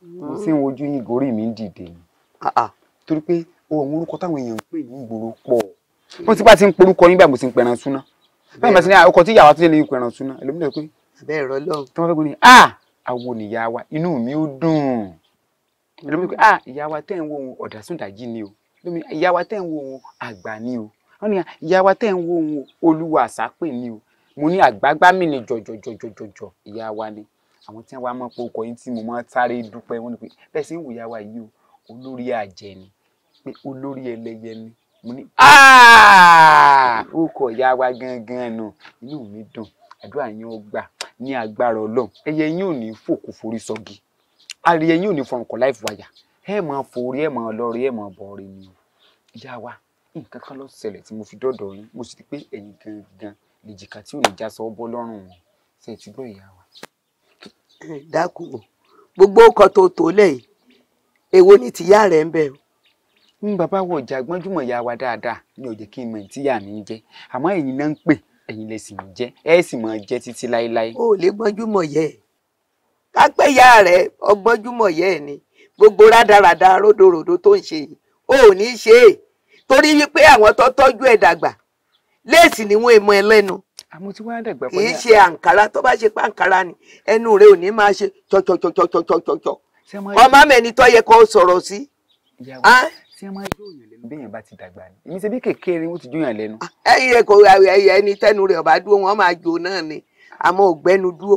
mo mm. sì ń wojú yín gorí mi ń dìde ni torí pé ohun orúkọ táwọn èèyàn ń pè ní ìgboro pọ̀ wọ́n ti bá ti ń porúkọ yín báyìí mo sì ń pẹran súná bẹ́ẹ̀ bá ti ní ọkọ̀ tí ìyàwó àtúnṣe lè pẹran súná ẹlòmíràn pé bẹ́ẹ̀ rọ lọ́hùn tí wọ́n fẹ́ gbé ni ah àwo nìyá wa inú mi ó dùn ẹlòmíràn pé ah ìyá wa tẹ́ ń wo ohun ọ̀dàsúndàjì ni o ìyá wa tẹ́ ń wo ohun àgbà ni o wọ́n ní ìyá wa tẹ́ ń wo ohun olúwa àsápè ni o mo ní àgbágbá mi ni jọjọjọjọjọ ìyá wa ni àwọn tí wàá mọ̀ pé ọkọ̀ yìí tí mo máa sáré dúpẹ́ wọn ni pé bẹ́ẹ̀ sì ń wòyà wa yìí o olórí àjẹ́ ni pé olórí ẹlẹ́yẹ ni mo ní ọkọ̀ ìyá wa gangan nù inú mi dùn àdúrà yín ó gbà ní agbára ọlọ́run ẹyẹ yín ò ní fòkú forí sọ́gi àríyẹ yín ò ní fọrùn láì wáyà ẹ mọ forí ẹ mọ lọrí ẹ mọ bọrí ni o ìyá wa nǹkan kan ló ṣẹlẹ̀ tí mo fi dọ́dọ̀ yín mo sì ti pé ẹ̀yin gangan lèjìká tí ò ní já sọ ọ́ bọ́ lọ́rùn wọn ṣe ti gbọ́ ìyá wa. dákun o gbogbo ọkọ tó tó lẹ́yìn èwo ni tìyá rẹ̀ ń bẹ o. ń bàbá wọ ọjà gbọ́njúmọ̀ ya wa dáadáa ni ò jẹ́ kí n mọ̀ tíyà mi ń jẹ́ àmọ́ ẹ̀yin náà ń pè ẹ̀yin lè sì jẹ́ ẹ sì mọ̀ jẹ́ títí láéláé. o ò lè gbọ́njúmọ̀ yẹ ẹ̀ ká ìyá rẹ̀ ọgbọ́njúmọ̀ yẹ ẹ̀ ni gbogbo rádaràda ródòròdò tó ń ṣe o ò ní ṣe é torí wípé àwọn tó tọ́jú ẹ̀ dàgbà léèsì ni wọ́n àmọ́ tí wọ́n á dẹ̀gbẹ́ fún yà. kì í ṣe àǹkárá tó bá ṣe pé àǹkárá ni ẹnu rẹ ò ní máa ṣe tọ̀tọ̀tọ̀tọ̀tọ̀tọ̀ ọmọ mẹ́ni tó yẹ kó sọ̀rọ̀ sí. ìyàwó tí wọ́n máa jóyàn lẹ́nu béèyàn bá ti dàgbà ni èmi ṣe bí kékeré wọ́n ti jóyàn lẹ́nu. ẹyin rẹ kò ẹyẹ ẹni tẹnu rẹ ọba dúró wọn máa jó náà ni àmọ́ ò gbẹnu dúró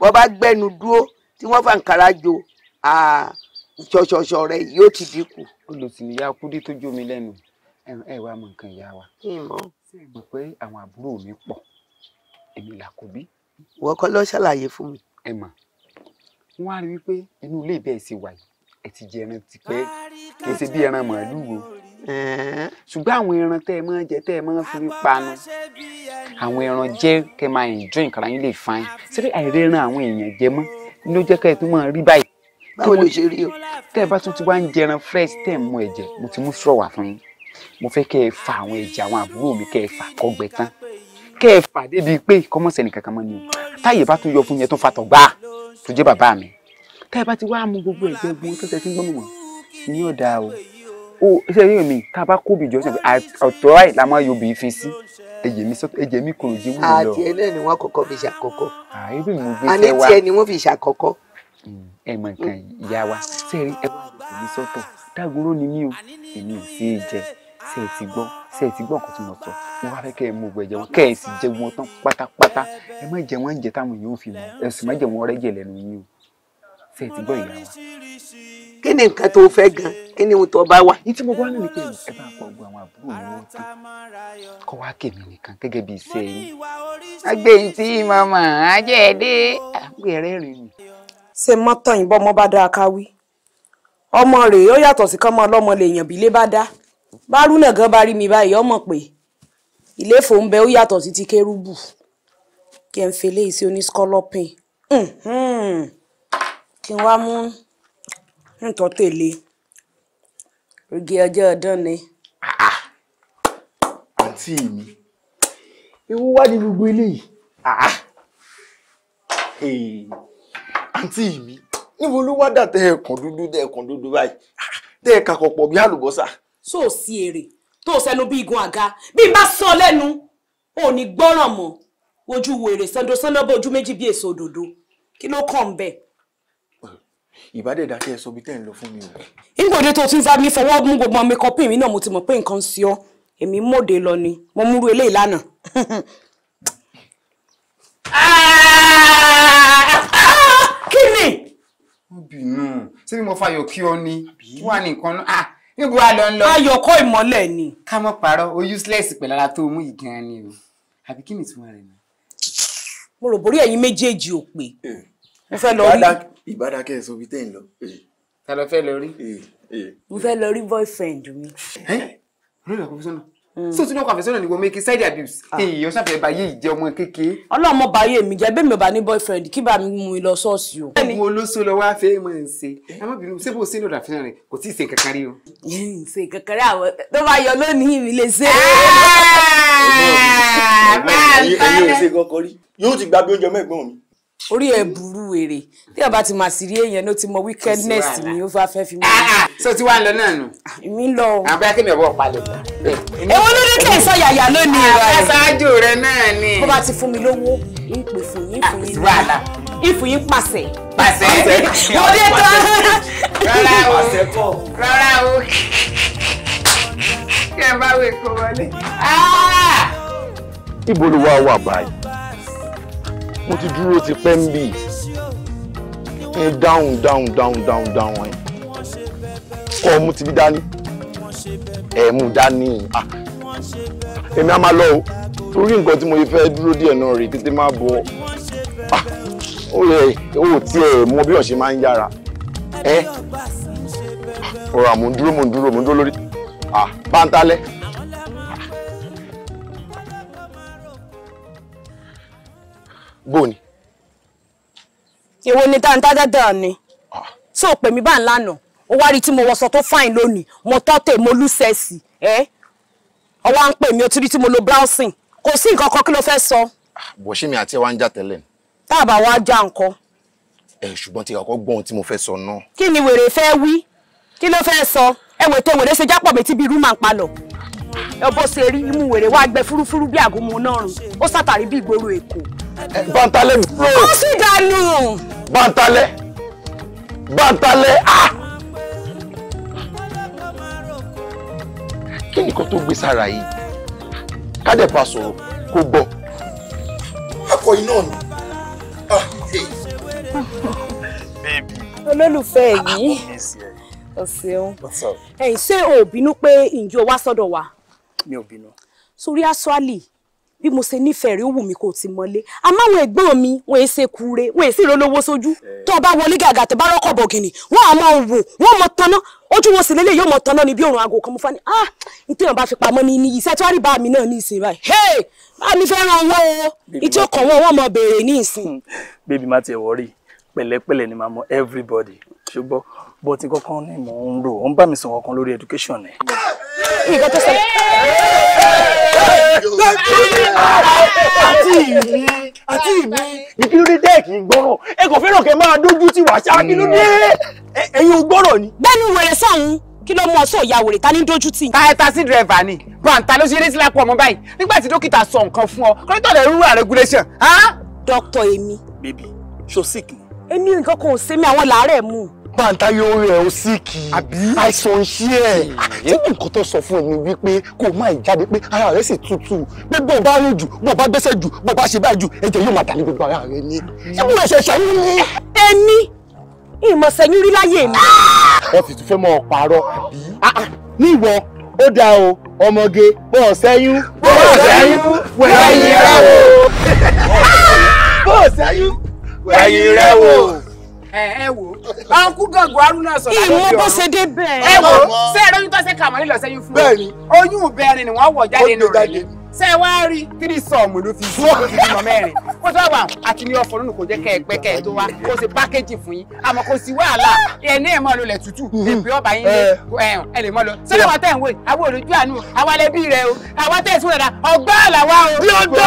wọn bá gbẹnu dúró tí wọ́n fà ń jó ṣọṣọṣọ ẹ wàá mọ nǹkan ìyá wa. ṣé ẹ mọ̀ pé àwọn àbúrò mi pọ̀ èmi là kò bí. wọ́n kọ́ lọ ṣàlàyé fún mi. ẹ mà wọ́n á rí wípé inú ilé ìbẹ́ ẹ̀ ṣe wà yìí ẹ ti jẹ ẹran tipẹ́ kì í ṣe bí ẹran màálùú o ṣùgbọ́n àwọn ẹran tẹ́ ẹ máa ń jẹ tẹ́ ẹ máa fi panu àwọn ẹran jẹ́ kẹ́ máa enjoy nǹkan ayé lè fain ṣé àìrẹ́ran àwọn èèyàn jẹ mọ́ ló jẹ́ kẹ́ ẹ tún máa rí báyìí. báwo ló ṣe rí o. tẹ́ ẹ bá tún ti wá ń jẹran fresh tẹ́ ẹ mú ẹ̀jẹ̀ mo ti mú sọ̀rọ̀ wá fún yín mo fẹ́ kẹ́ ẹ fa àwọn ẹ̀jẹ̀ àwọn àbúrò mi kẹ́ ẹ fà kọ́gbẹ tán kẹ́ ẹ fà débi pé kọ́mọ́sẹ̀ nìkan kan mọ́ ni o táyé bá tún yọ fún yẹn tó fatọ̀ gbà tó jẹ́ bàbá mi táyé bá ti wá mú gbogbo ẹ̀gbẹ́ gbogbo tó tẹ̀sí gbọ́n mọ̀ ní ọ̀dà o o ṣe eré mi ká bá kó bìjọ sọ pé ọ̀tọ̀ ẹ̀ la máa yọbi fi sí ẹ̀jẹ̀ mi sọ́tọ̀ ẹ̀jẹ̀ mi kòrò jẹ́ wúlò lọ. àti ẹ náà ni wọn kọ́kọ́ fi ṣàkọ́kọ́ àní tiẹ ni wọn fi ṣàkọ́kọ́. Mm, ẹ mọ nǹkan ìyá wa sẹ́ẹ̀rí ẹ bá mi sọ́tọ̀ dágúró ni mí o èmi ò sí í jẹ ṣe é ti gbọ́ ṣe é ti gbọ́ nǹkan tí mo sọ mo wá fẹ́ kẹ́ ẹ mú gbẹ jẹ kẹ́ ẹ sì jẹ wọn tán pátápátá ẹ má jẹ wọn jẹ táwọn yóò fi mọ ẹ sì má jẹ wọn rẹ́jẹ lẹ́nu yín o ṣe ti gbọ́ ìyá wa. kí ni nǹkan tó fẹ́ gan kí ni ohun tó bá wà. ní tí mo bá ní pé ẹ bá pa ogun àwọn àbúrò mi wọn tán kọ́ wá kèmí nìkan gẹ́gẹ́ bí iṣẹ́ yín. àgbẹ̀ yìí tí màmá ajẹ́ dé rẹ̀ ni. ṣe mọ́tàn yìnbọn bárúnà gan bá rí mi báyìí ọmọ pé ìléfò ń bẹ ó yàtọ̀ sí ti kérúbù kí n fele ìsí onískọlọpìn kí n wá mú nǹkan tèlé oge ọjọ́ ọdún ni. Ah, ah. àǹtí mi ewu wá ní gbogbo eléyìí ah, àǹtí mi níbo ló wá dà tẹ ẹ̀kan dúdú tẹ ẹ̀kan dúdú báyìí tẹ ẹ̀ka kọ̀pọ̀ bí àlùbọ́sà. So o sí èrè tó o sẹnu bí igun àga bí n bá sọ lẹ́nu ò ní gbọ́ràn mọ́ ojú sando sando bó ojú méjì bí èso òdòdó kí ló kàn ń bẹ̀. ìbádẹ́ ìdákẹ́ ẹ̀sọ́ bíi tẹ́ ń lọ fún mi o. ìgbòde tó tún sábà fọwọ́ mú gbogbo ọmọ ikọ̀ pèmí náà mo ti mọ̀ pé nǹkan ń ṣe ọ́ èmi mòde ni mo múru eléyìí lánàá. kí ni. ó bínú ṣé bí mo fàyọ kí ọ ni kí wàá ní nǹkan níbo wa lọ ń lọ. ayọ̀ kọ́ ìmọ́lẹ̀ ni. ká mọ̀ parọ́ o useless pẹ̀lú ara tó mú yìí gan-an ni o àbí kí ni ìtumọ̀ rẹ̀ ni. mo rò borí ẹ̀yin méjèèjì ò pé eh, mo fẹ́ lọ rí. ìbádàkẹ́ ẹ̀ sọ fi tẹ̀ ń lọ. Eh. ta ló fẹ́ lọ rí. Eh, mo fẹ́ lọ rí boyfriend mi. ẹ olóòlù àkọ́kọ́ sọ́nà. Mm. so tí ní ọkọ àfẹsọ́nà ni wọ́n mẹ́kì side abuse ah. èyí ọ̀sán fẹ́ báyé ìjẹ́ ọmọ kékeré. ọlọ́mọ báyé mi jẹ́ bẹ́ẹ̀ mi ò bá ní boyfriend kí bá mi mú mi lọ ṣọ́ọ̀ṣì o. ẹni wo olóso lọ wá fẹ́ mọ̀ ń ṣe eh? ẹ má bínú ṣé bó ṣe lọ́dọ̀ àfihàn rẹ̀ kò tí ì ṣe kankan rí o. ṣe kankan rí àwọn tó bá yọ lónìí mi lè ṣe. Ah! yóò ti gbàgbé oúnjẹ mẹ́gbọ́n mi orí ẹ burú wèrè tí ọba ti máa sì rí èèyàn ló ti mọ wickedness ni ó fà fẹ́ fi mú mi. Ah, ah, so ti wá ń lọ náà nù. Ah, mi lọ o. àbúrò akémi ọ̀bọ̀ palẹ̀. èwo ló dé tẹ̀ sọ yàyà lónìí rẹ. àwọn aṣáájú rẹ náà ni. bó bá ti fún mi lówó ń pè fún yín fún yín wàhálà ìfún yín pàṣẹ. pàṣẹ mo dé tán. rárá o rárá o kí ẹ bá wẹ̀ kó wọlé. ibo ló wá wà báyìí mo ti dúró ti pẹ́ ń bì ẹ dáhùn dáhùn dáhùn dáhùn dáhùn ẹ kọ́ ọmú ti bí dání ẹ mú dání ah èmi á máa lọ o torí nǹkan tí mo fẹ́ dúró díẹ̀ náà rèé tètè má bọ̀ ah ó yẹ ó tí ẹ mọ bí ọ̀sẹ̀ máa ń yára ẹ ọ̀rọ̀ ah. àmúdúró mò dúró mò dúró lórí ah bá ń talẹ́. bò ni. èwo ni dáńdádá ni tí ah. ò pè mí bá ń lánàá ó wá rí tí mo wọṣọ tó fáìn lónìí mo tọ́tẹ̀ mo lúṣẹ̀sì ẹ́ ọwọ́ à ń pè mí o ti rí tí mo lo browsing kò sí nǹkan kan kí ló fẹ́ sọ. Ah, bó ṣe mi àti ẹ wá ń já tẹ́lẹ̀ ni. tá a bá wá já nǹkan. ẹ ṣùgbọ́n tí kàkọ́ gbọ́ ohun tí mo fẹ́ sọ náà. kí ni wèrè fẹ́ wí kí ló fẹ́ sọ ẹ wètò wèrè ṣe jápọ̀ mi tí bí irú ń palọ̀ bó ṣe rí imú wèrè wá gbẹ fúrúfúrú bí àgùnmu náà rùn ó sàtàrí bí ìgboro èkó. bantalẹ mi. ó sì dànù. bantalẹ bantalẹ ah. kí nìkan tó gbé sára yìí kádẹ́pà sọ̀rọ̀ kó gbọ́. akọ iná ni. bébì. olólùfẹ́ ah, yìí o ṣeun ẹ̀yin ṣé o pé ǹjẹ́ wá sọ́dọ̀ wa mi ò bínú. sórí aṣọ́àlì bí mo ṣe nífẹ̀ẹ́ rí ó wù mí kó o ti mọ́lé àmọ́ àwọn ẹ̀gbọ́n mi wọ́n èé ṣe kúure wọ́n èé sì rólówó sójú eh. tó o bá wọlé gàgà tó bá rọ́kọ̀ bọ̀gìnì wọ́n àmọ́ wò wọ́n mọ tanná ojú wọn sì lélẹ̀ yóò mọ tanná ni bí òrùn aago kan mo fani ah ìtí wọn bá fi pamọ́ ní iyì iṣẹ́ tí wọ́n rí bá mi náà ní ìsìn báyìí hey bá mi fẹ́ràn wọn o ìtí ó kàn wọn wọn mọ béèrè ní ìsìn. Hmm. bébí má tiẹ̀ wọ́rí pẹ̀lẹ́pẹ̀lẹ́ ni màá mọ everybody ṣùgbọ́n bó ti kọ́kọ́ ní mò ń rò ó ń bá mi sọ̀rọ̀ kan lórí education ni. ìgbà tó ṣẹlẹ̀. àti ìmí àti ìmí ìkí ló dé dẹ́ẹ̀kì gbọ́rọ̀ ẹ kò fẹ́ràn kẹ́ máa dójú tì wá ṣáá kí ló dé ẹ̀yin ò gbọ́rọ̀ ni. bẹ́ẹ̀ni wèrè sọ̀hún kí ló mú ọ sọ ìyá wèrè ta ní dojú tì. ta ẹta sí dírẹ́fà ni bàǹtà ló ṣe eré sílá pọ̀ mọ́ báyìí nígbà tí dókítà sọ nǹkan fún ọ kọ́ńtà rẹ̀ rúra regulation. dókítà èmi. baby, ṣó sick ni. èmi nǹkan kan ò ṣe mí àwọn làárẹ̀ mú un pàǹtáyé orí ẹ̀ ó síìkì àìsàn ń ṣí ẹ̀ tí hmm. nǹkan tó sọ fún ẹ ni wípé kó o máa jáde pé ara rẹ sì tutù pé bó o bá rìn jù bó o bá gbẹ́sẹ̀ jù bó o bá ṣe báyìí jù ẹ̀jẹ̀ yóò máa dà ní gbogbo ara rẹ ni ṣé mo ṣe ṣẹ́yún ni. ẹni ìmọ̀ sẹ́yìn rí láyé mi. Ah! wọ́n sì tún fẹ́ mọ ọ̀pààrọ̀ ah, ah, ní ìwọ ó dáa o ọmọge bọ́ọ̀ sẹ́yún bọ́ọ̀ sẹ́yún wẹ̀yìn rẹ wò bọ́ọ̀ sẹ́yún wẹ̀yìn rẹ wò ẹ wo. ọkú gàngó arúnà sọ láti bó ṣe dé bẹ́ẹ̀. ẹ wò ṣé ẹ lóyún tó ṣe kàmọ́ ìlọsẹ́yìn fún mi oyún ìbẹ̀rin ni wọ́n wọ̀ jáde nù rẹ̀ ṣe wá rí three sọọmù ló fi zú ó fi bímọ mẹ́rin kó tó wà àti ní ọ̀fọ̀ lónìí kò jẹ́ kẹ́ ẹ pẹ́ kẹ́ ẹ tó wá kó ṣe pákéjì fún yín àmọ́ kò sí wàhálà ẹni ẹ mọ lọlẹ tútù èpè mm-hmm. ọba yín eh. ẹ lè mọ lọ sọlá wa tẹ ń wé àwọn olójú àánú àwa lẹbi rẹ o àwa tẹ ìsúnlẹ dá ọgbà àlàwà o. bí o jọ ẹ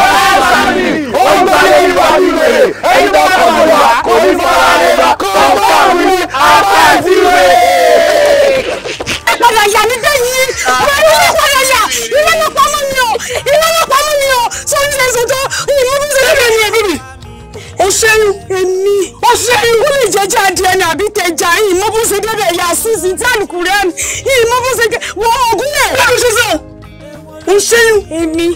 sàmì ó ń bá lè wà nílé ẹni bá kọ̀ wọ́n wà kò ní fara lè wà kó bá ìwọ ló pa mí o sọ ní ẹsẹ̀ tó òun ló fi ṣe lẹ́yìn ẹ̀yìn ẹ̀bí mi. o ṣeun èmi o ṣeun ó lè jẹjẹ adìẹ ní àbí tẹja ìmọ̀ bó ṣe débẹ̀ yà sísì tí àlùkù rẹ̀ ni ìmọ̀ bó ṣe wọ ọ̀gùn rẹ̀. báwo ṣe sọ o ṣeun èmi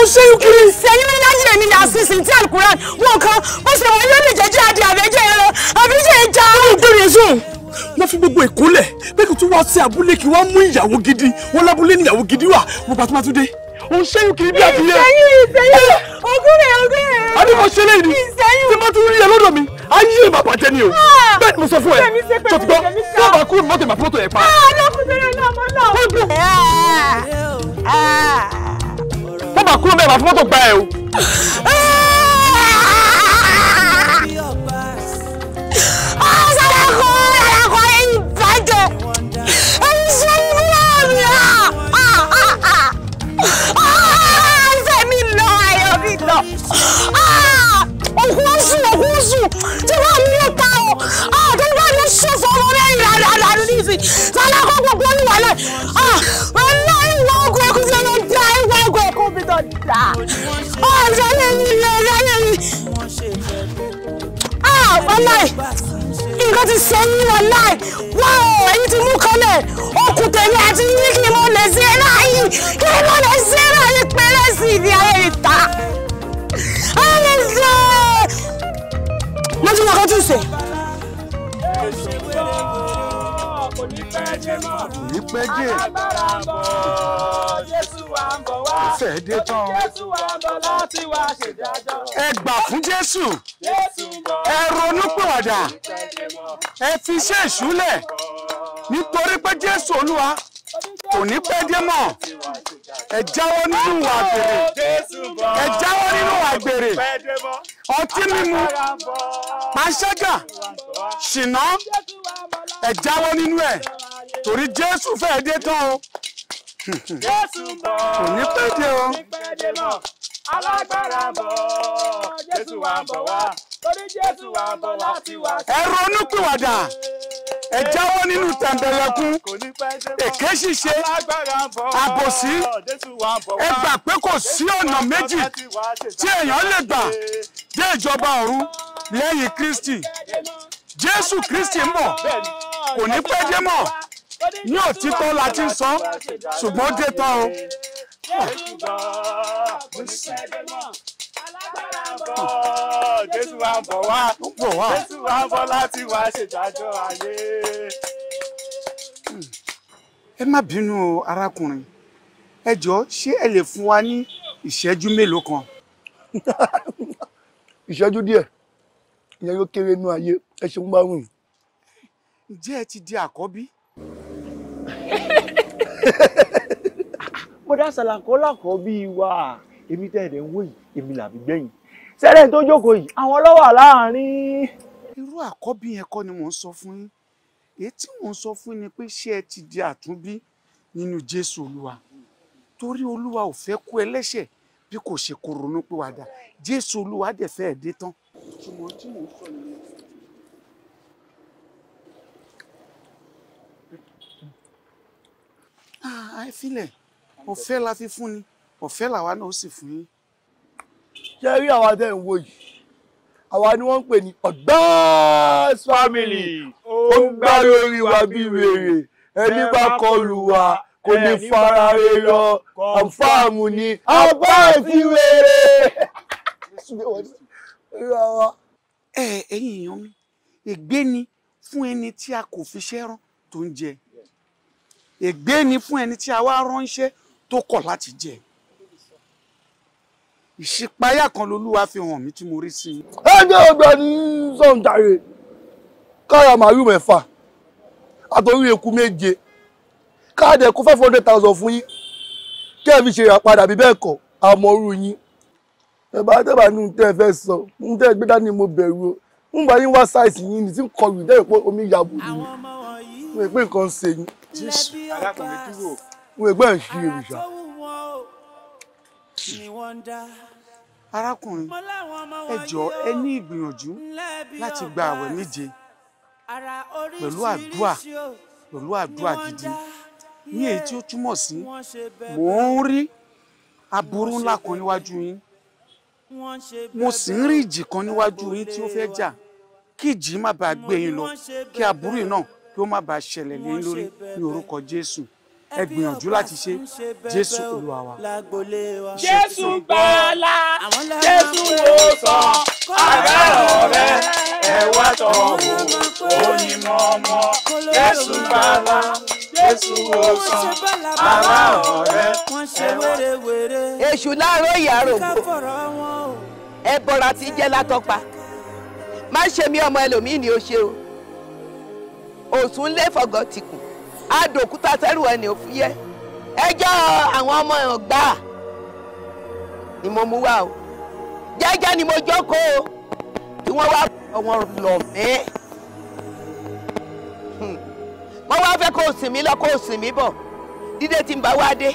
o ṣeun kiri. ìṣẹ́yìn ní láyé èmi yà sísì tí àlùkù rẹ̀ wọn kan bó ṣe wọn yóò lè jẹjẹ adìẹ àbẹ́jẹ ẹ̀rọ àbíjẹ ìjà. ó gbẹ̀rẹ̀ sùn wọ́n fi gbogbo ìkólẹ̀ bẹ́ẹ̀ kí tún wá abúlé kí wọ́n mú ìyàwó gidi wọ́n lábúlé níyàwó gidi wà wọ́n tó bá tún dé ò ń ṣẹ́yún kiri bí adìyẹ. ìṣẹ́yún ìṣẹ́yún ogún rẹ̀ ogún rẹ̀. a ní mo ṣe léyìn ní tí mo tún rí ẹ lọ́dọ̀ mi ayé ìmọ̀ àbàjẹ́ ni o ah! bẹ́ẹ̀ ni mo sọ fún ẹ ṣòtúbọ̀ tó bá kúrò mọ́tò ìmọ̀ fúlọ́tò ẹ̀ pa. Ah, tó bá ah, kúrò mẹ́ẹ̀ bá fúlọ́tò gbá ẹ o. òkú oṣù òkú oṣù tí wọ́n mú ló ta o tó wà ní ṣòfò ọmọ rẹ̀ ìrànà àdàlù ní ìsìn sálá kó gbogbo ní wàlẹ̀ ah, ọ̀nà ìwọ ogun ẹkún tí wọ́n da ìwọ ogun ẹkún mi tó da ah, ọ̀sẹ̀ ní ilé rẹ̀ ní ọláì nǹkan ti ṣe yín ọláì wá o ẹ̀yin ti mú kanlẹ̀ okùn tèmi àti yín kí mo lè ṣe é ráyè kí mo lè ṣe é ráyè pẹ́rẹ́ sí ìdí ayé ìta mo ti mọ̀ kó tún sè. kò ní pẹ́ jẹ́ mọ́ alágbára Jésù wa ń bọ̀ wá Jésù wa ń bọ̀ láti wá ṣèdájọ́. ẹ gbà fún Jésù ẹ ronú pìwàdà ẹ fi iṣẹ́ ìṣúlẹ̀ nítorí pé Jésù Olúwa kò ní pẹ́ dé mọ̀ ẹ jáwọ́ nínú ìwà àgbèrè ẹ jáwọ́ nínú ìwà àgbèrè ọtí mímu panṣágà ṣìnà ẹ jáwọ́ nínú ẹ̀ torí Jésù fẹ́ dé tán o kò ní pẹ́ dé o alágbára bọ̀ Jésù wà bọ̀ wá torí Jésù wà bọ̀ wá ti ẹ ronú pìwàdà ẹ jáwọ́ nínú tàǹdẹ̀lẹ̀kún èké ṣíṣe àbòsí ẹ gbà pé kò sí ọ̀nà méjì tí èèyàn lè gbà dé ìjọba ọ̀run lẹ́yìn Kristi Jésù Kristi ń bọ̀ kò ní pẹ́ dé mọ́ ní òtítọ́ la ti ń sọ ṣùgbọ́n dé tán o. Jésù wa ń bọ̀ wá. Jésù wa ń bọ̀ láti wá ṣèdájọ́ ayé. Ẹ má bínú o arákùnrin. Ẹ jọ̀ọ́ ṣé ẹ lè fún wa ní ìṣẹ́jú mélòó kan? Ìṣẹ́jú díẹ̀. Ìyẹn yóò kéré inú ayé. Ẹ ṣeun bá wùn. Ǹjẹ́ ẹ ti di àkọ́bí? Bọ́dá Sàlàkó làkọ́bí wa èmi tẹ̀lé ń wò yìí èmi làbí gbẹ̀yìn sẹ́lẹ̀ tó jókòó yìí àwọn lọ́wọ́ láàrin. irú àkọ́bí yẹn kọ́ ni mò ń sọ fún yín èyí tí mò ń sọ fún ni pé ṣé ẹ ti di àtúnbí nínú jésù olúwa torí olúwa ò fẹ́ kú ẹlẹ́ṣẹ̀ bí kò ṣe kó ronú pé wàá dà jésù olúwa dẹ̀ fẹ́ ẹ̀ dé tán. àìfilẹ̀ ah, ọ̀fẹ́ la fi fún ni ọ̀fẹ́ làwa náà ó sì fún yín. ṣé rí àwa tẹ́ ń wo yìí àwa ni wọ́n ń pè ní ọ̀gbẹ́s family ó ń gbá lórí wa bí wèrè ẹni bá kọlù wa kò ní fara rẹ lọ àǹfààmù ni àbá ẹ̀fí wèrè. ẹ ẹ̀yin èèyàn mi ègbé ni fún ẹni tí a kò fi ṣẹ́ rán tó ń jẹ ègbé ni fún ẹni tí a wá ránṣẹ́ tó kọ̀ láti jẹ ìṣípayá kan lolúwa fi hàn mí tí mo rí sí i. ẹ jẹ́ ọ̀gbẹ́ni sọ̀ǹdàrẹ́ kára màálù mẹ́fà àtòrí eku méje káàdì ẹ̀kú five hundred thousand fún yín kẹ́ ẹ̀ fi ṣe ìràpadà bí bẹ́ẹ̀ kọ́ àmọ́rú yín ẹ bá dábàá ní tẹ́ ẹ fẹ́ sọ ní tẹ́ ẹ gbé dání mo bẹ̀rù o ń bá yín wá ṣáìsì yín ní tí ń kọlù dẹ́rẹ̀ pé omi yàgò yín mo rè pé nǹkan ń ṣe yín mo rè pé ẹ̀ ń ṣe èròjà arákùnrin ẹ jọ̀ọ́ ẹ ní ìgbìyànjú láti gba àwẹ̀ méje pẹ̀lú àdúà pẹ̀lú àdúà gidi ní èyí tí ó túmọ̀ sí mò ń rí aburú ńlá kan níwájú yín mo sì ń rí ìjì kan níwájú yín tí ó fẹ́ jà kí ìjì má bàa gbé yín lọ kí aburú yìí náà kí ó má bàa ṣẹlẹ̀ lé yín lórí ní orúkọ Jésù ẹ gbìyànjú láti ṣe jésù olúwa wa. jésù gbàlà jésù wòsàn ará ọ̀rẹ́ ẹ wá tọ̀ wò onímọ̀ ọmọ jésù gbàlà jésù wòsàn ará ọ̀rẹ́ ẹ wá. èṣù láàárọ̀ ìyàrá ògbó ẹ bọra tí jẹ́ látọ́pa má ṣe mí ọmọ ẹlòmíì ni ó ṣe o òsùn lé fọgọ́ tìkùn àdòkúta tẹ́rù ẹni ò fúyẹ́ ẹjọ́ àwọn ọmọ ẹ̀hàn gbà ni mo mú wá o jẹ́jẹ́ ni mo jókòó tí wọ́n wá wọn lọ mí wọ́n wá fẹ́ kó o hmm. sìn mí lọ kó o sìn mí bọ̀ dídé tí ń bá wá dé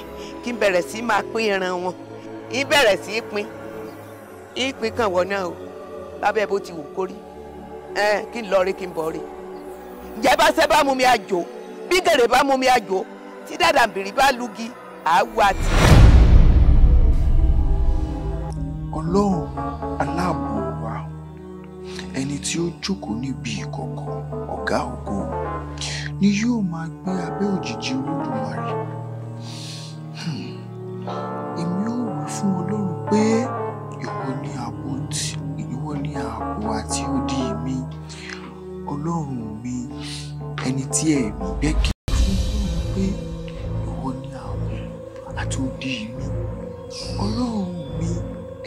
kí n bẹ̀rẹ̀ sí máa pín ìran wọn ń bẹ̀rẹ̀ sí í pín ìpín kan wọ̀ náà o lábẹ́ bó ti wù kórí kí n lọ rí kí n bọ̀ rí ǹjẹ́ bá ṣe bá mú mi àjò bí gèrè bá mú mi àjò tí dàdàbìrì bá lugi àáwú àti. ọlọ́run aláàbò wa ẹni tí ó jókòó níbi ìkọ̀kọ̀ ọ̀gá ògo ni yóò máa gbé abẹ́ òjìji olódùmarè hmm. èmi ó wí fún ọlọ́run pé ìwọ ni ààbò àti odi mi ọlọ́run mi ẹni tí ẹ gbẹ́kẹ̀ fún pé ìwọ ni àwọn àti odi mi ọlọ́run mi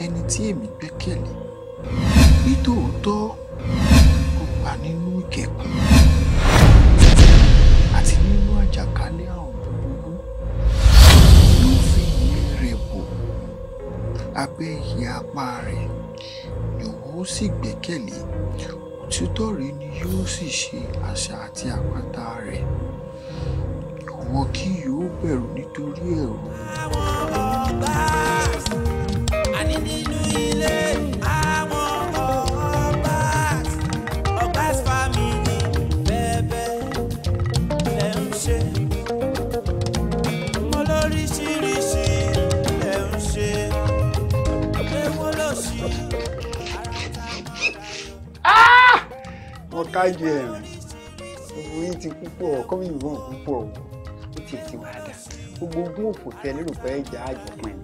ẹni tí èmi gbẹ́kẹ̀lé nítòótọ́ ó wà nínú ìkẹ̀kùn àti nínú àjàkálẹ̀ àrùn búburú ló fi ìyẹ́ rẹ̀ bò abẹ́ ìyá apá rẹ̀ ìwọ ó sì gbẹ́kẹ̀lé òtítọ́ rí ni yóò sì ṣe àṣà àti àpáta rẹ̀ wọn kì yóò bẹ̀rù nítorí ẹ̀rù. àwọn ọmọ ọba àní nínú ilé. ọmọ káàdì ẹ̀rìn gbogbo yìí ti púpọ̀ kọ́mí ìbọn púpọ̀ o ó ti ti dà gbogbo ogún òkú tẹ lérò pé ẹja àjọpin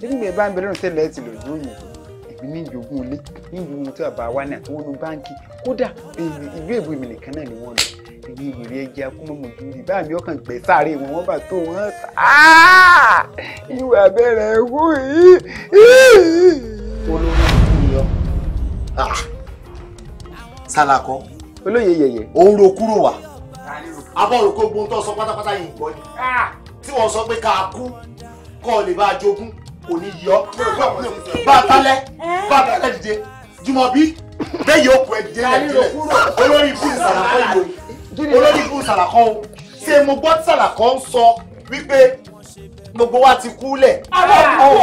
nínú ìgbà bá ń bẹ lọ́rùn tẹ́lẹ̀ ti òyìnbó èmi ní ìjogún ilé ní ìlú ohun tí bàbá wa ní àtúwọ́nú báńkì kódà ìlú èbó èmi nìkan náà ni wọ́n lọ èmi ìwèrè ẹja akúmọ̀mọ̀ dúró bá mi ọkàn gbẹ sáré wọn wọ́n bá tó wọn tà ìwà abẹ́rẹ́ ẹ̀kú yìí. olórí ìlú yọ. sálàkọ́. Ah! olóyè yẹyẹ. ó ń ro kúrò wá abọ́rò kó gbóhùn tó sọ pátápátá yìí gbọ́ ah! tí wọ́n sọ pé ká kú kọ́ lè bá a jogún kò ní yọ bá a tálẹ̀ bá a tálẹ̀ dìde Jùmọ̀bí bẹ́ẹ̀ yóò kú ẹ dìde lẹ́dílẹ̀ olórí ibú ìsàlàkọ́ ìwòye olórí ibú ìsàlàkọ́ o ṣe mo gbọ́ tí ìsàlàkọ́ ń sọ wípé gbogbo wa ti kú lẹ̀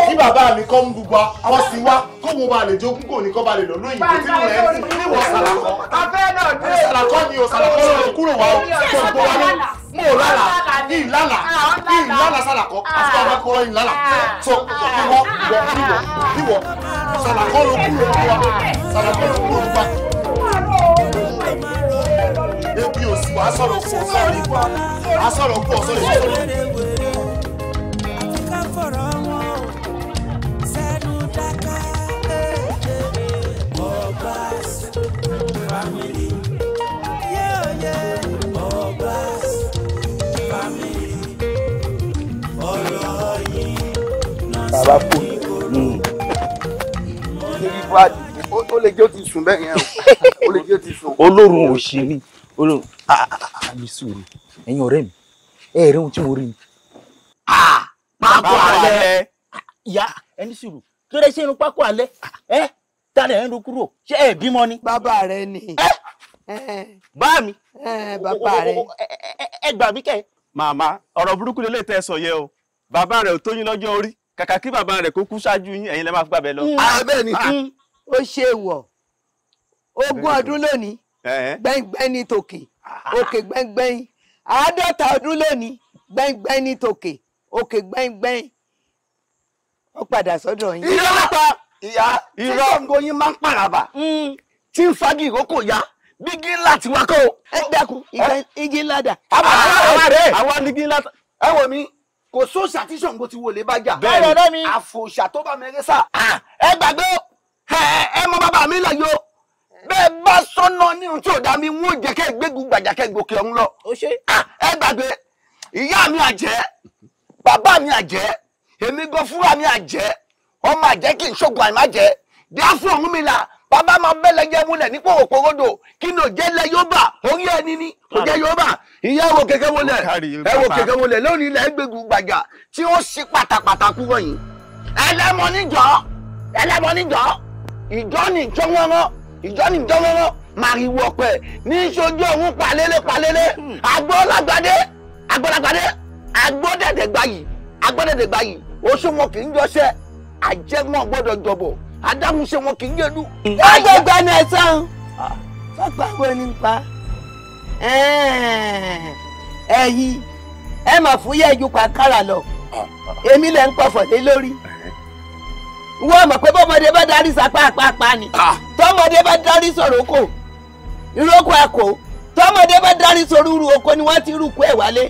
kí bàbá mi kọ́ mú gbogbo àwọn sì wá kó mo bá lè jogún kò ní kọ́ bá lè lọ lóyìnbó tí mo rẹ̀ ń ní wọ́n sàlàkọ́ sàlàkọ́ ni o sàlàkọ́ ló ti kúrò wá o gbogbo wa ló mo lálà ìlànà ìlànà ah, sàlàkọ́ àti ah. bàbá kọ́rọ́ ìlànà tó ìwọ ah. ìwọ ìwọ sàlàkọ́ ló kúrò wá sàlàkọ́ ló kúrò wá ebi òsì wa sọ̀rọ̀ kú ọ̀sọ̀rọ̀ ìwà a sọ̀rọ̀ kú ọ̀sọ̀rọ̀ ìwà sọ̀rọ̀ ó lè jẹ́ ó ti sùn bẹ́ẹ̀ yẹn o ó lè jẹ́ ó ti sùn. olórun òṣèré olórun àmì ah, ah, ah, sùúrù ẹ̀yin ọ̀rẹ́ mi ẹ rí ohun tí mo rí ni. pákó alẹ́. ìyá ẹni sùúrù kí ló dé ṣe irun pákó alẹ́ ẹ ta lẹ̀ ń ro kúrò ṣé ẹ bímọ ni. bàbá rẹ ni. bá mi. bàbá rẹ. ẹ gbà mí kẹ́. màmá ọ̀rọ̀ burúkú lè tẹ́ sọ yẹ o bàbá rẹ ò tóyún lọ́jọ́ orí kàkà kí bàbá rẹ kó kú ṣáájú yín ẹ̀yin lẹ máa gbàbẹ lọ. Mm. bẹ́ẹ̀ ó ṣe wọ̀ ogún ọdún lónìí gbẹ́ngbẹ́n ah. ní tòkè òkè gbẹ́ngbẹ́n àádọ́ta ọdún lónìí gbẹ́ngbẹ́n ní tòkè òkè gbẹ́ngbẹ́n ó padà sọ́dọ̀ yín. irọ́ pa ìyá irọ́ ọ̀gbọ́n máa ń pàràbà hmm. tí ń fagi ìrókò ya bí igi ti wá kọ́. ẹ dákun igi ńlá dà. àwa ni igi ẹ wọ mi kò sóòṣà tí Ṣàngó ti wọlé bá jà. bẹ́ẹ̀ ni àfòṣà tó bá mẹrẹ sá. Ah, ẹ gbàgbé ẹ mọ bàbá mi lọ yóò bẹ́ẹ̀ bá sọ́nà ní ohun tí ò dá mi wọ́n jẹ́ kẹ́ gbégun gbàjà kẹ́ gòkè ọ̀hún lọ. ó ṣe. ẹ gbàgbé ìyá mi àjẹ́ bàbá mi àjẹ́ èmi gan fúra mi ọmọ àjẹ́ kì í ṣoògùn àìmá mi la bàbá máa nípò kí ni lẹ yóò bà orí yóò bà ìyá ẹwọ kẹkẹ ẹwọ kẹkẹ lónìí gbégun gbàjà tí ó ìjọ́ni ìjọ́wọ́rọ́ ìjọ́ni ìjọ́wọ́rọ́ màrìwò ọ̀pẹ ní ìṣojú ọ̀hún palẹ́lẹ́ palẹ́lẹ́ agbọ́lágbadé agbọ́lágbadé agbọ́dẹ̀dẹ̀gbayì agbọ́dẹ̀dẹ̀gbayì oṣù wọn kì í jọṣẹ́ àjẹmọ́ gbọ́dọ̀ jọ̀bọ̀ adáhùnṣe wọn kì í yẹnu. ọgbẹgbẹ ni ẹ sàn sọpọ àwọn ẹni pa ẹyin ẹ mà fúyẹ́ ju pàkàrà lọ èmi lẹ ń pọfọ̀ lé lórí wọ́n mọ̀ pé bọ́mọdé bá darí sapá àpáàpá ni tọ́mọdé bá darí sọ̀rọ̀ kò ìrókò àkó tọ́mọdé bá darí sorúurú oko ni wọ́n ti rúkú ẹ̀ wálé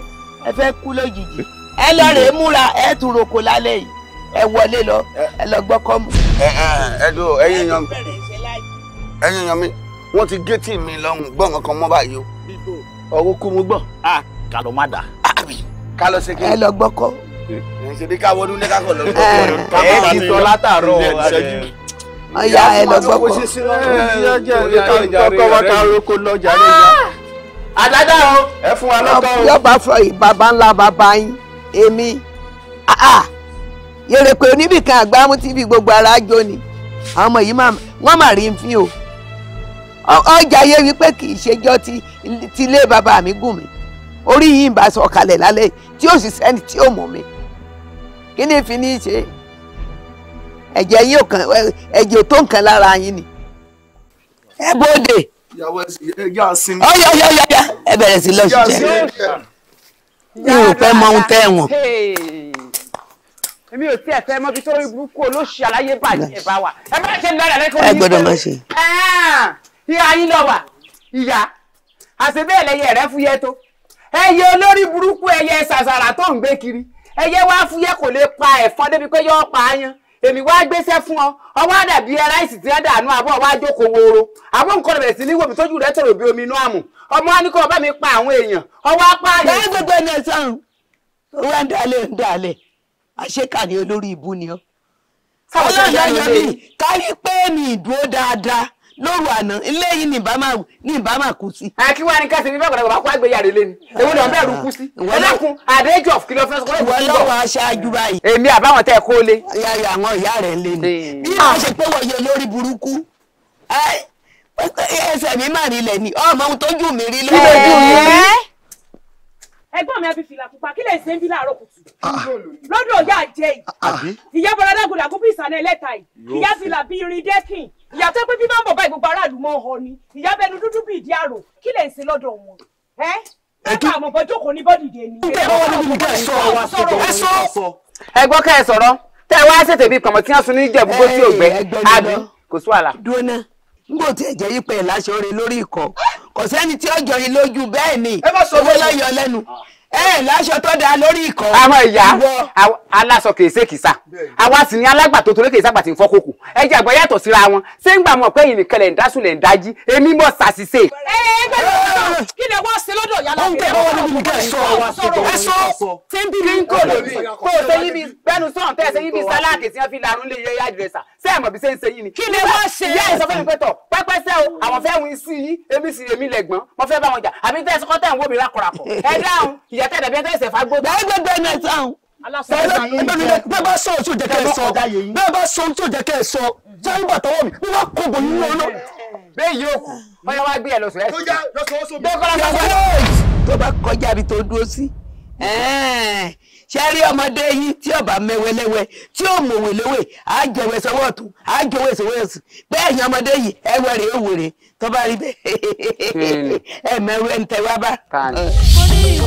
ẹ fẹ́ kú lójijì ẹ lọ é múra ẹ tún roko lálẹ́ yìí ẹ wọlé lọ ẹ lọ gbọ́ kọ́mù. ẹ ẹ dùn ẹyin yan mi ẹyin yan mi wọ́n ti géètì mi lọ́hùn gbọ́n kankan mọ́ báyìí o ọ̀rọ̀ kú mu gbọ́n. Ah, kálọ̀ má dà. kálọ̀ ṣe kí. ẹ lọ gbọ́ kọ́ ṣe bí ká wọnú lẹ́ka kọ̀ lọ́wọ́. ẹ ẹ ti sọ látàárọ̀ ọ̀yà ẹ lọ gbọ́kọ̀. kọ́kọ́ wá ká roko lọ́jà lẹ́yìn. àdájá o ẹ fún wa lọ́kọ́ o. yọba fọ bàbá ńlá bàbá yín èmi yèrèpè oníbìkan àgbámú tí ibi gbogbo ara jó ni àwọn ọmọ yìí wọ́n mà rí nfin o ọjà yẹ wípé kì í ṣèjọ ti ilé bàbá mi gùn mí orí yìí ń bá sọ kalẹ̀ lálẹ́ tí ó sì sẹ́ni tí ó mọ̀ mi kí ni fi ní í ṣe ẹ̀jẹ̀ yín ò kàn ẹ̀jẹ̀ ò tó nǹkan lára yín ni ẹ bóde ọyọyọyọyọ ẹ bẹ̀rẹ̀ sí lọ ṣiṣẹ́ mi ò fẹ́ mọ ohun tẹ́ ẹ̀wọ̀n. èmi ò tí ẹ fẹ́ mọ bí sórí burúkú olóṣì aláyé bàjẹ́ bá wà ẹ bá ṣe ń dára lẹ́kọ̀ọ́ yìí. ẹ gbọ́dọ̀ má ṣe. ìyá yín lọ wà ìyá àṣebẹ́ẹ̀lẹ́yẹ rẹ fúyẹ́ tó ẹyẹ olórí burúkú ẹyẹ ṣàṣàrà tó ń gbé kiri eye afuye ko le pa efo debi pe yo pa yan emi wa gbese fun o o bi rice ti da nu abo wa joko woro abo nko re si ni wo mi re tero bi omi nu amu omo ani ko ba mi pa awon eyan o wa pa ye gbogbo ni esan o wa ndale ndale a se ka ni olori ibu ni ya ni ka ri pe mi duo dada da. lóru àná ilé yìí ní ìbá máa ní ìbá máa kú sí. àkí wá ní ká ṣe bí bẹ́ẹ̀ kọ́dà kó àgbéyà rẹ̀ lẹ́nu èwo ni wọ́n bẹ̀rù kú sí. ẹlẹ́kùn àdéjọ́ kìlọ̀ fẹ́ sọ́kọ́ ìwọ lọ́wọ́ aṣáájú báyìí. èmi àbáwọn tẹ́ kó lé. àwọn ìyá rẹ̀ lé ni bí wọ́n ṣe pé wọ́n yẹ lórí burúkú ẹsẹ̀ mi máa rí lẹ̀ ni ọmọ ohun tójú mi rí lẹ́ẹ̀ ẹ̀gbọ́n mi àbí fìlà pupa kí lè ṣe ń bí láàárọ̀ kùtù ah. lọ́dún ọ̀yá àjẹ́ yìí ìyá bọ̀dá dàgùdà kú bí ìsàlẹ̀ ẹlẹ́ta yìí ìyá fìlà bí irin dẹ́kìn ìyá tó pé bí máa ń bọ̀ báyìí gbogbo aráàlú mọ́ ọ ni ìyá bẹnu dúdú bíi ìdí àrò kí lè ń ṣe lọ́dọ̀ wọn ẹ́ bàbá àmọ̀bọ̀ jókòó ní bọ́dìdì ẹni. ẹ gbọ́ kẹ́ ẹ sọ̀rọ̀ tẹ́ ẹ wá ṣètò ibi kànmọ́ tí wọ́n sun ní ìjẹ̀bú bó tí ò gbẹ àbí kò sí wàhálà. dúnà n kò tí ì jẹ́ yípa ẹ̀ láṣọ rẹ̀ lórí ikọ̀ kò sẹ́ni tí ó jọ yín lójú bẹ́ẹ̀ ni owó lọ́yọ̀ lẹ́nu ẹ láṣọ tó dáa lórí ìkọ. àwọn ìyá aláṣọ kèsè kìsà àwa sì ní alágbàtó torí kèsè àgbàtì ìfọkòkò ẹjẹ àgbà yàtọ̀ síra wọn ṣé ń gbà mọ̀ pé ìrìn kẹlẹ̀ ń dásùn lẹ̀ ń dájí èmi mọ̀ ṣàṣìṣe. ẹ ẹ gbẹdọ kí lè wọ́n ṣe lọ́dọ̀ yàrá rẹ̀. ó ń tẹ̀wọ́ wọn níbi nǹkan ẹ̀ṣọ́ ẹ̀ṣọ́ tí ń bí mi ń kò lórí kó o ṣe yín bí bẹ́nu sọ̀rọ̀ tẹ́ ẹ ṣe yín bí sáláàkì tí wọ́n fi larun lè yẹ yá dìrẹ́sà ṣé ẹ̀ mọ̀ bí ṣe ń ṣe yín ni. kí lè wọ́n ṣe. yẹ́ ìsọfúnni pẹ́tọ̀ pẹ́sẹ́ o àwọn fẹ́ win sí yí èmi sì èmi lẹ̀gbọ́n wọ́n fẹ́ bá wọn jà àbí tẹ́ ẹ sọ́kọ́ tẹ̀ ń wò mí rákọ̀rakọ̀ ẹ dáhùn ìyàtẹ̀ dàbí ẹ tẹ́ ẹsẹ̀ fagbó. bẹ́ẹ̀ gbẹgbẹ ẹ̀ sáhùn. bẹ́ẹ̀ bá sọ ohun tó jẹ́ kẹ́ ẹ sọ bẹ́ẹ̀ bá sọ ohun tó jẹ́ kẹ́ ẹ sọ sáré bàtọ́wọ́ mi wọ́n kò bò nínú ọ̀nà. bẹ́ẹ̀ yóò kù ọyọ wá gbé ẹ lọ sọ ẹ tó bá kọjá ibi tó dúró sí ṣe rí ọmọdé yín tí ọba mẹwẹlẹwẹ tí ò mọwé lówè àjẹwẹ sọwọ ọtún àjẹwẹ sọwọ ọsùn pé ẹ̀yin ọmọdé yìí ẹwẹ rẹ òwèrè tó bá rí bẹ́ẹ̀ ẹ mẹwẹ ń tẹwá bá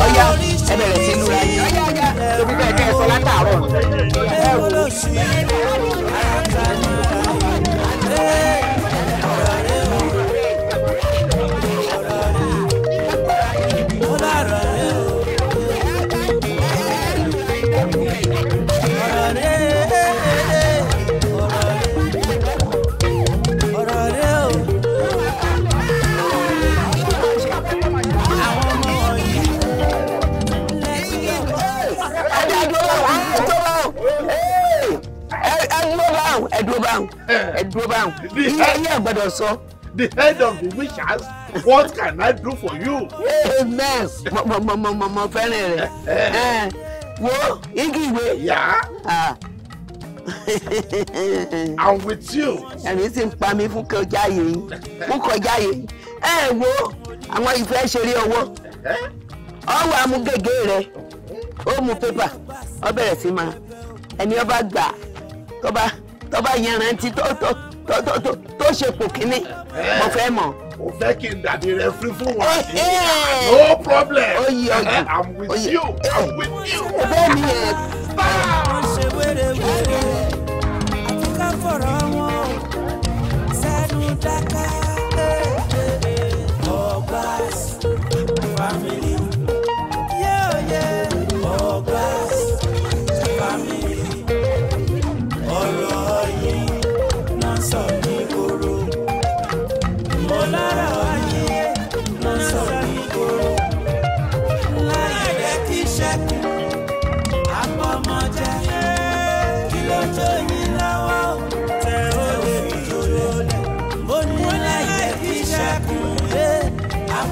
ọyá ẹ bẹ̀rẹ̀ sí nura yìí ọyá ọyá tóbi bẹ́ẹ̀ kẹ ẹ sọ látàárọ̀ Eh. ẹ dúró báwọn ẹ dúró báwọn iye ayé àgbàdo sọ. the head of the wishers what can I do for you. amen mo mo mo mo mo fẹ́ràn rẹ̀ eh. Eh, wo igi ìwé. yà á. I'm with you. ẹ̀rín sì ń pa mí fún kọjá yìí fún kọjá yìí ẹ wo àwọn ìfẹ́ ṣeré ọwọ́ ọwọ́ amúgègé rẹ̀ ó mu pépà ó bẹ̀rẹ̀ sí máa ẹni ọba gbà tó bá tó bá yẹn rántí tó tó tó tó ṣe kò kínní mo fẹ́ mọ̀. o fẹ́ kí n dàbí rẹ fún fún wa oh, no problem oh, oh, i'm with you i'm with you. ọbẹ̀ mi ẹ̀ bá a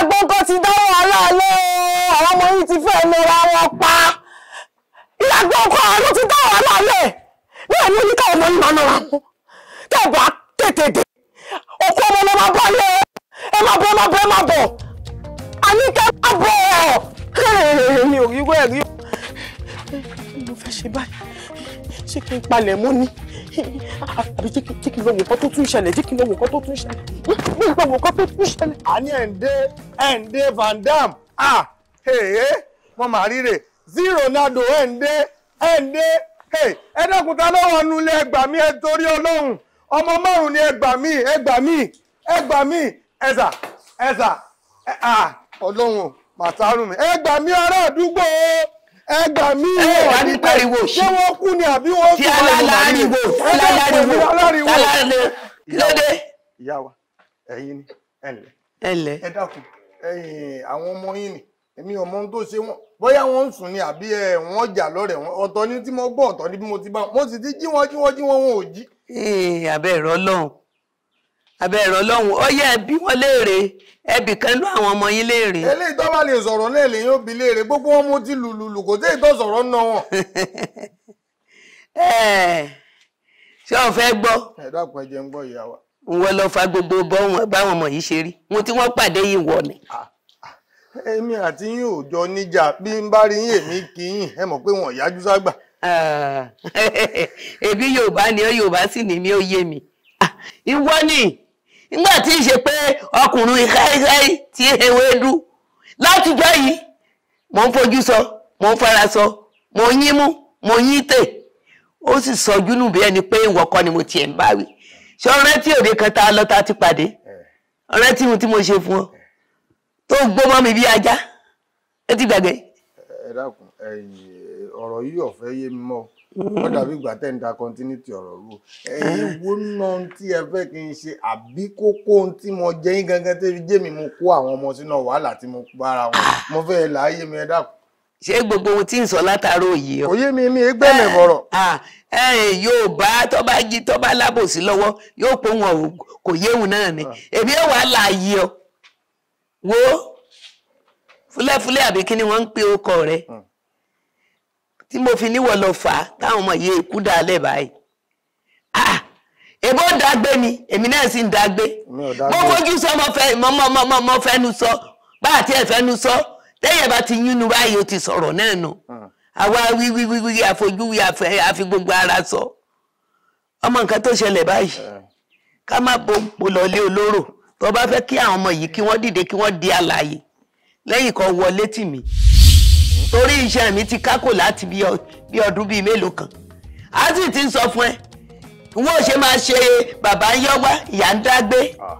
agbóńkó ti dáwọ́ aláàlẹ́ àwọn ọmọ yìí ti fẹ́ lera wọn pa ìyàgbóńkó ló ti dáwọ́ aláàlẹ́ bẹ́ẹ̀ ni oníkà ọmọ yìí máa nara wọn tẹ̀bà tètè dé òkú ọmọ ló máa bọ́ lé ẹ máa bọ́ ẹ máa bọ́ ẹ máa bọ̀ àníkẹ́ máa bọ̀ mi ò rí wẹ́ẹ̀rí mo fẹ́ ṣe báyìí ṣé kí n palẹ̀ mọ́ ni àbí jẹ́ kí n lọ wò kán tó tún ìṣẹ̀lẹ̀ jẹ́ kí n lọ wò kán tó tún ìṣẹ̀lẹ̀ jẹ́ kí n lọ wò kán tó tún ìṣẹ̀lẹ̀. àní ẹ̀ǹdé ẹ̀ǹdé Van Dam ah èyí wọn máa ríre zero nado ẹ̀ǹdé ẹ̀ǹdé ẹ dákun ta lọ́wọ́ nulẹ̀ ẹgbà mi ẹ torí Ọlọ́run ọmọ márùn-ún ni ẹgbà mí ẹgbà mí ẹgbà mí ẹ̀sà ah, Ọlọ́run màtárùn mi ẹgbà mi ará àdúgbò o ẹ gbà mí wò ní pé ṣé wọ́n kú ni àbí wọ́n fi wọ́n lọ mí ní ẹ bá pẹ̀lú aláriwo lóde. ìyá wa ẹ̀yin ni ẹnlẹ ẹnlẹ ẹ dákun àwọn ọmọ yín ni èmi ọmọ tó ṣe wọn bóyá wọn ń sùn ni àbí ẹ wọn jà lọrẹ wọn ọ̀tọ̀ ni tí mo gbọ́ ọ̀tọ̀ ni bí mo ti bá wọn mo sì ti jí wọn jí wọn jí wọn wọn ò jí. àbẹ̀ ìrọ̀lọ́hùn abẹ́rẹ́ ọlọ́run ó yẹ bí wọ́n léèrè ẹbì kan ló àwọn ọmọ yín léèrè. eléyìí tó bá lè sọ̀rọ̀ náà lèyìn òbí léèrè gbogbo wọn mo ti lùlùlù kò téyì tó sọ̀rọ̀ ná wọn. ṣé o fẹ́ gbọ́. ẹ dákun ẹ jẹ́ ń gbọ́ ìyá wa. n wọ lọ fa gbogbo báwọn ọmọ yìí ṣe rí wọn tí wọ́n pàdé yìí wọ ni. Ah, ah, èmi àti yín ò jọ níjà bí n bá rí yín èmi kì í yìn ẹ mọ̀ pé wọn yájú ságbà. Ah, èmi yorùbá ni ó yorùbá sì ni mi ó yé mi ìwọ ni nígbà tí ì ṣe pé ọkùnrin ìkáíkáí ti ewédú látijọ́ yìí mò ń fojú sọ mò ń fara sọ mò ń yín mú mò ń yín tè ó sì sọjú nù bí ẹni pé ìwọ kọ́ ni mo tiẹ̀ ń bá ṣé ọ̀rẹ́ tí òde kan tá a ti pàdé ọ̀rẹ́ tí mo ti mo ṣe fún ọ tó gbó mọ́ mi bí ajá ẹ ti gbàgbé. ẹ dákun ọ̀rọ̀ yìí ọ̀fẹ́ yé mi mọ́ wọ́n mm-hmm. dàbí ìgbà tẹ́ ń da continuity ọ̀rọ̀ rú ẹ̀yin wo náà tí ẹ fẹ́ kí n ṣe àbí kókó ohun tí mo jẹ́ yín gangan tẹ́bi jẹ́ mi mo kó àwọn ọmọ sínú wàhálà tí mo bára wọn mo fẹ́ láàyè mi ẹ dàpọ̀. ṣé gbogbo ohun tí ń sọ látàrọ òye o. òye mi mi gbẹ̀lẹ̀ eh, bọ̀rọ̀. Eh, yóò bá tọ́ba jí tọ́ba lábòsí lọ́wọ́ yóò pọ̀ wọn o kò yéwu náà ni ah. èmi ò wá láàyè o wo fúlẹ́fúlẹ́ àbí kí ni wọ́n ń pe ọkọ rẹ̀. Mm tí mo fi níwọ̀ lọ fà á táwọn ọmọ yìí kú dálẹ̀ báyìí ah, èbó dàgbé ni èmi náà sì ń dàgbé mo fojú sọ mo fẹnu sọ bá àti ẹ fẹnu sọ tẹyẹ bá ti yúnú báyìí o ti sọ̀rọ̀ náà nù hmm. àwa wíwíwíwí àfojúwí àfi gbogbo ara sọ ọmọ nǹkan tó ṣẹlẹ̀ báyìí eh. ká má bo lọlé olóró tó bá fẹ́ kí àwọn ọmọ yìí kí wọ́n dìde kí wọ́n di alààyè lẹ́yìn kan wọlé tì mí torí iṣẹ́ mi ti kákò láti bí ọdún bíi mélòó kan a sì ti ń sọ fún ẹ ìwọ ṣe máa ṣe bàbá ń yọ wá ìyá ń dágbé ah.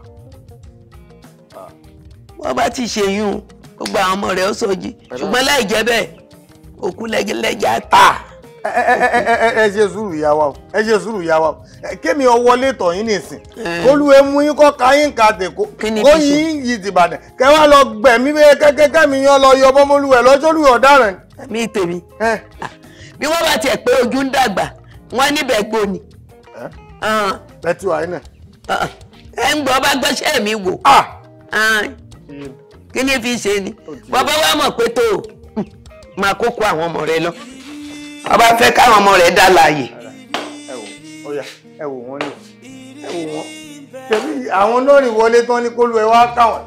wọ́n bá ti ṣe yún gbogbo àwọn ọmọ rẹ̀ ó sojí ṣùgbọ́n láì jẹ́ bẹ́ẹ̀ òkú lẹ́gẹ́lẹ́gẹ́ á ẹ ṣe sùúrù ìyá wa o ẹ ṣe sùúrù ìyá wa o kémi ọwọlé tọ̀ yín nìsín eh. olúwe mú yín kọ́ ka kẹ wá lọ gbẹ̀mí bẹ́ẹ̀ kẹ́kẹ́ kẹ́mi lọ yọ ọ̀daràn. mi tèmi eh. bí bá tiẹ̀ pé ojú ń dàgbà níbẹ̀ eh. ẹ ti wà yín náà. ẹ ń gbọ́ bá hmm. ni fi wa mọ̀ pé tó máa ọmọ rẹ lọ. ọba fẹ́ káwọn ọmọ rẹ̀ dá láàyè. ẹ wò wọ́n tẹ̀lé àwọn olórin wọlé tán ní kólú ẹ wá káwọn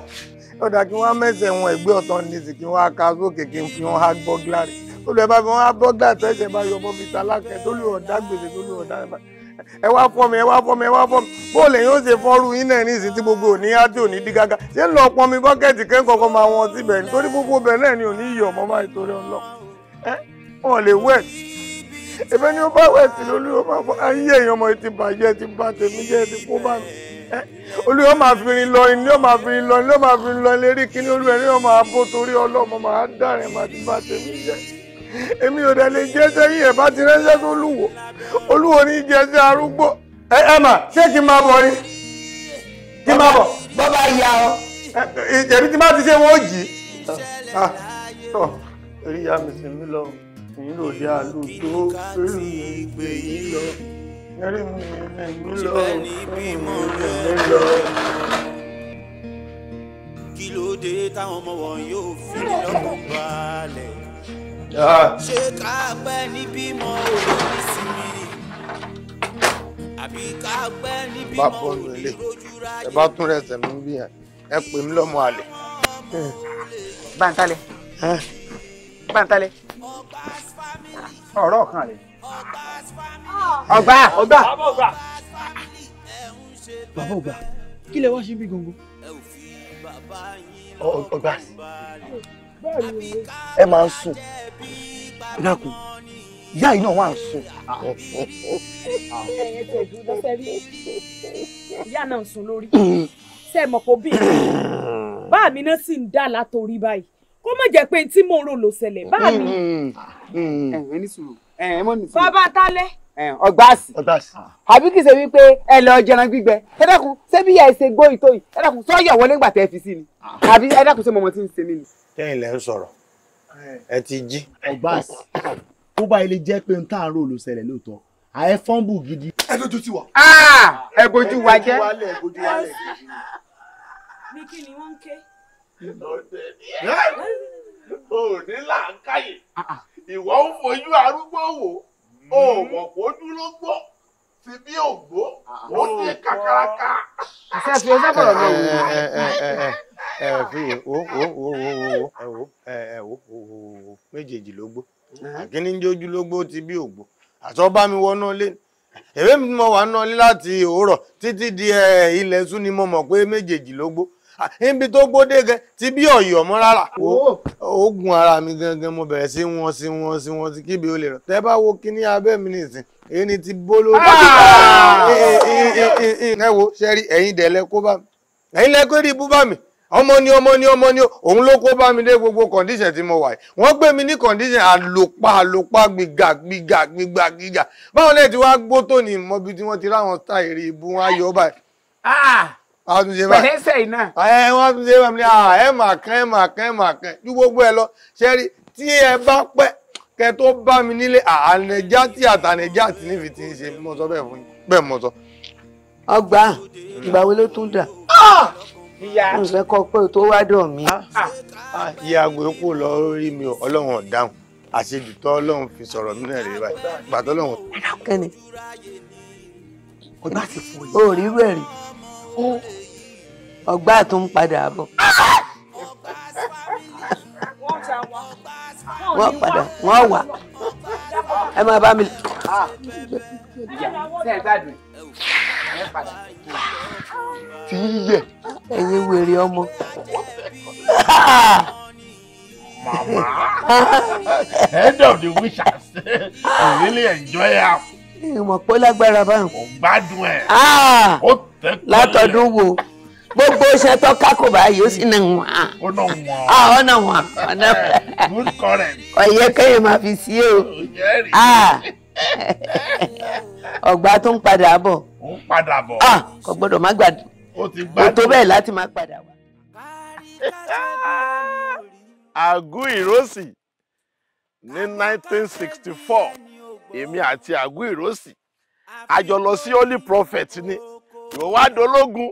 ọ̀dà kí wọ́n á mẹ́sẹ̀ wọn ẹ̀gbẹ́ ọ̀tọ̀ nìsí kí wọ́n á ka sókè kí n fi wọn á bọ́gílà rẹ̀ olú ẹ bá fi wọn á bọ́gílà tẹ́sẹ̀ bá yọ bọ́bí talákẹ́ tó lù ọ̀dá gbèsè tó lù ọ̀dá ẹ wá fọ́ mi ẹ wá fọ́ mi ẹ wá fọ́ mi bóòlù yóò ṣe fọ́rú yín náà ní ìsìn tí gbogbo òní á tí òní dí ṣé ń lọ pọn bọ́kẹ́ẹ̀tì kẹ́ńkọ̀ọ́kọ́ máa wọn síbẹ̀ nítorí gbogbo bẹ̀ náà ni òní yọ̀ mọ́ máa ìtorí ọlọ́ wọn lè wet ebe ni ó bá wet lólu ó máa fọ ayé èèyàn ọmọ ti bàjẹ́ ti bà tèmi jẹ́ ti kó bá mi olú yóò máa fi rin lọ ilé yóò máa fi rin lọ ilé yóò máa fi rin lọ ilé rí kíní olú ẹni yóò máa torí ọlọ́mọ máa dàrin máa ti ba tèmi jẹ́ èmi ò dẹ̀ lè jẹ́ sẹ́yìn ẹ̀ bá ti rẹ́sẹ́ tó lúwo olúwo ní jẹ́ sí arúgbó ẹ ẹ mà ṣé kí n máa bọ̀ ni kí n máa bọ̀. bọ́bá ya ọ. ìjẹ̀bi tí má ti ṣe wọ́n jì í. ah tọ́ eré ya mi sì mí lọ́wọ́ ìròyìn àlùjọ lórí ìgbè yìí lọ ẹrí mi ẹmí lọ ẹmí lọ. kí ló dé táwọn ọmọ wọn yóò fi lọ́kàn balẹ̀. ṣé ká pẹ́ níbí mọ́ òní sinmi àbí ká pẹ́ níbí mọ́ òní rojú ráyè. ẹ bá tún rẹ sẹ̀mí bí yẹn ẹ pè mí lọ́mọ àlè. bàǹtálẹ̀ bàǹtálẹ̀ ọ̀rọ̀ kan rẹ̀. Ah. ọgbà ọgbà. bàbá ọgbà. bàbá ọgbà kí lẹ wá ṣe bí gbogbo. ọgbà ẹ máa ń sùn dákun ìyá yìí náà wà ń sùn. ìyá náà ń sùn lórí mm. ṣé ẹ mọ̀ pé obìnrin bá mi náà sì ń dà látòrí báyìí kó má jẹ́ pé tí mò ń rò ló ṣẹlẹ̀ bá mi. Mm, mm, mm, ẹ ní sùúrù ẹ mọ ní sùúrù. bàbá talẹ. ọgbàásì àbí kìí ṣe wípé ẹ lọ jẹran gbígbẹ ẹ dákun ṣé bí ẹ ṣe gbó ìtò yìí ẹ dákun wọlé ńgbà tẹ ẹ fi sí ni àbí ẹ dákun ṣe mọmọ tí ń ṣe mí ni. kẹ́yìn lẹ́ ń sọ̀rọ̀ ẹ ti jí. ọgbàásì ó bá ilé jẹ́ pé n tá à ń rò ló ṣẹlẹ̀ lóòótọ́ àyẹ fọ́nbù gidi. ẹ lójú tiwa. Ah! ẹ bójú wa jẹ́. ẹ bójú wa lẹ̀ ẹ bójú wa lẹ̀. o ní làákàyè ìwọ ń fojú arúgbó wò hmm. ó mọ̀ ti bí ògbó ó ti kàkàràkà. fi ọjọ́ bọ̀rọ̀ náà wò ẹ fi wo wo wo wo wo ẹ wo ẹ wo wo wo méjèèjì eh. àkíní ń jójú ti bí ògbó mi wọnú èwe mi wà di eh, ilẹ̀ sún ni mo mọ̀ pé méjèèjì níbi tó gbódé gan ti bí ọ̀yọ́ mọ́ rárá oògùn ara mi gangan mo bẹ̀rẹ̀ sí wọn sí wọn sí wọn sí kíbi ó lè rọ tẹ́ bá wo kíní abẹ́ mi nìsín èyí ni ti bó lórí. Ah! ẹ wo sẹ́rí ẹ̀yin dẹ̀lẹ́ kó bá mi ẹ̀yin lẹ́kọ́ rí ibú bá mi ọmọ ni ọmọ ni ọmọ ni òun ló kó bá mi dé gbogbo condition tí mo wà yìí wọ́n gbé mi ní condition àlòpá àlòpá gbígbà gbígbà gbígbà gbígbà báwọn lẹ́yìn tí wọ́n á gbó tó ní mọ́bi tí wọ́n ti ráwọn táyì rí ibú wọn á yọ báyìí. Ah! a tún ṣe báyìí pẹ̀lẹ́sẹ̀ iná. ẹ ah, eh, wọ́n tún ṣe báyìí ẹ mà kán ẹ mà kán ẹ mà kán ju gbogbo ẹ lọ ṣẹ́rí tí ẹ bá pẹ́ kẹ tó bá mi nílé ah, ànẹjá tí àtànẹjá tí nífi ti ń ṣe mọ sọ bẹ́ẹ̀ fún bẹ́ẹ̀ mọ sọ. ọgbà ìgbà wo ló tún dà. Ah! mo fẹ́ kọ́ pé o tó wá dọ̀ mí. ìyá àgbẹ̀ kò lọ rí mi ọlọ́run ọ̀dáhùn àṣejùtọ́ ọlọ́run fi sọ̀rọ̀ mí náà rí báyìí gbàtọ́ ọlọ́run. kẹ́ni o bá rí ọgbà tó ń padà bọ̀. wọ́n padà wọ́n wà ẹ máa bá mi. tí yíyẹ. ẹ̀yin wèrè ọmọ. Mama, head of the wishers, I really enjoy am. Ìmọ̀ pé lágbára báyìí. Kò gbádùn ẹ̀. Ah! Ó látọdún wo gbogbo iṣẹ́ tó kákò báyìí ó sì nà wọn. ó nà wọn. Ah, ó nà wọn. good correct. ọ̀yẹ́ kẹ́yìn máa fi sí o. Ah. ọ̀gbà tó ń padà bọ̀. ó ń padà bọ̀. Ah, kò gbọ́dọ̀ má gbàdúrà. ó ti gbàdúrà. kò tó bẹ́ẹ̀ láti má padà wá. àgú ìrósì ní 1964 èmi àti àgú ìrósì a jọ lọ sí holy prophet ni ìwọ wá dológun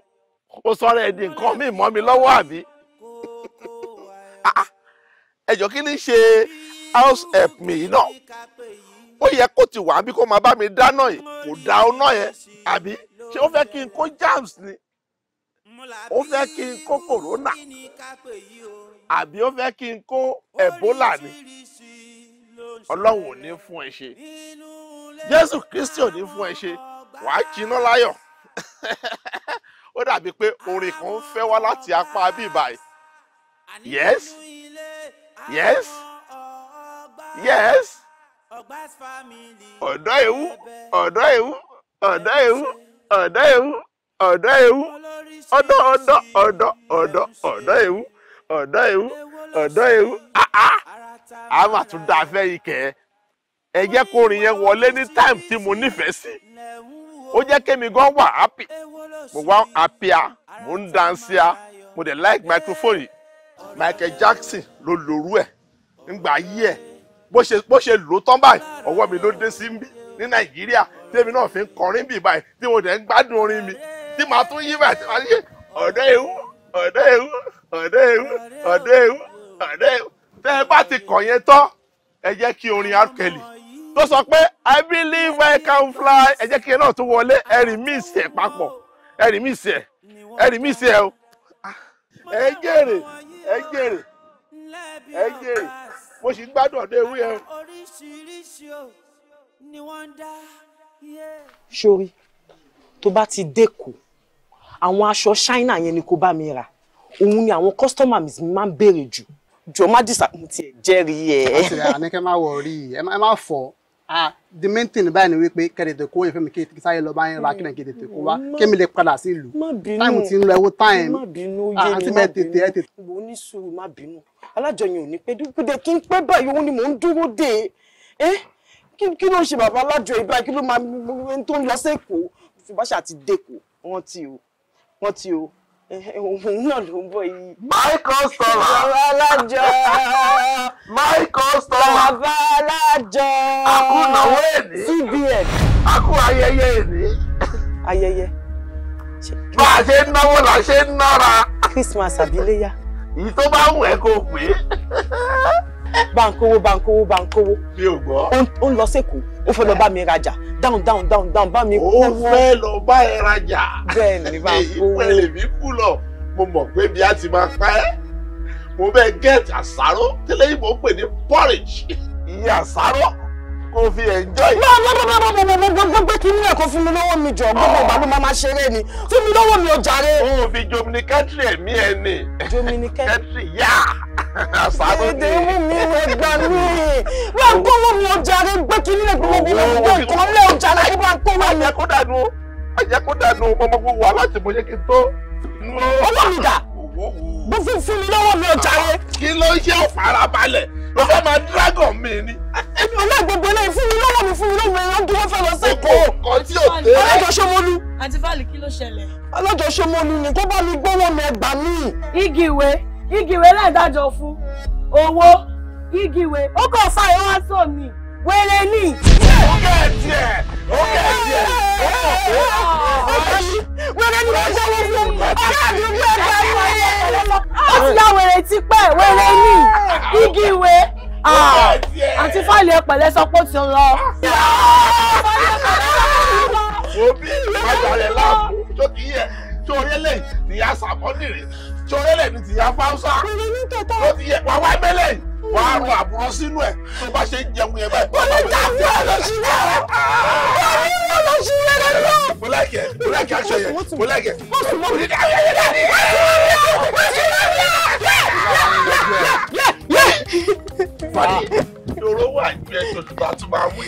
ó sọ̀rọ̀ ẹdín nǹkan mi mọ́ mi lọ́wọ́ àbí ah, ẹjọ́ kí ni ṣe house help me yìí náà ó yẹ kó ti wà bí kó máa bá mi dáná yìí kò dá ọ̀nà yẹn àbí ṣé ó fẹ́ kí n kó germs ni ó fẹ́ kí n kó corona àbí ó fẹ́ kí n kó ebola ni ọlọ́run ò ní fún ẹ ṣe jésù kristi ò ní fún ẹ ṣe wàá jiná láyọ̀. ó dàbí pé orin kan fẹ́ wá láti apá bí ìbàyí yes yes yes ọ̀dọ́ ewu ọ̀dọ́ ewu ọ̀dọ́ ewu ọ̀dọ́ ewu ọ̀dọ́ ewu ọ̀dọ́ ọ̀dọ́ ọ̀dọ́ ọ̀dọ́ ọ̀dọ́ ewu ọ̀dọ́ ewu ọ̀dọ́ ewu àá a máa tún dáa fẹ́ yìí kẹ́ ẹ jẹ́ kó orin yẹn wọlé ní táìmù tí mo nífẹ̀ẹ́ sí ó jẹ́ kémi gan wà happy mo wá happy à mo ń dansi à mo dẹ̀ like microphone yìí Michael Jackson ló lòrú ẹ̀ ńgbà yí ẹ̀ bó ṣe lò tán báyìí ọwọ́ mi ló dé sí ní Nàìjíríà tèmi náà fi ń kọrin bì báyìí tí mo dẹ̀ ń gbádùn orin mi tí màá tún yí báyìí tí màá yí ọ̀dọ́ ewu ọ̀dọ́ ewu ọ̀dọ́ ewu ọ̀dọ́ ewu ọ̀dọ́ ewu tẹ́ ẹ bá ti kọ̀ yẹn tán ẹ jẹ́ kí orin R. Kelly tó sọ pé i believe i can fly ẹ jẹ́ kí ẹ náà tó wọlé ẹ̀rìn mí ìsẹ̀ papọ̀ ẹ̀rìn mí ìsẹ̀ ẹ̀rìn mí ìsẹ̀ o ah, ẹ jèrè ẹ jèrè ẹ jèrè mo sì ń gbádùn ọ̀dọ̀ ewé ẹ. sori tó bá ti dẹ́kọ̀ àwọn aṣọ ṣáínà yẹn ni kò bá mi rà òun ni àwọn kọ́sítọ́mà mi máa ń béèrè jù jọ má dìsàkùn tiẹ̀ jẹ́rìí ẹ̀. àti àníkẹ́ má wọ̀ rí ẹ má fọ́ Ah, the main thing báyìí ni wípé kẹ̀dẹ̀tẹ̀ kó yẹn fún mi kí n sáyé lọ bá yẹn ra kí n kẹ̀dẹ̀tẹ̀ kó wá mm, kí mi lè padà sí ìlú táìmù ti ń lọ ẹwọ táìmù àti mẹ tètè ẹ tètè. mo ní sùúrù má bínú alájọyìn ò ní pẹ́ dé kí n pẹ́ báyìí òun ni mò ń dúró dé ẹ kí ló ń ṣe bàbá alájọ ìbá kí ló máa tó ń lọ sí fìbáṣà ti dé wọ́n ti o wọ́n ti o òun náà ló ń bọ̀ yìí. my customer. bàbá alájọ. my customer. bàbá alájọ. àkúnáwó èní. cbn. àkú ayẹyẹ èní. ayẹyẹ. bá a ṣe ń náwó la ṣe ń nára. christmas àbíléyà. èyí tó bá wù ẹ́ kó pè é. bankowo bankowo bankowo. mi ò gbọ́. ó ń lọ sẹ́kọ̀ọ́ ó fẹ́ lọ bá mi rajà Down, down, down, down. bá mi kówó. ó fẹ́ lọ bá ẹ rajà. bẹ́ẹ̀ ni bá kówó. ìpẹ́ lèmi kú lọ mo mọ̀ pé bí a ti máa pa ẹ́ mo bẹ́ẹ̀ gẹ́ẹ̀tì àsáró tẹ́lẹ̀ yìí mo pè ní porridge iye àsáró kó fi enjoy. náà gbọ́dọ̀gbọ́dọ̀gbọ́dọ̀ kí ní ẹ̀kọ́ fún mi lọ́wọ́ mi jọ gbogbo ìgbà ló máa máa ṣeré ni fún mi lọ́wọ́ mi ò jàre. o fi jominikẹ́tìrì ẹ̀mí ẹ̀ ni. jominikẹ́tìrì yá. èdè mú mi wẹ̀ gbà mí. wọ́n gbọ́ wọ́n mi ò jàre gbé kí ní ẹ̀kọ́ mi lọ́wọ́ ìkọ́ lẹ́ ò jàre kí wọ́n kó wọ́n mi. àjẹkó dànù àjẹkó dànù ọmọ gbogbo wa láti mọ yẹ kí n tó. ọwọ́ mi dà bó fún fún mi lọ́wọ́ mi ò jàre. kí ló ń ṣe ọ̀farabalẹ̀ ló fẹ́ máa dragon mi ni. èmi ò náà gbogbo eléyìí fún mi lọ́wọ́ mi fún mi lọ́wọ́ mi ọdún wọn fẹ́ lọ sẹ́kọ̀ọ́. ọkọ tí ò tẹ́. alájọṣemolú. àti fáàlì kí ló ṣẹlẹ̀. alájọṣemolú ni kó bá mi gbọ́wọ́ mi ẹgbà mi. igi ìwé igi ìwé lẹ́ẹ̀dájọ fún owó igi ìwé ó kàn fà ẹ̀ wá sómi wèrè ni. ó kẹ́ ẹ̀ tiẹ̀ ó kẹ́ ẹ̀ tiẹ̀ ó kọ̀ pé ọ̀rọ̀ mi wèrè ni mo jẹ́ wọ́n fún mi ọ̀rọ̀ mi ń bẹ̀rẹ̀ báyìí wáyé ó ti ya wèrè tipẹ́ wèrè ni igi ìwé ah, àti fáìlì ẹ̀pẹ̀lẹ́ sọ pé ó ti lọ. òbí ìwádìí láàbù tó kì í yẹ tó yẹlẹ tìyà sàmọ́nì rè tó yẹlẹ ní tìyà fáwùsà tó ti yẹ wàá wá mẹ́lẹ̀ yìí wà á rọ àbúrò sínú ẹ̀ tó bá ṣe ń jẹun yẹn báyìí. mo ní tàbí ọlọ́sí rẹ̀ mo ní ọlọ́sí rẹ̀ lọ́wọ́. mo láìkẹ́ mo láìkẹ́ aṣọ yẹn mo láìkẹ́. mo sì mọ òní dáhùn yẹn dáhùn yẹn. mo sì mọ òní dáhùn yẹn. fani ìdòrò wà ní ẹjọ́ tó bá tún máa wí.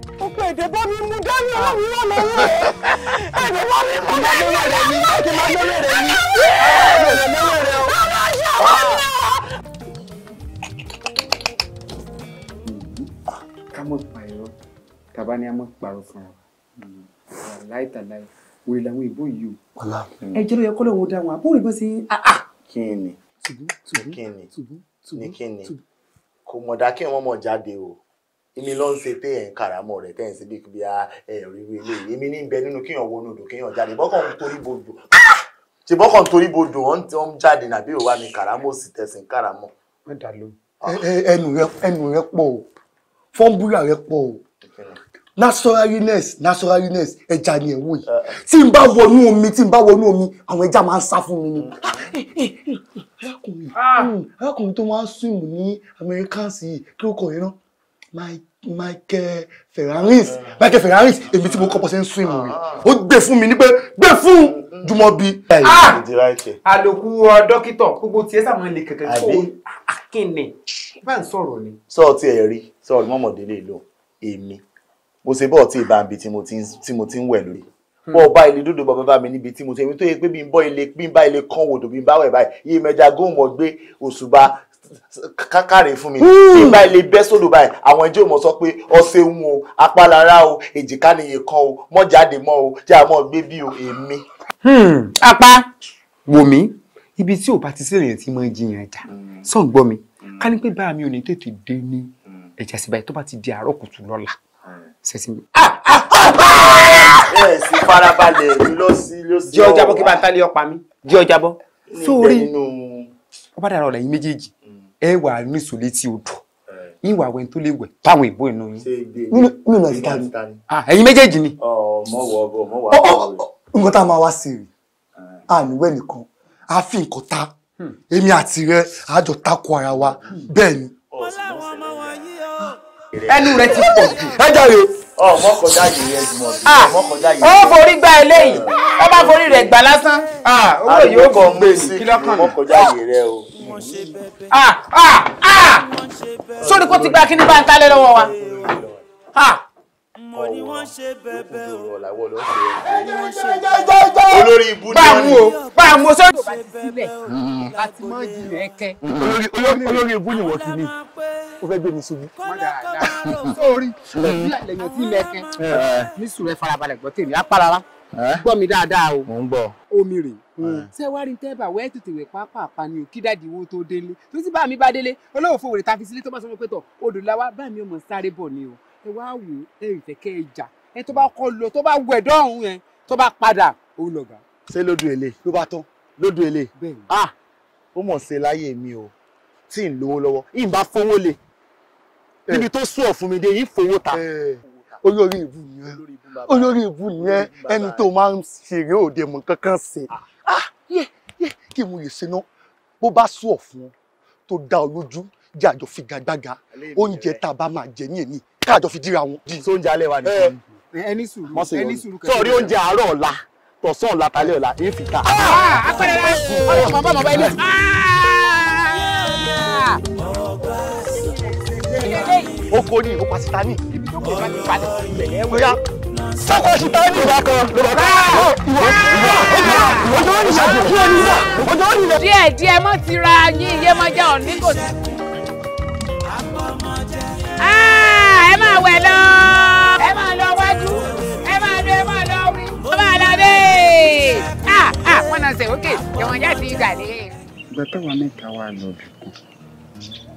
ọkọ èdè bá mi mú dání ọlọ́run wọn lọ wọ èdè bá mi mú dání ọlọ́run wọn lọ kí n máa lọ́wọ́ rẹ̀ ní ọlọ́run lọ́wọ́ rẹ̀ o. ká mọ̀ pààrọ̀ tàbá ni a mọ̀ pààrọ̀ fún wa láì tàláì wòye làwọn ìbò yìí o. ẹjẹ ló yẹ kọ́ lóun dá wọn àbúrò ìbọn ah, ah. sí. kí ni kí ni kí ni kò mọ̀dá kí wọ́n mọ̀ jáde o èmi ló ń ṣe pé ẹ̀ ń karamọ́ rẹ̀ tẹ́ ẹ̀ ń ṣe bíi bíi ẹ̀ríwé ilé èmi ní bẹ nínú kíyàn wọnú odò kíyàn jáde bọ́kàn torí bodò ah! ṣe bọ́kàn torí bodò wọ́n ti ń jáde nàbí òwa ni karamọ́ sì tẹ̀sìn karamọ́. ẹnu rẹ pọ̀ o fọ́nbúrà rẹ pọ̀ o naturalness naturalness ẹja ni ẹ wò yìí eh, eh. tí n bá wọnú omi tí n bá wọnú omi àwọn ẹja máa ń sá fún mi ni hmm. ah, eh, arákùnrin ah. hmm, arákùnrin tó máa ń swim ní Americans yìí kí ó kọ̀ yìí náà. Michael Ferraris Michael Ferraris èmi tí mo kọ́ pọ̀sẹ̀ ń sún ìmọ̀ rẹ̀ ó gbé fún mi ní pé gbé fún Jùmọ̀bí. Ah! àlòkù uh, dókítà gbogbo tiẹ̀ sàmọ́ ilé kẹ̀kẹ́ kó kíni bá ń sọ̀rọ̀ ni. sọ ọtí ẹ rí sọ̀rọ̀ mọmọdélé lò èmi mo ṣe bọ ọtí ìbànbi tí mo ti ń wẹ̀ lórí hmm. bọ́ ọba ilé dúdú bàbá bá mi níbi tí mo ṣe èmi tó yẹ pé bí n bọ́ ilé bí n bá ilé kán wòdò bí n bá wẹ̀ báyìí iye mẹ́ta gómọ̀ gbé òṣùbà kákàrè fún mi nígbà hmm. ilé bẹ́ sódò báyìí àwọn ẹjọ́ mọ̀ sọ pé ọ̀sẹ̀ ń o apálára o èjìká nìyẹn kan o mọ́ jáde mọ́ o tí a mọ̀ gbé bí o èmi. Hmm, apá wò mí ibi tí ò bá ti sílẹ̀ yẹn ti máa jiyàn ẹja hmm. sàn gbọ́ mi ká ní pé báà mi ò ní tètè dé ní ẹ̀jẹ̀ àṣìbá yìí tó bá ti di àárọ̀ kùtù lọ́la ṣẹ́sí mi. Ah, ah, ah, ẹ sì farabalẹ̀ lọ sí lọ sí ọwọ́ jẹ́ ọjà bọ́ kí bá ń tálé ọ̀pá mi jẹ́ ọjà bọ́ sórí ọba dàrọ̀ lẹ́yìn méjèèjì ẹ wà ní sòlé tí o dùn eh. yín wà wẹ́n tó lè wẹ̀ báwọn ìbò inú yín nínú nàìjíríà ni ah, ẹ̀yin méjèèjì ni. nǹkan tá a máa wá sí rè àníwẹ̀ eh. nìkan a fi nǹkan ta hmm. èmi àti rẹ àjọ takò ara wa hmm. bẹ́ẹ̀ ni. ẹnu rẹ ti pọ̀ jù. ẹ jàre mọ́kànlá yìí ẹ jùmọ̀ bí ó forí gba eléyìí ó bá forí rẹ̀ gbà lásán. Ah, owó gbé ní kí lọ́kàn mi. yìí rẹ o sórí kó ti gba kíní bá ń kálẹ̀ lọ́wọ́ wa. olórí ibu ni wọ́n ní. bá a mú o sórí. àti mọ́ jìnnà ẹ̀kẹ́. olórí ibu ni wọ́n ti ní o fẹ́ gbé mi ṣubú. sórí lẹ́yìn tí ilẹ̀ ẹ̀kẹ́ ní sùúrù farabalẹ̀ gbọ́ tèmi á pa rárá gbọ́ mi dáadáa o. mo ń gbọ́. omi rè ṣé wàá rí tẹ́bà wẹ́ẹ́ tètè wẹ̀ pápápá ni o kí dáàdi wo tó délé tó sì bá mi bá délé olóòfò wèrè ta fi sílé tó bá sọ fún mi pé tọ̀ odò làwa bá mi ọmọ sáré bọ̀ ni o ẹ wá wò ẹ ìfẹ́ kẹ́ ẹ jà ẹ tó bá kọ lọ tó bá wẹ̀ dọ́hùn yẹn tó bá padà òun lọ̀gá. ṣé lódò èlé ló bá tán lódò èlé ah ó mọ̀ ṣe láyé mi o tí ń lówó lọ́wọ́ ìbá fowó le níbi tó sùn ọ̀ fún mi dé olórí ìbú nìyẹn olórí ìbú nìyẹn ẹni tó máa ń ṣeré òde mọ̀ kankan sí ah. Ah, kí mo lè ṣe náà bó bá sú ọ̀ fún ọ tó dá ọ lójú jẹ́ àjọ figagbága oúnjẹ tá a bá máa jẹ ní èmi káàjọ fi díra wọn. so oúnjẹ alẹ́ wa nìkan ẹni eh, eh, sùúrù ẹni sùúrù kẹsàn-án. sọ̀rí oúnjẹ àárọ̀ ọ̀la tọ̀sán ọ̀la talẹ́ ọ̀la èyí fi ta. Ah, apẹ̀rẹ̀ rẹ̀ ọ̀rọ̀ bàbá bàbá ilé. oko ni oko asita ni tẹ̀ bá ti padà bẹ̀rẹ̀ wẹ̀. sọ́kọ̀ sí táwọn ìgbà kan ló bá kọ́ ìwọ ìwọ ìwọ ọjọ́ ìyá kí ọ nígbà ọjọ́ ìyá. díẹ̀ díẹ̀ mọ́ ti ra yín iye mọ́jà òní kò sí. Ah, ẹ máa wẹ̀ lọ ẹ máa lọ wájú ẹ máa lọ ẹ máa lọ wí. ó máa lọ bẹ́ẹ̀ ah, ah, wọ́n náà ṣe òkè ìwọ̀n jáde ìgbà lé. ìgbà táwa mẹ́ta wà lọ́ọ̀bì kan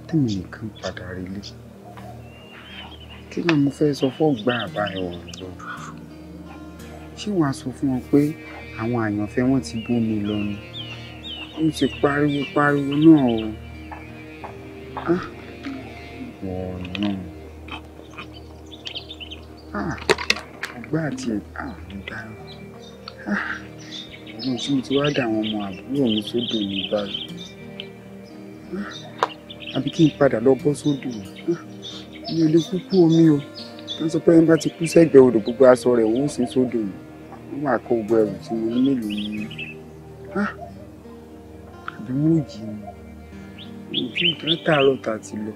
tí mi nìkan padà rí lé kí náà mo fẹ́ sọ fọ́gbà àbáyọ lọ ṣé wàá sọ fún wọn pé àwọn àyànfẹ́ wọn ti bómi lọ ni mo ti pariwo pariwo náà o ah! ah! ọ̀nà ọgbà àti àwọn dáná ọmọ tí mo ti wá dà àwọn ọmọ àbúrò mi sódò mi báyìí ah! àbí kí n padà lọ bọ́ sódò mi mi ò lè kúkú omi o wọ́n sọ pé ẹni bá ti kú sẹ́gbẹ̀ẹ́ odò gbogbo aṣọ rẹ̀ wọ́n sì sódò yìí wọ́n máa kó gbogbo ẹrù ah! tí mo ní mélòó ni àbí mo yí ni mo fi nǹkan tààrọ̀ tà ti lọ.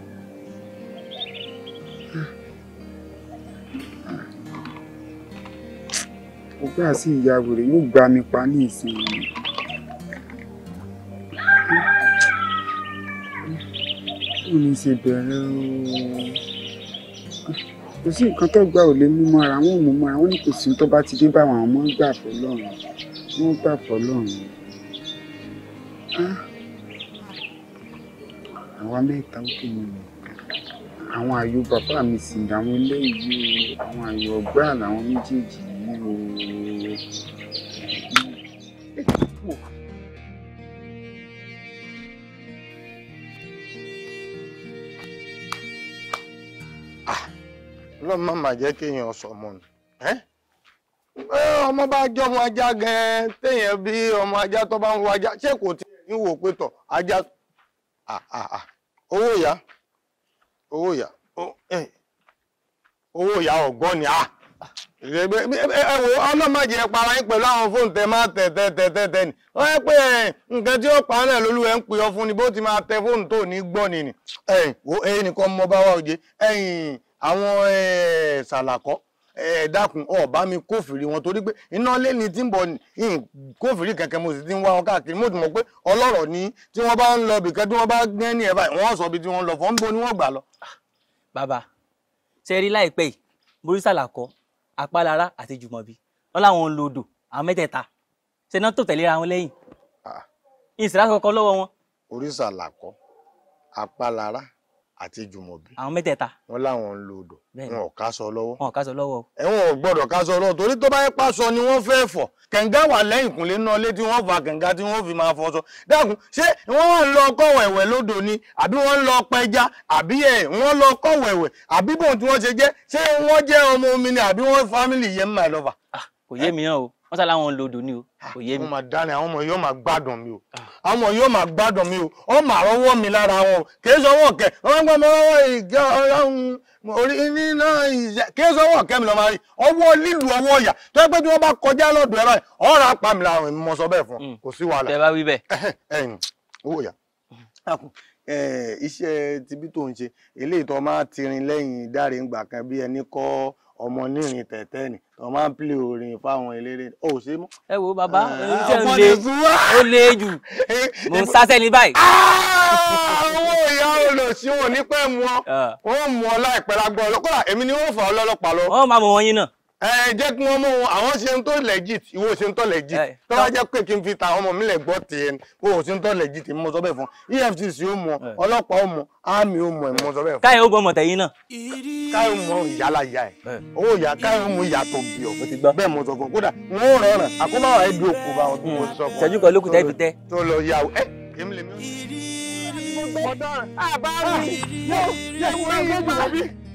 ọgbà ah! ah! sí ìyá wèrè yóò gba mi pa ní ìsinmi. kò ní ṣe bẹ̀rẹ̀ o kò sí nǹkan tó gbà ò lè mú mọ́ra wọn ò mú mọ́ra wọn ní kò sí tó bá ti dé báwọn àwọn ọmọ gbà fọ́ lọ́rùn wọ́n gbà fọ́ lọ́rùn ah! àwa mẹ́ta ó kéwìn mi àwọn àyò bàbá mi sì àwọn eléyìí àwọn àyò ọgbà làwọn méjèèjì ọlọ́run má má jẹ́ kéèyàn sọmọ nù ọmọ bá jọ ọmọ ajá gan téèyàn bí ọmọ ajá tó bá ń wo ajá ṣé kò owó ìyá owó ìyá owó ìyá ni a ẹwọ ọlọ́mọdé ẹ para yín pẹ̀lú àwọn fóònù tẹ tẹ tẹ tẹ tẹ tẹ ni wọ́n yẹ pé nǹkan tí ó ti máa tẹ fóònù tó ní ni ẹ̀yìn wo ẹ̀yìn nìkan àwọn eh, ṣàlàkọ́ ẹ eh, dákun ọba mi kófìrí wọn torí pé iná lé ní tí ń bọ ní kófìrí kẹ̀kẹ́ mo sì ti ń wá wọn káàkiri mo ti mọ̀ pé ọlọ́rọ̀ ni tí wọ́n bá ń lọ bìkẹ́ tí wọ́n bá gbẹ́ ní ẹ̀bá wọ́n sọ ibi tí wọ́n lọ fọ́n bó ni wọ́n gbà lọ. bàbá ṣe rí láìpẹ́ yìí borísàlà kọ apálára àti jùmọ̀bí wọn làwọn ń lo odò àwọn mẹ́tẹ̀ẹ̀ta ṣe náà tó tẹ̀léra wọn lẹ́yìn ah. ìsìlá kọ̀ọ̀kan lọ́wọ́ àti jùmọ̀bí. àwọn mẹ́tẹ̀ẹ̀ta. wọ́n láwọn ń lo odò wọn ò kásọ lọ́wọ́. wọn ò kásọ lọ́wọ́. ẹ̀wọ̀n ò gbọ́dọ̀ kásọ lọ́wọ́ torí tó bá yẹ pàṣọ ni wọ́n fẹ́ fọ̀ kànga wà lẹ́yìn kùnlé náà létí wọ́n fa kànga tí wọ́n fi máa fọṣọ. dákun ṣé wọ́n wà lọ kọ́ wẹ̀wẹ̀ lódò ni àbí wọ́n lọ pẹja àbí ẹ̀ wọ́n lọ kọ́ wẹ̀wẹ̀ àbí bóun tí wọ́n ṣe jẹ́ ṣé wọ́n jẹ́ ọmọ omi ni àbí wọ́n fámìlì yẹn máa lọ́fà. Ah, kò yé mi náà o wọ́n sá láwọn lòdò ni o ah, kò yé mi. ọmọ dání àwọn ọmọ yóò máa gbádùn mi o ah. àwọn ọmọ yóò máa gbádùn mi o ọmọ àrọ́wọ́ mi lára wọn kì í sọwọ́ kẹ wọ́n gbọ́ orí nínú ìyá kì kẹ mi rí ọwọ́ ọwọ́ ọ̀yà tó pé tí wọ́n bá kọjá lọ́dọ̀ ọ̀rọ̀ bẹ́ẹ̀ fún mm. kò sí wàhálà. ọmọ nírin tẹ̀tẹ̀ ni tó máa ń pílè orin fáwọn eléré ò ṣe mọ́. ẹ wo bàbá eh, ọmọ lè ó lé jù mò ń sáṣẹ́ ní báyìí. àwọn ah, ìyá olùsí wọn ní pẹ́ mu ọ ah. wọn mú ọ láìpẹ́ lágbọ́ ọlọ́kọ́lá èmi ni wọ́n fà ọ lọ́lọ́pàá lọ. wọ́n máa mọ̀ wọ́n yín náà ẹ jẹ́ kí wọ́n mú àwọn ṣe ń tó legit ìwọ ṣe ń tó legit tó bá jẹ́ pé kí n fi ta àwọn ọmọ mi lẹ̀ gbọ́ tèèyàn o ṣe ń tó legit èmi mo sọ bẹ́ẹ̀ fún EFCC ó mọ ọlọ́pàá ó mọ army ó mọ èmi mo sọ bẹ́ẹ̀ fún. káyọ̀ ó gbọ́ ọmọ tẹ̀yìn náà. káyọ̀ mọ ìyálà ìyá ẹ̀ owó ìyá káyọ̀ mọ ìyá bí ọ bẹ́ẹ̀ mo sọ fún kódà wọn ò rọrùn àkóbá wa ẹbí òkú bá wọn tó mo sọ fún. sẹ́jú kan lókùn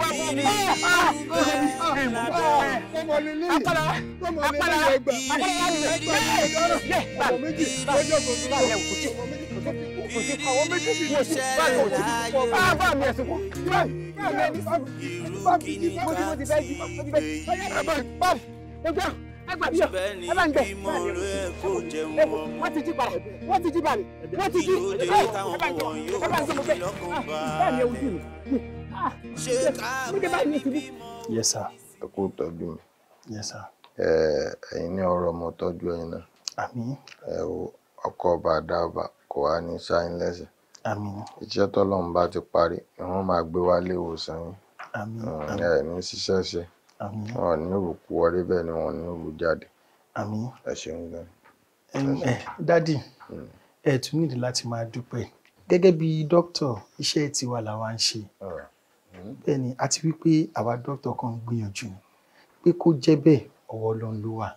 wá wọ́n mú. apala apala apala yẹ ba ba yẹ kò tí kò tí àwọn méjì sì kò tí bá kò tí bá bá mi ẹ̀sùn kọ. mo ti mo ti bẹ́ẹ̀ di mo ti bẹ́ẹ̀ di báyìí ẹgbẹ́ ẹgbà bíyọ̀ ẹgbà ń bẹ̀ wọ́n ti jí balẹ̀ wọ́n ti jí balẹ̀ wọ́n ti jí ẹgbà ń bẹ̀ ẹgbà ń bẹ̀ mo bẹ̀ báyìí ẹ ojú mi yes sir. ẹ kú tọ́jú mi. yes sir. ẹ̀yin ní ọ̀rọ̀ mo tọ́jú ẹ̀yin náà. àmín. ẹ wo ọkọ ọba àdáọba kò wá ní ṣáyín lẹ́sẹ̀. àmín. iṣẹ́ tọ́lọ́run bá ti parí ni wọ́n máa gbé wá lé ìwòsàn yín. àmín. ẹ ní ṣiṣẹ́ ṣe. àmín. wọn ò ní òrùkú wọlé bẹ́ẹ̀ ni wọn ò ní òrùkú jáde. àmín. ẹ ṣeun gan. ẹ dádì hmm. ẹ tún nílò láti máa dúpẹ́ gẹ́gẹ́ bí dókítà iṣẹ́ tiwa làwa ń ṣe bẹ́ẹ̀ ni àti wípé àwa dókítà kan gbìyànjú pé kó jẹ́ bẹ́ẹ̀ ọwọ́ Ọlọ́run ló wà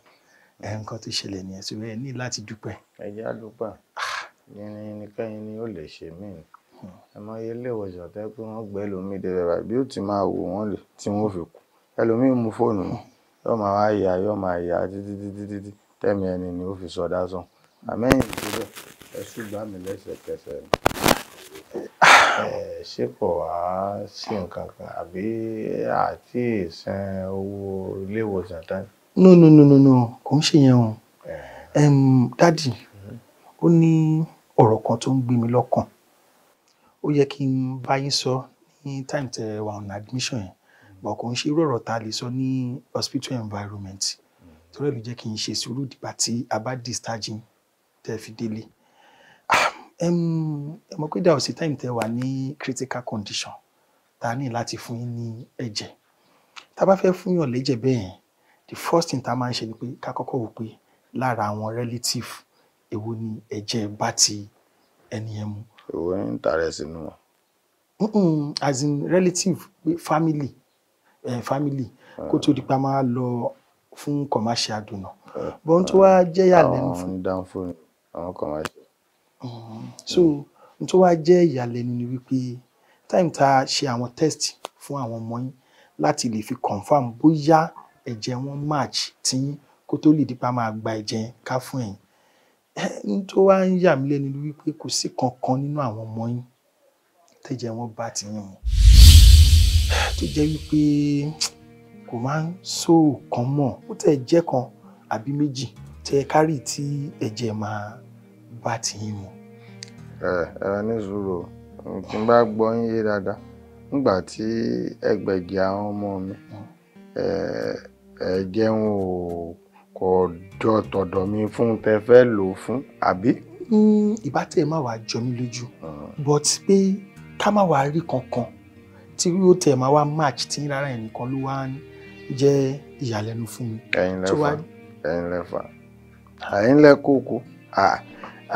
nǹkan tó ṣẹlẹ̀ nìyẹn sọ ẹ ní láti dúpẹ́. ẹ̀jẹ̀ á dúpẹ́ yìnyín nìkẹ́yìn ni ó lè ṣe mí ẹ mọ iye ilé ìwòsàn tẹ́ pé wọ́n gbẹ́ lómi dé bẹ̀rẹ̀ bí ó ti máa wò wọ́n lè tí wọ́n fi kú ẹlòmíín mú fóònù yóò máa wá yà yóò máa yà títí títí títí tẹ́mi ẹni ni ó fi sọdá sàn àmẹ́yìn ìṣẹ́bẹ̀ ẹ ṣùgbọ́n mi lẹ́sẹ̀kẹsẹ̀ ni ṣé kò wá sí nǹkan kan àbí àti ìsan owó ilé ìwòsàn tán. no no no no no kò ń ṣe yẹn o dádì mm-hmm. ó ní ọ̀rọ̀ kan tó ń gbé mi lọ́kàn ó yẹ kí n bá yín sọ ní time tẹ wà on admission yẹn mm-hmm. but kò ń ṣe irú ọ̀rọ̀ tá lè sọ ní hospital environment mm-hmm. torí ẹ̀ ló jẹ́ kí n ṣe sùúrù dìgbà tí a bá discharging tẹ́ fi délé ẹ mọ̀ pé dà òsì time tẹ wà ní critical condition tá ní láti fún yín ní ẹ̀jẹ̀ tá bá fẹ́ fún yàn lẹ́jẹ̀ bẹ́ẹ̀ the first thing tá máa ń ṣe ni pé ká kọ́kọ́ wò pé lára àwọn relative èwo ni ẹ̀jẹ̀ bá ti ẹni yẹn mu. èwo ń tààrẹ sínú wọn. as in relative family eh, family ah. kó tó di pa máa lọ fún commercial donor eh, bọ́n tó wá ah, jẹ́yà lẹ́nu fún. àwọn dáhùn fóònù àwọn commercial so n tó wá jẹ́ ìyàlẹ́nu ni wípé time tá a ṣe àwọn test fún àwọn ọmọ yín láti lè fi confam bóyá ẹ̀jẹ̀ wọn match tí kó tó lè dípa máa gba ẹ̀jẹ̀ yẹn ká fún ẹ̀yin n tó wá ń yà mí lẹ́nu ni wípé kò sí kankan nínú àwọn ọmọ yín tẹ́jẹ̀ wọn bá ti yín mu tó jẹ́ wípé kò máa ń so kan mọ̀ ó tẹ̀ jẹ́ kan àbí méjì tẹ̀ kárì tí ẹ̀jẹ̀ máa bá ti yín mu. ẹ ẹ ní sùúrù tí n bá gbọ́ yín yé dáadáa nígbà tí ẹgbẹ̀jì àwọn ọmọ mi ẹ̀jẹ̀ wọn ò kò jọ tọ̀dọ̀ mi fún tẹ fẹ́ lò fún àbí. Hmm, ìbá tẹ̀ má wàá jọ mí lójú hmm. but pé ká má wàá rí kankan tí yóò tẹ̀ máa wá match tí rárá ẹ̀ nìkan ló wá jẹ́ ìyàlẹ́nu fún mi. ẹ̀yin lẹ́fà ẹ̀yin lẹ́fà ẹ̀yin lẹ́kọ̀ọ́kọ́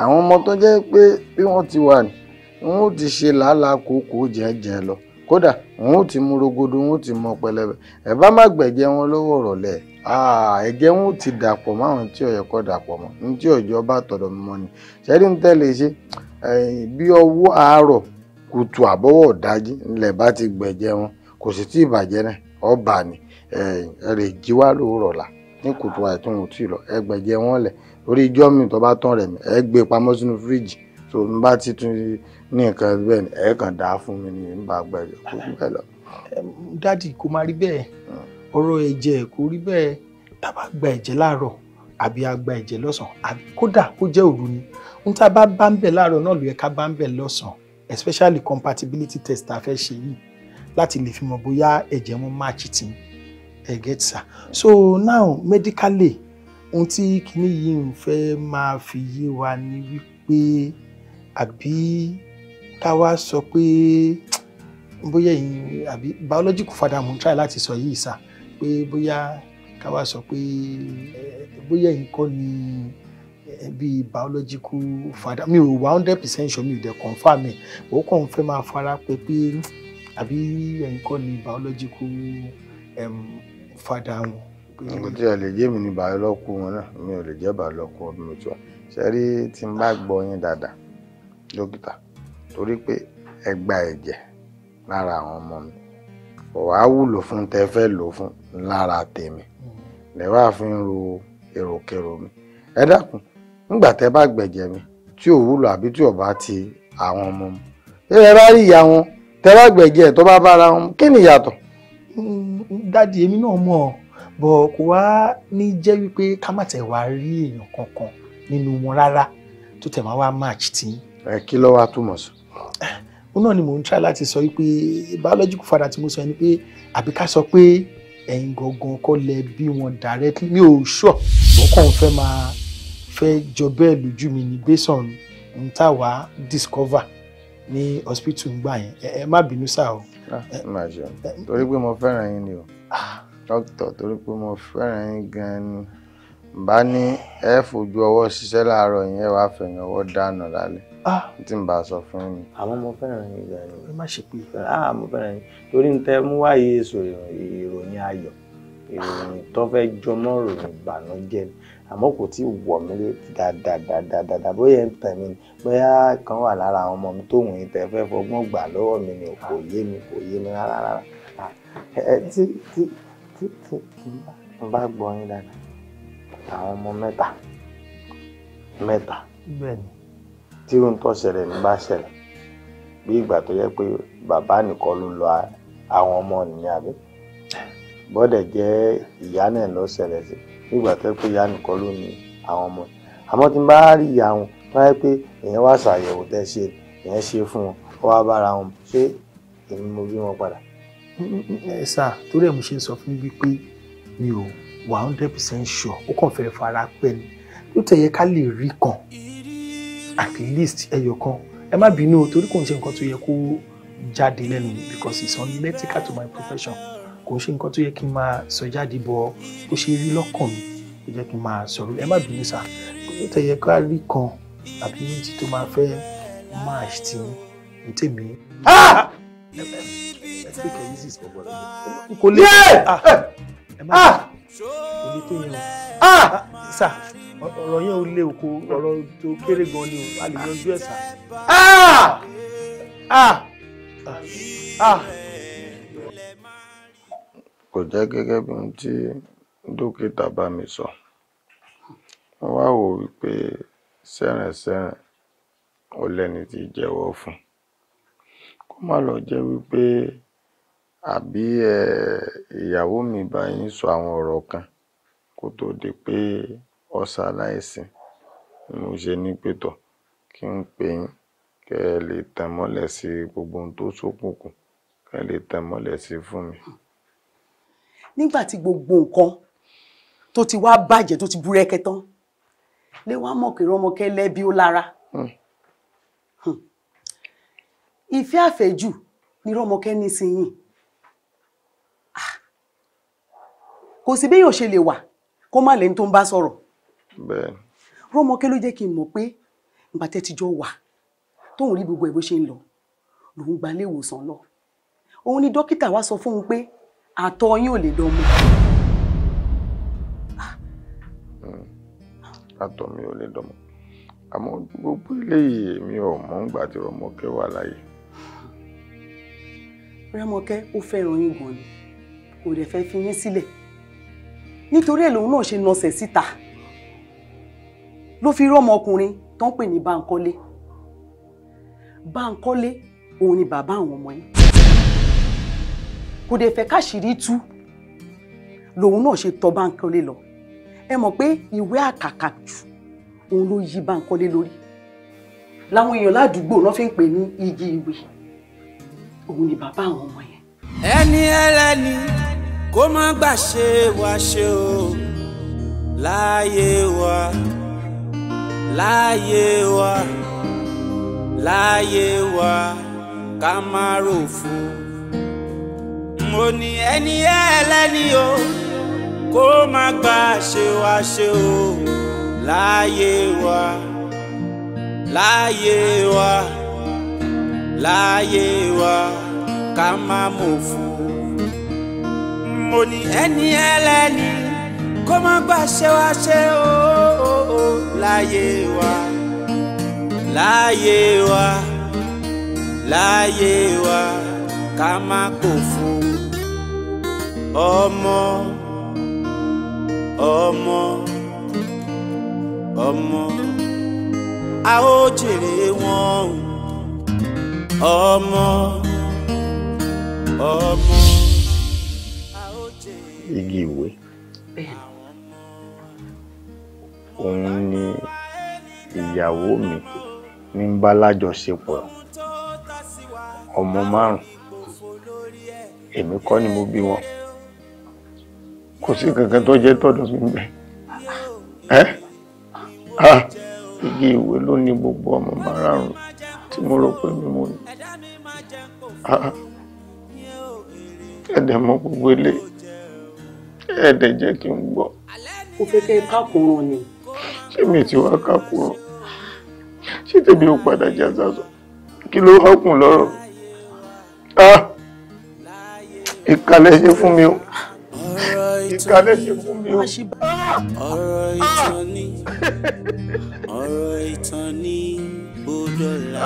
àwọn ọmọ tó jẹ́ pé bí wọ́n ti wà ní wọn ò ti ṣe làálàá kòókò jẹ́jẹ́ lọ kódà wọn ò ti mú rogodo wọn ò ti mọ pẹlẹbẹ ẹ bá má gbẹ̀jẹ̀ wọn lọ́wọ́ rọ̀lẹ́ ẹ̀jẹ̀ wọn ò ti dàpọ̀ máwọn tí ọ̀yọ́ kọ́ dàpọ̀ mọ́ ní tí ọ̀jọ́ bá tọ̀dọ̀ mọ́ ni ṣẹ́rí ń tẹ́lẹ̀ ṣe bí ọwọ́ àárọ̀ kùtù àbọ̀wọ̀ dájí ńlẹ̀ bá ti gbẹ̀jẹ̀ wọn kò sì tí ì bàjẹ́ náà ọba ni ẹ rè jí wá lóòrọ̀ là ní kùtù àìtún òtí lọ ẹgbẹ̀jẹ̀ wọn lẹ̀ orí ijọ́ mi tó bá tán rẹ̀ mi ẹ gbé pamọ́ sínú fíríjì tó n bá ti ní nǹkan bẹ́ẹ̀ ni ẹ kàn dá fún mi ní nígbà gbẹ̀rẹ̀ kó rí bẹ́ẹ̀ lọ. dádì kò máa rí bẹ́ẹ̀ ọ̀rọ̀ ẹ̀jẹ̀ kò rí bẹ́ẹ̀ tá a bá gba ẹ̀jẹ̀ láàárọ̀ àbí a gba ẹ̀jẹ̀ lọ́sàn-án kódà kó jẹ́ òru ni ohun tá bá bá ń bẹ̀ láàárọ̀ náà ló yẹ ká bá ń bẹ̀ lọ́sàn especially compatibility test tá a fẹ́ ṣe yìí láti lè fi mọ̀ bóyá ẹ̀jẹ̀ mú match tì í ẹ̀ get sa so now medically ohun tí kinní yìí ń fẹ́ máa fi yé wa ni wípé àbí ká sọ pé bóyá ẹ̀yin àbí biological father mo ń try láti sọ yìí sà pé bóyá ká sọ pé bóyá ẹ̀yin kọ́ ni bí biological father mi ò wá hundred percent sure mi ò dẹ̀ confirm ẹ̀ ó kàn fẹ́ máa fara pé pé àbí ẹ̀yin kọ́ ni biological father wọn. nǹkan tí a lè jẹ́ mi ni bàá lọ́kù wọn náà mi ò lè jẹ́ bàá lọ́kù ọdún tí rí tí n bá gbọ́ yín dáadáa dókítà torí pé ẹ gba lára àwọn ọmọ mi kò wá wúlò fún tẹ fẹ́ lò fún lára fi ń ro mi ẹ dákun nígbà mi tí ò wúlò àbí tí ti àwọn ọmọ mi ṣé ẹ bá rí ìyá wọn tẹ bá gbẹ̀jẹ̀ tó bá bára wọn kí ni bọ̀ kò wá ní jẹ́ wípé ká má tẹ̀ wá rí èèyàn kankan nínú wọn rárá tó tẹ̀ máa wá match tí. ẹ kí ló wá túmọ̀ sí. òun náà ni mò ń try láti sọ wípé biological father tí mo sọ ni pé àbí ká sọ pé ẹ̀yin gangan kọ́ lẹ bí wọn directly mi ò sọ wọn kàn fẹ́ máa fẹ́ jọ bẹ́ẹ̀ lójú mi ní based on n ta wá discover ní hospital gbà yẹn ẹ má bínú sáà ah, o. torí pé mo fẹ́ràn yín ni o. Ah dókítà torí pé mo fẹ́ràn yín gan-an ni bá ní ẹ fojú ọwọ́ ṣiṣẹ́ láàárọ̀ yín ẹ wàá fẹ̀yìn ọwọ́ dànù lálẹ́ ah! tí n bá sọ fún yín. àmọ́ mo fẹ́ràn yín gan-an ni ẹ má ṣe pé ìfẹ́ràn ah, á mo fẹ́ràn yín torí n tẹ mú wáyé èso ìròyìn ayọ̀ ìròyìn tó fẹ́ jọmọ́ ìròyìn ìbànújẹ́ ni àmọ́ kò tí ì wọ̀ mí dáadáa bóyá ń tẹ̀ mí bóyá kan wà lára àwọn ọmọ mi tó wùn yín tẹ fẹ́ fọgbọ́n gbà lọ́wọ́ mi ni kò yé mi kò yé mi rárá rárá ah, tí tí n bá gbọ́ yín dáadáa àwọn ọmọ mẹ́ta mẹ́ta tí ohun tó ṣẹlẹ̀ ní bá ṣẹlẹ̀ bí ìgbà tó yẹ pé bàbá nìkan ló lọ àwọn ọmọ nìyẹn àbí bọ́dẹ̀ jẹ́ ìyá náà ló ṣẹlẹ̀ sí nígbà tó yẹ pé ìyá nìkan ló ní àwọn ọmọ àmọ́ tí n bá rí ìyá wọn tó yẹ pé èèyàn wá ṣàyẹ̀wò tẹ́ ṣe èèyàn ṣe fún wọn ó wá bára wọn ṣé èmi mo bí wọn padà ẹ eh, sà torí ẹ̀ mo ṣe ń sọ fún mi pé mi ò wà hundred percent sure ó kàn fẹ́ẹ́ fara pẹ́ ni ló tẹ̀ yẹ ká lè rí kan at least ẹyọ kan ẹ má bínú torí kò ń ṣe nǹkan tó yẹ kó jáde lẹ́nu mi because it's unethical to my profession kò ń ṣe nǹkan tó yẹ kí n máa sọ jáde bọ bó ṣe rí lọ́kàn mi kò jẹ́ kí n máa sọ̀rọ̀ ẹ má bínú sà ló tẹ̀ ká rí kan àbí méjì tó máa fẹ́ máa ṣì tí ní tèmi. Ah! take it easy for bọ́lá kò lè. Ah, ah! ẹ má ah! kò lè tó yẹn o sà ọ̀rọ̀ yẹn ò lé oko ọ̀rọ̀ tó kéré gan ni o a lè yanjú ẹ̀ sà. kò jẹ́ gẹ́gẹ́ bí ohun tí dókítà bá mi sọ wọ́n wá wò wípé sẹ́rẹ̀nsẹ́rẹ̀n ó lẹ́ni tí jẹ́wọ́ fún kó má lọ jẹ́ wípé àbí um ìyàwó mi bá yín sọ àwọn ọ̀rọ̀ kan kó tó di pé ó ṣaláìsí ni mo ṣe ní pé tọ̀ kí n pè yín kẹ́ ẹ lè tan mọ́lẹ̀ sí gbogbo ohun tó ṣókùnkùn kẹ́ ẹ lè tan mọ́lẹ̀ sí fún mi. nígbà tí gbogbo nǹkan tó ti wá bàjẹ́ tó ti búrẹ́kẹ́ tán lé wá mọ̀kèrè ọmọkẹ́ lẹ́bí ó lára hmm. Hmm. ìfẹ́ àfẹ́jù ni rọ́mọkẹ́ ní sí yìí kò sí bí yóò ṣe lè wà kó má lẹ́ni tó ń bá sọ̀rọ̀. bẹ́ẹ̀ni. rọ́mọkẹ́ ló jẹ́ kí n mọ̀ pé ìbàtẹ́ ti jọ wà tóun rí gbogbo ẹ̀ bó ṣe ń lọ lòun gba ilé ìwòsàn lọ òun ni dókítà wá sọ fún pé àtọ̀ yín ò lè dọ́mọ. Hmm. àtọ̀ mi ò lè dọ́mọ àmọ́ gbogbo eléyìí èmi ò mọ̀ ńgbà tí rọ́mọkẹ́ wà láyé. rọ́mọkẹ́ ó fẹ́ràn yín gan ni kò dẹ̀ fẹ́ fi yín sílẹ̀. Si nítorí ẹ̀ lòun náà ṣe nọsẹ̀ síta ló fi rọ́mọ ọkùnrin tó ń pè ní Bánkọ́lé Bánkọ́lé òun ni bàbá àwọn ọmọ yìí kò dé fẹ́ káṣírí tú lòun náà ṣe tọ Bánkọ́lé lọ ẹ mọ̀ pé ìwé àkàkà jù òun ló yí Bánkọ́lé lórí làwọn èèyàn ládùúgbò náà fi ń pè ní igi ìwé òun ni bàbá àwọn ọmọ yẹn. ẹni ẹlẹ́ni kó má gbà ṣe wá ṣe o láyé wa láyé wa láyé wa ká má rò fún mo ní ẹni ẹlẹ́ni o kó má gbà ṣe wá ṣe o láyé wa láyé wa láyé wa ká má mọ̀ fún mo ní ẹni ẹlẹ́ni kó má gbà ṣe wá ṣe o láyé wa láyé wa láyé wa ká má pòfo ọmọ ọmọ ọmọ a ó jèrè wọn ọmọ ọmọ igi ìwé òun ni ìyàwó mi ní ń bá lájọṣepọ̀ ọmọ márùn èmi kọ́ ni mo bí wọn kò sí kankan tó jẹ́ tọ́dọ̀ mi ń ẹ́ ah igi ìwé ló ní gbogbo ọmọ márùn tí mo rò pé mi mo ní ah ẹ̀dẹ̀ mọ gbogbo eléyìí ẹ̀ẹ́dẹ̀ jẹ́ kí n gbọ́. mo fẹ́ kẹ́ ẹ kákùnrún ni. ṣé mi ti wá kákùnrún ṣé tèmi ò padà já sásọ kí ló hákùn lọ́rọ̀ ah! ìkàlẹ̀ ṣe fún mi o ìkàlẹ̀ ṣe fún mi o. ọ̀rọ̀ ìtàn ni ọ̀rọ̀ ìtàn ni bó dọ̀la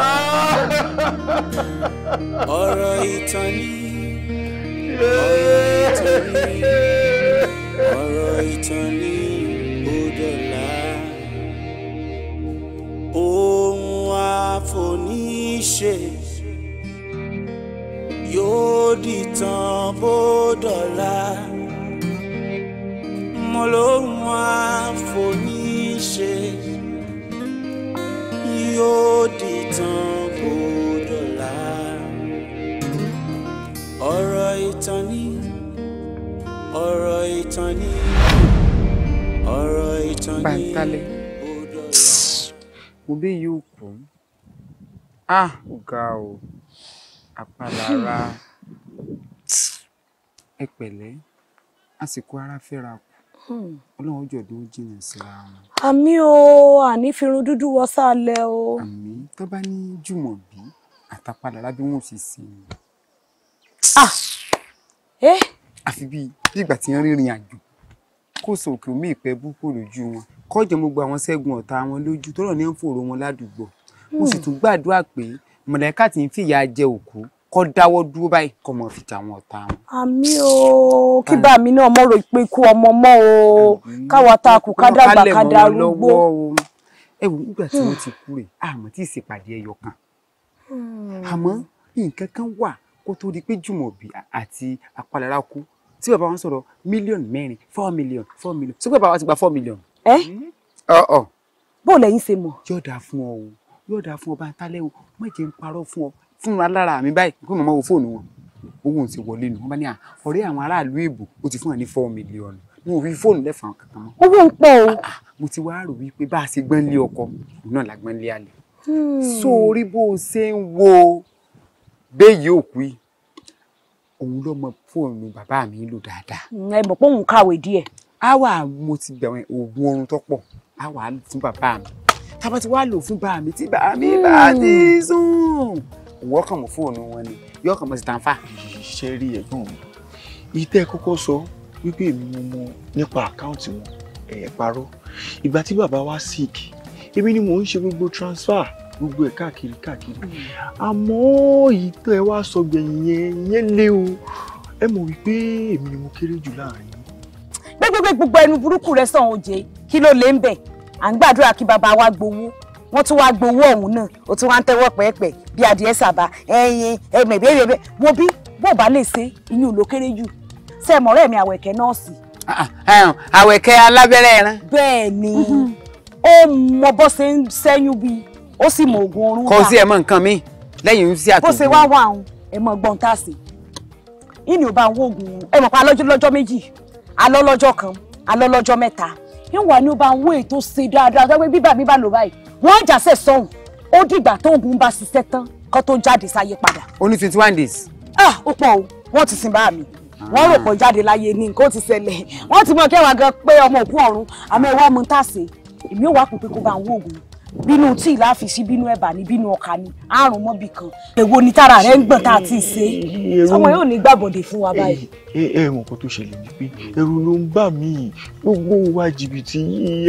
ọ̀rọ̀ ìtàn ni ọ̀rọ̀ ìtàn ni ọ̀rọ̀ ìtàn ni ó dọ̀la ohun àfoníṣe yóò dìtàn bó mo lóhun àfoníṣe yóò dìtàn bó. ọ̀rọ̀ ìtàn ni ọ̀rọ̀ ìtàn ni ọ̀rọ̀ ìtàn ni. bàtàlẹ̀ mo bí yóò kú á ga o àpalára ẹ pẹ̀lẹ́ àsìkò ara fẹ́ra kù ọlọ́run jọ̀dọ̀ ó jìnnà síra wọn. àmì o àní firun dúdú wọ sálẹ̀ o. àmì tó bá ní jùmọ̀ bí àtàpàdà lábẹ́ wọn ò sì sìn. Ah! Eh? àfi bíi bí ìgbà tí wọ́n rìnrìn àjò kó so òkè omi ìpẹ́ búkú lójú wọn kọ́jọ mo gba àwọn ṣẹ́gun ọ̀tá wọn lójú tó rọ̀ ní ń fòrò wọn ládùúgbò mo sì hmm. tún gbàdúrà pé mọ̀lẹ́kà tí ń fìyà jẹ òkú kọ́ dáwọ́ dúró báyìí kọ́ mọ̀ fi tàwọn ọ̀tá wọn. àmì o kí bá mi náà mọ̀rọ̀ ìpè ikú ọmọ mọ́ o káwa tá a kù ká dàgbà ká darúgbó. ẹ wò nígbà tí hmm. wọn ti kú rè àmọ́ tí ìṣèpàdé ẹyọ kan hmm. àmọ́ nǹkan kan wà kó tó di pé jùmọ̀bí àti apálára kú tí bàbá wọn sọ̀rọ̀ mílíọ̀nù mẹ́rin four million four million sọ pé bàbá wa ti gba four million. ẹ hmm? ọ̀ọ̀. bó lẹ́yìn ṣe mọ̀. yóò dáa fún ọ o yóò dáa fún ọ bá ń talẹ́ o má jẹ́ ń parọ́ fún ọ fúnra lára mi báyìí kó màmá wo fóònù wọn owó ti wọlé nù wọn bá ní à ọ̀rẹ́ àwọn aráàlú èbò ó ti fún ọ ní four million n ò fi fóònù lẹ́fọ̀ọ́ kankan mọ́. owó ń pọ̀ o. Ah, ah, mo ti wá rò wípé bá a ṣe gbọ́n lé ọkọ náà la lé àlè. Hmm. sórí bó o ṣe ń wo béèyì òkú yìí òun ló mọ fóònù bàbá mi lò dáadáa. Mm, ẹ mọ̀ pé òun kàwé díẹ̀. àwa mo ti gbẹ̀wọ̀n oògùn oorun tó pọ̀ àwa fún bàbá mi tábà ti wá lò fún bàbá mi tí bàbá mi bá mm. ti sùn òun ọkàn mọ fóònù wọn ni yóò kàn mọ sí tàǹfà. ṣe rí ẹ̀gbọ́n mi ìtẹ́ kọ́kọ́ sọ wípé èmi mo mọ nípa àkáǹtì wọn ẹ̀yẹ̀ parọ́ ìgbà tí bàbá wa sick èmi ni mò ń ṣe gbogbo transfer gbogbo ẹ̀ káàkiri káàkiri mm. àmọ́ ìtàn ẹ wá sọ gbẹ̀yìn yẹn yẹn lé o ẹ mọ̀ wípé èmi ni mo kéré jù láàrin. gbẹgbẹgbẹ gbogbo ẹnu burúkú rẹ sàn oje kí ló lè ń bẹ à ń gbàdúrà kí bàbá wa gbowó wọ́n tún wáá gbowó ọ̀hún náà ó tún wáá ń tẹ́wọ́ pẹ́ẹ́pẹ́ bí adìẹ sábà ẹyin ẹmẹ bẹ́ẹ̀ wo bí bó bá lè ṣe ìyún ló kéré jù ṣe mọ̀rẹ́ mi àwẹ̀kẹ́ nọ́ọ̀sì. Ah, ah, àwẹ̀kẹ́ alábẹ́rẹ́ ẹran. bẹ́ẹ̀ ni mm-hmm. ó mọ bó ṣe ń ṣẹ́yún bíi ó sì mọ oògùn oorun wà. kò sí ẹ mọ nǹkan mi lẹ́yìn sí àtúntò. bó ṣe wá wà àwọn ẹ mọ gbọ́n tá a sì ìní ò bá ń wóògùn ẹ mọ̀ pa lọ́jọ́ lọ́jọ́ méjì alọ́ lọ́jọ́ kan alọ́ lọ́jọ́ mẹ́ta ìwà ni ó bá ń wó ètò ṣe dáadáa tó bíbà mi bá lò báyìí wọ́n jàṣẹ̀ sọ̀hún ó dìgbà tó oògùn bá ṣiṣẹ́ tán kó tó jáde sáyé padà. ó ní twenty one days. ah ó pọ̀ o wọ́n ti sin bá mi wọ́n rò pọ̀ jáde láyé ní nǹkan ó ti ṣẹlẹ̀ wọ́n ti mọ kẹwàá gan pé ọmọ òkú ọ̀run àmọ́ ẹ wá mu tá a ṣe èmi ò wá pè pé kó bá ń wóògùn bínú tí ìlà fi sí bínú ẹ̀bà ní bínú ọkà ní àrùn mọ́bì kan èwo ni tára rẹ̀ ń gbọ̀n tá a ti ṣe sọmọ yóò ní gbàbọ̀dè fún wa báyìí. ẹ ẹ wọn kò tó ṣẹlẹ̀ ni pé ẹ̀rù ló ń bà mí gbogbo wa jìbìtì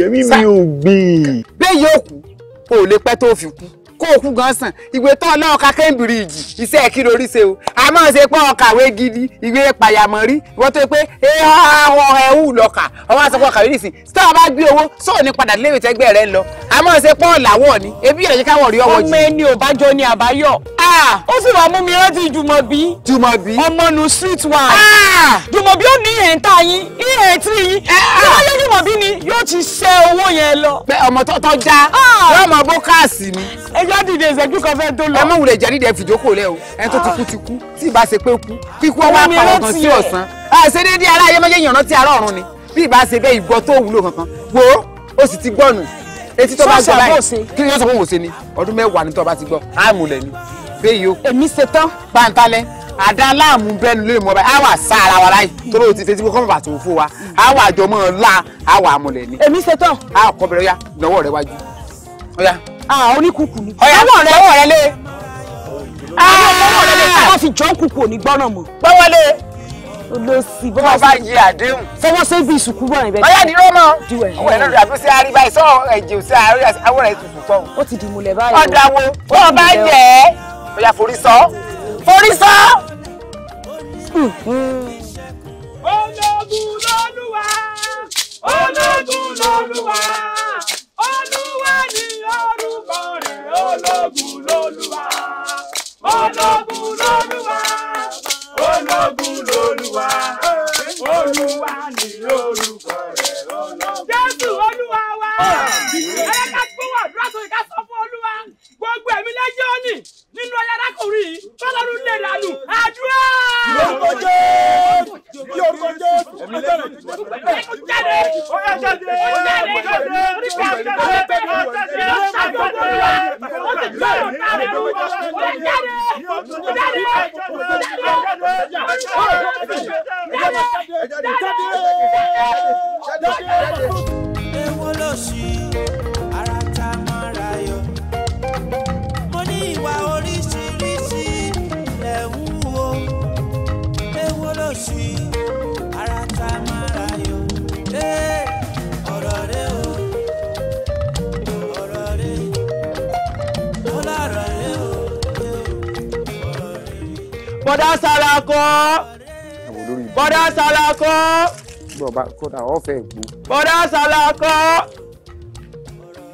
ẹ̀mí mi ò gbìn. bẹ́ẹ̀ yóò kú o lè pẹ́ tó fi kú kó òkú gan sàn ìwé tó ọlọ́run ka Cambridge iṣẹ́ kí lórí ṣe o a máa ṣe pé ọkàwé gidi ìwé pàyàmọ́ rí ìwọ́n tó pé ẹ̀họ́ ẹ̀hù lọ́kà ọmọ àti ọkọ̀ nìsín tí táwọn bá gbé owó sóò ní padà léèrè tẹ́gbẹ́ rẹ lọ a ṣe pé ọ̀làwọ̀ ni ebi yẹn káwọn rí ọwọ́ jù. ọmọ ẹni ò bá jọ ni àbáyọ. ó sì wàá mú mi rántí Jùmọ̀bí. Jùmọ̀bí. ọmọ nu street wa. Jùmọ̀bí ó ní ìhẹ̀ntà yín ìhẹ̀ntì yín. bí wọ́n yé Jùmọ̀bí ni yóò ti ṣe owó yẹn lọ. ọmọ tó tọ́ já yóò mọ bókàsì ni. ẹ dádìde ìṣẹ́jú kan fẹ́ tó lọ. ẹ mọ̀ wulẹ̀ jẹ́nìdẹ̀ fìjókòó lẹ́ o ẹni tó ti kú ti kú tí ìbá ṣe pé kú kíkú ọwọ́ àpàwọ̀ kan sí ọ̀sán. àṣẹ déédéé ara ayé méjèèjì ọ̀nà tí àárọ̀ ọ̀run ni bí ìbá ṣe bẹ́ẹ̀ ìgbọ́ tó wúlò kankan wo ó sì ti gbọ́nù etí tó bá gbọ́ báyìí kí ni yóò sọ fún òsè ni ọdún mẹ́wàá ni tó bá ti gbọ́ àmúlẹ̀ ni bẹ́ẹ̀ yóò. èmi ṣetán pàǹtálẹ̀ àdá láàmú bẹ́nu lórí mọ́ báyìí àwọn àṣà ara wa láì torí o ti fetí kọ́mọ̀ bàtò òfò wa àwọn àjọmọ́ ńlá àwọn àmúlẹ̀ ni. èmi ṣetán. a kọ bẹ̀rẹ̀ ya ìnáwó rẹ wájú. ọ̀ya ah Ah, oníkùkù ni. ọ̀yà ọwọ́ rẹ ọwọ́ rẹ lé. Ah! ọwọ́ rẹ lé ká fi jọ́ kùkù òní gbọ́nà mọ̀. gbọ́wọ́ lé. olóòsì bó bá yẹ àdéhùn. fọwọ́ sí ibi ìsìnkú bọ̀ ìbẹ́. ọ̀yà ni rọ́mọ. ọwọ́ rẹ lórí àbúrò sí àríwá ìsọ ẹ̀jẹ̀ òsì àwọ̀ rẹ̀ tutù tọ̀. ó ti di ìmùlẹ̀ báyìí. ọ̀dà wo tó bá jẹ́ ọ̀yà forí sọ. forí sọ. ológun lọ́lúwa ológun lọ́lúwa olúwa ni ọ̀rọ̀ lolúwa ológun lolúwa ológun lolúwa olúwa ni orúkọ rẹ̀ ológun. jésù olúwa wa ah. ẹ̀ka gbówó àdúrà sórí ká sọ fún olúwa gbogbo ẹ̀mí lẹ́jọ́ ni nínú ọyá arákùnrin yìí tọ́lọ́run lè dànù àdúrà. yorùbá jẹ́ yorùbá jẹ́ ẹ̀mí lẹ́nu. ẹ̀kú jáde ọ̀yá jáde ọ̀yá jáde oríkà jáde ọ̀yá jáde ṣàgbọ́dọ̀lá ọ̀sẹ̀ tí yóò tààrẹ̀ rú ọ̀yá jáde jáde jáde jáde jáde. ewo lọ sí ara tá a máa ra yọ mo ní ìwà o. lóṣì ara ta máa ra yọ. ọ̀rọ̀ rẹ o ọ̀rọ̀ rẹ ó lọ̀rọ̀ rẹ o ọ̀rọ̀ rẹ. bọ́dá Sàlàkọ bọ́dá Sàlàkọ. bọ́dá kódà ọ̀fẹ́ ìgbó. bọ́dá Sàlàkọ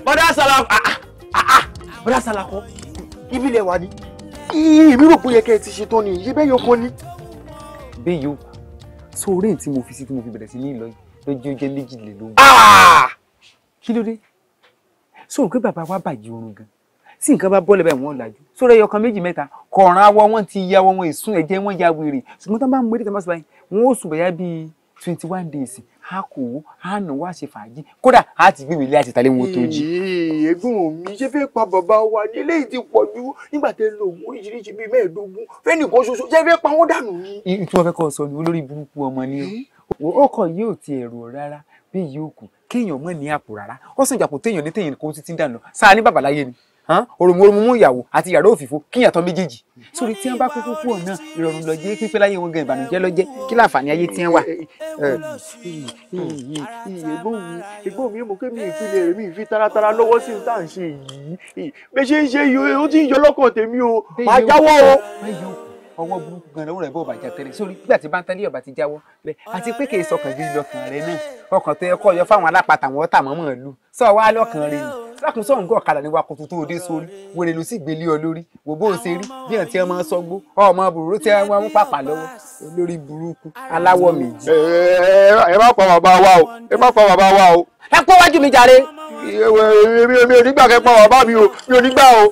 bọ́dá Sàlàkọ ah, ah, ah, bọ́dá Sàlàkọ ibi lẹ̀ wá ní. ìbí rò pé yẹ kẹ́ ẹ ti ṣe tán ni ìyẹ́bẹ́ yọkọ ni bẹ́ẹ̀ yóò kú so orí tí mo fi sí tí mo fi bẹ̀rẹ̀ sí ní ìlọ lọ́jọ́ jẹ́ méjìlélógún. Ah! kí ló dé so òkè bàbá wa bàjẹ́ oorun gan tí nǹkan bá bọ́lẹ̀ báyìí wọ́n lajú sórí ẹyọ kan méjì mẹ́ta kọ̀ọ̀ràn awọ wọn ti ya wọn èsùn ẹ̀jẹ̀ wọn ya wèrè ṣùgbọ́n tó bá ń gbé dé tó bá sọ báyìí wọn ó sùn bẹ̀yà bíi twenty one days a kò wó a nà wá ṣe fàájì kódà a ti gbé ìwélé àti ìtàlẹ́ wọn tó jí. ẹ̀gbọ́n mi ṣe fẹ́ pa bàbá wa nílé yìí ti pọ̀ jù nígbà tẹ́ lo oògùn oríṣiríṣi bíi mẹ́ẹ̀ẹ́dógún fẹ́ni kan ṣoṣo ṣe fẹ́ pa wọ́n dànù ni. ìtú wọn fẹ́ kọ́ sọ ni olórí burúkú ọmọ ni ó kọ yóò ti ẹ̀rù rárá bí yóò kù kéèyàn mọ̀ ní àpò rárá ó sì jàpò téèyàn ní téèyàn kó títí dànù sáà ní bàbá láyé ni òròmùoròmù ìyàwó àti yàrá òfìfo kíyàtọ̀ méjèèjì sórí tí wọ́n bá kúkú kú ọ̀nà ìrọ̀rùn lọ jẹ́ pípẹ́ láyé wọn gan ìbànújẹ́ lọ kí láǹfààní ayé tí wọ́n wà. ẹ̀gbọ́n mi mo ké mi rẹ̀ mi ìfi taratara lọ́wọ́ sí ní tàǹṣe yìí bẹ́ẹ̀ ṣe ń ṣe yìí ó ti ń yọ lọ́kàn tèmi o máa jáwọ́ o ọwọ́ burúkú gan lọ́wọ́ rẹ̀ bó bàjẹ́ tẹ́lẹ̀ sórí nígbà tí bá ń tẹ́lẹ̀ ọ̀bà ti jáwọ́ rẹ̀ àti pé kìí sọkàn gidi lọkàn rẹ̀ náà ọkàn tó yẹ kọ́ yọ fáwọn alápatà wọn tà mọ́mọ́ ìlú sọ wá lọ́kàn rẹ̀ ni lákùn sọ̀hún gọ̀ kalà ní wakùn tuntun òde sórí wèrè ló sì gbélé ọ lórí wò bó ṣe rí bí ọ̀n tí sọgbó ọmọ bùrú tí ẹ máa pàpà lọ́wọ́ olórí burúkú aláwọ̀ méjì. ẹ má pa bàbá wa o ẹ má pa bàbá wa o. ẹ pọ́ wájú mi jàre. mi ò nígbà kẹ́ pọ́ bàbá mi o mi ò nígbà o.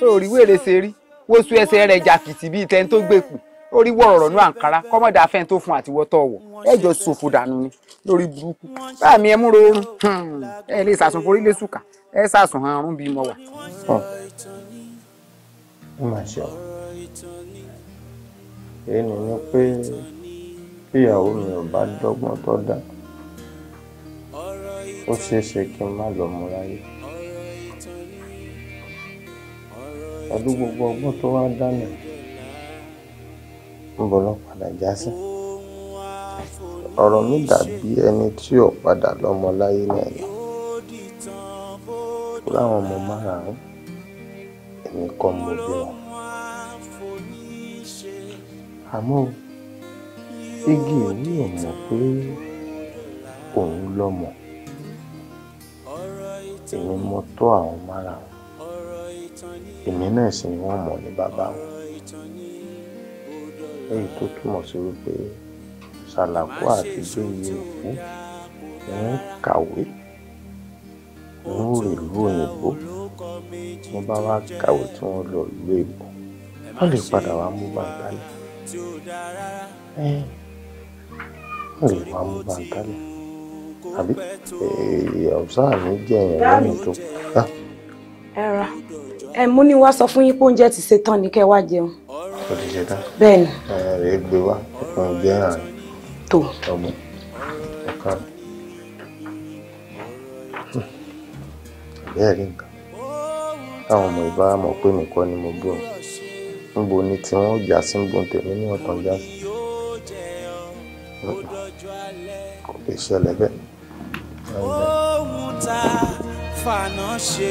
sórí wèrè ṣe rí wọ́n sún ẹsẹ̀ rẹ̀ jàkìtì bíi tẹ́ni tó gbé kù lórí wọ̀rọ̀rọ̀ ní àǹkárá kọ́mọ̀dà fẹ́ tó fún àtiwọ́ tọ̀ wọ̀ ẹjọ́ ṣòfò dànù ni lórí burúkú báàmì ẹ múra oorun hmm, ẹ lè sàsùn forí lé sùkà ẹ sàsùn hàn ọrùn bíi mọ wà. ó mà ṣe ọ èyí ni ni pé kíyàwó mi ò bá dọ́gbọ́n tó dá ó ṣeé ṣe kí n má lọ mú láyé. pẹ̀lú gbogbo ọgbọ́n tó wá dánù ń bọ̀ lọ padà já sí. ọ̀rọ̀ mi dàbí ẹni tí ò padà lọ́mọ láyé náà ni láwọn ọmọ márùn-ún èmi kọ́ mo bí wọn. àmọ́ igi ìwé ò mọ̀ pé òun lọ́mọ èmi mo tọ́ àwọn márùn-ún èmi náà sì ni wọ́n mọ̀ ní bàbá wọn èyí tó túmọ̀ sí wípé ṣàlàkó àti gbéyé òkú ń kàwé ń rè lú òyìnbó wọ́n bá wá kàwé tí wọ́n lọ ìlú èbó wọ́n lè padà wá mú bàǹtálẹ̀ wọ́n lè wá mú bàǹtálẹ̀ àbí ọ̀sán mi jẹ́ ẹ̀yàn lẹ́yìn tó. ẹ ra ẹ mú ní wá sọ fún yín pé oúnjẹ ti ṣe tán ní kẹ́ wá jẹun. ó ti ṣe tán. bẹ́ẹ̀ ni. ẹ gbé wá ọkàn ọgbẹ́ àárín. tó ọmọ ọkàn bẹ́ẹ̀ rí nǹkan táwọn ọmọ ìbá mọ̀ pé nìkan ni mo bọ̀ níbo ni tí wọ́n jà sí níbo tèmi ní ọ̀tàn já sí kò lè ṣẹlẹ̀ bẹ́ẹ̀. ohun tá a fànà ṣe.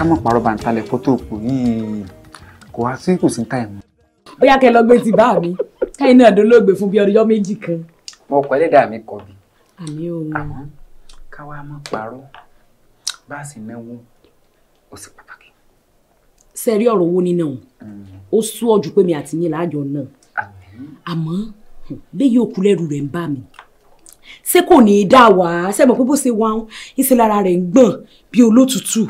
ká má parọ́ bá ń talẹ̀ fọ́tò òkú yìí kò wá sí kò sí táìmù. ó yá kẹ́ lọ gbé ti bá mi káyìn náà dolóògbé fún bí ọjọ́ méjì kan. ọkọ ẹlẹ́dàá mi kọ̀ bí. àmì o. àmọ́ ká wá má parọ́ bá a sì náwó ó sì pàtàkì. sẹ́rí ọ̀rọ̀ owó nínú mm. ó sú ọ̀jú pé mi àti yín láàjọ náà àmọ́ léyìí òkú lẹ́rù rẹ̀ ń bà mí ṣé kò ní í dà wá ṣé mọ̀ pé bó ṣe wá ń ṣe lára rẹ̀ ń gbọ̀n bí olótùtù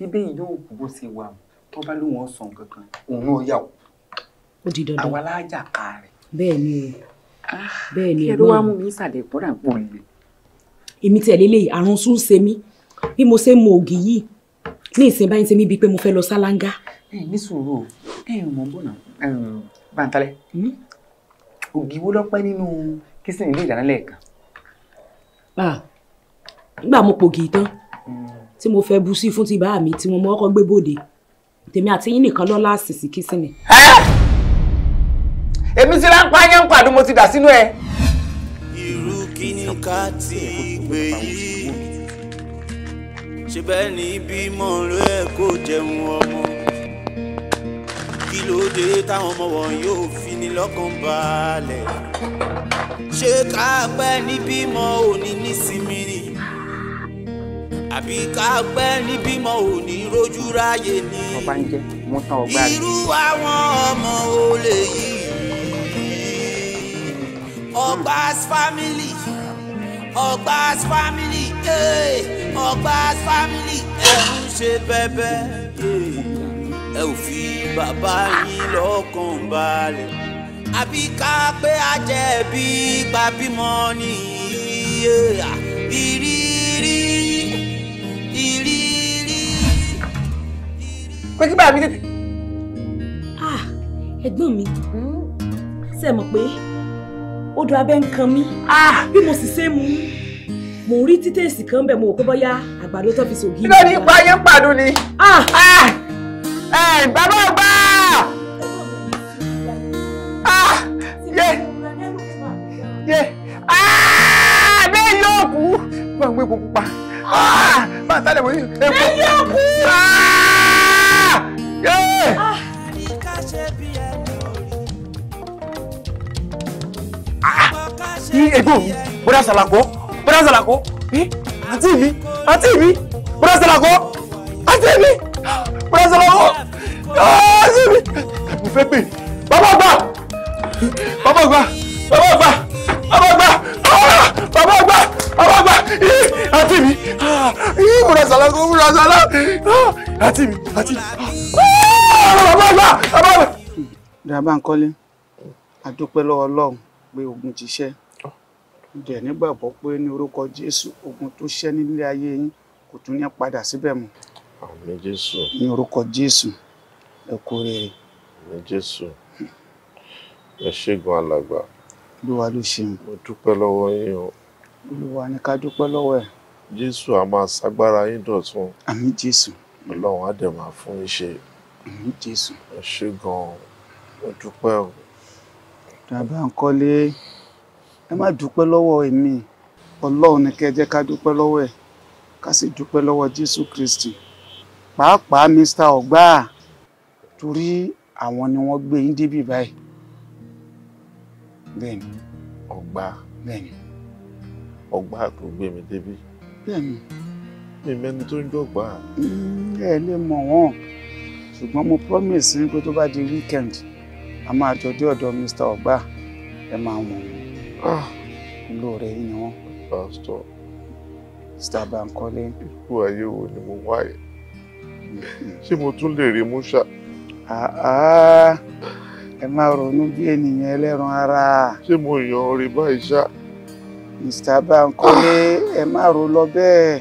bíbẹ́ yóò kú bó ṣe wà tó bá lóun ọ̀sán kankan òun náà yà ó. di dandan àwa láàjà ká rẹ̀. bẹ́ẹ̀ ni o ah, bẹ́ẹ̀ ni ẹ̀gbọ́n mi. kí ló wá mú mi sàlẹ̀ bọ́dà pọ̀ nílé. èmi tiẹ̀ lélẹ́yìí àrùn sún ṣe mí bí mo ṣe ń mu ògì yìí ní ìsìn báyìí ń ṣe mí bíi pé mo fẹ́ lọ sálángá. ẹ ní sùúrù o ẹ ẹ mọ bọ́nà bàǹtálẹ̀ hmm? ògì wo lọ́pẹ́ nínú kìsìn ilé ìdáná lẹ́ẹ̀kan. Ah, nígbà mo pògì tán hmm tí mo fẹ́ bu sí fún ti bá mi tí mo mọ́ ọkọ̀ gbé bòde tèmi àti yín nìkan lọ́la àsìsì kí sí mi. èmi ti ráńpá yẹn ń pàdé mo ti dà sínú ẹ. irú kí ni ká ti gbé yìí ṣe bẹ́ẹ̀ ni bímọ rẹ kò jẹun ọmọ kí ló dé táwọn ọmọ wọn yóò fi ni lọ́kàn balẹ̀ ṣé ká pẹ́ ní bímọ òní nísìmí ni àbí ká pẹ́ níbímọ ò ní rojú ráyè ni irú àwọn ọmọ olè yìí ọgbà's family ọgbà's family eh, ọgbà's family ẹ ń ṣe bẹbẹ eh. ẹ ò fi bàbá yín lọ́kàn balẹ̀ àbí ká pé àjẹbí gbàbímọ nìyí ìrírí. Eh. pé kí bàbá mi tètè. ah ẹ̀gbọ́n mi hmm? ṣe mọ̀ pé odò abẹ́ ń kan mí ah! bí mo sì ṣe mú mo rí títẹ̀sì kan bẹ̀ mo kó bọ́yá àgbàdo tó fi sògì. kí ló ní ipa ayé ń pàdún ni. ẹ ah! ah! eh, bàbá ọgbà. yé yé bẹ́ẹ̀ yóò kú. báwo ń gbé epo pupa. báwo ń sálẹ̀ wọ́n yóò kú. bẹ́ẹ̀ yóò kú. ní ẹ̀gbọ́n mi bọ́dá sàlàkọ́ bọ́dá sàlàkọ́ àǹtí mi àǹtí mi bọ́dá sàlàkọ́ àǹtí mi bọ́dá sàlàkọ́ àǹtí mi mo fẹ́ pè bàbá gbà bàbá gbà bàbá gbà bàbá gbà ah, bàbá gbà bàbá gbà àǹtí mi ah, bọ́dá sàlàkọ́ bọ́dá sàlàkọ́ ah, àǹtí mi àǹtí mi bàbá gbà bàbá gbà. dàbá ń kọ́lé a dúpẹ́ lọ́wọ́ ọlọ́run pé ogun ti ṣẹ́ dẹ̀ nígbàgbọ́ pé ní orúkọ jésù ogun tó ṣẹ́ nílé ayé yín kò tún ní padà síbẹ̀ mọ́. àmín jésù. ní orúkọ jésù ẹ kú rere. àmín jésù ẹ ṣègùn alàgbà. olúwa ló ṣeun. mo dúpẹ́ lọ́wọ́ yín o. olúwa ni ká dúpẹ́ lọ́wọ́ ẹ̀. jésù a máa ṣagbára yín dọ̀tun. àmín jésù. ọlọ́run á dẹ̀ máa fún yín ṣe. àmín jésù. ẹ ṣègùn mo dúpẹ́ o. tàbá ń kọ́lé ẹ má dúpẹ́ lọ́wọ́ èmi ọlọ́run ni kẹ́ ẹ jẹ́ ká dúpẹ́ lọ́wọ́ ẹ̀ ká sì dúpẹ́ lọ́wọ́ jésù kristi pàápàá mr ọgbà torí àwọn ni wọ́n gbé yín débì báyìí bẹ́ẹ̀ni. ọgbà bẹ́ẹ̀ni. ọgbà tó gbé mi débì. bẹ́ẹ̀ni. mi mẹ́ni tó ń jọ̀gbà. Mm, ẹ lè mọ̀ wọ́n ṣùgbọ́n mo promise yín pé tó bá di weekend a máa jọ dé ọ̀dọ̀ mr ọgbà ẹ máa wọ̀n mi olóore ah, ni wọn. pásítọ̀. sítá Bankole. ikú ayé wo ni mo wá yẹ mm-hmm. ṣé mo tún lè rí ah, ah ẹ má ronú bi ènìyàn ẹlẹ́ran ara. ṣé mo yan orí báyìí ṣá. mr Bankole ẹ má ro lọ bẹ́ẹ̀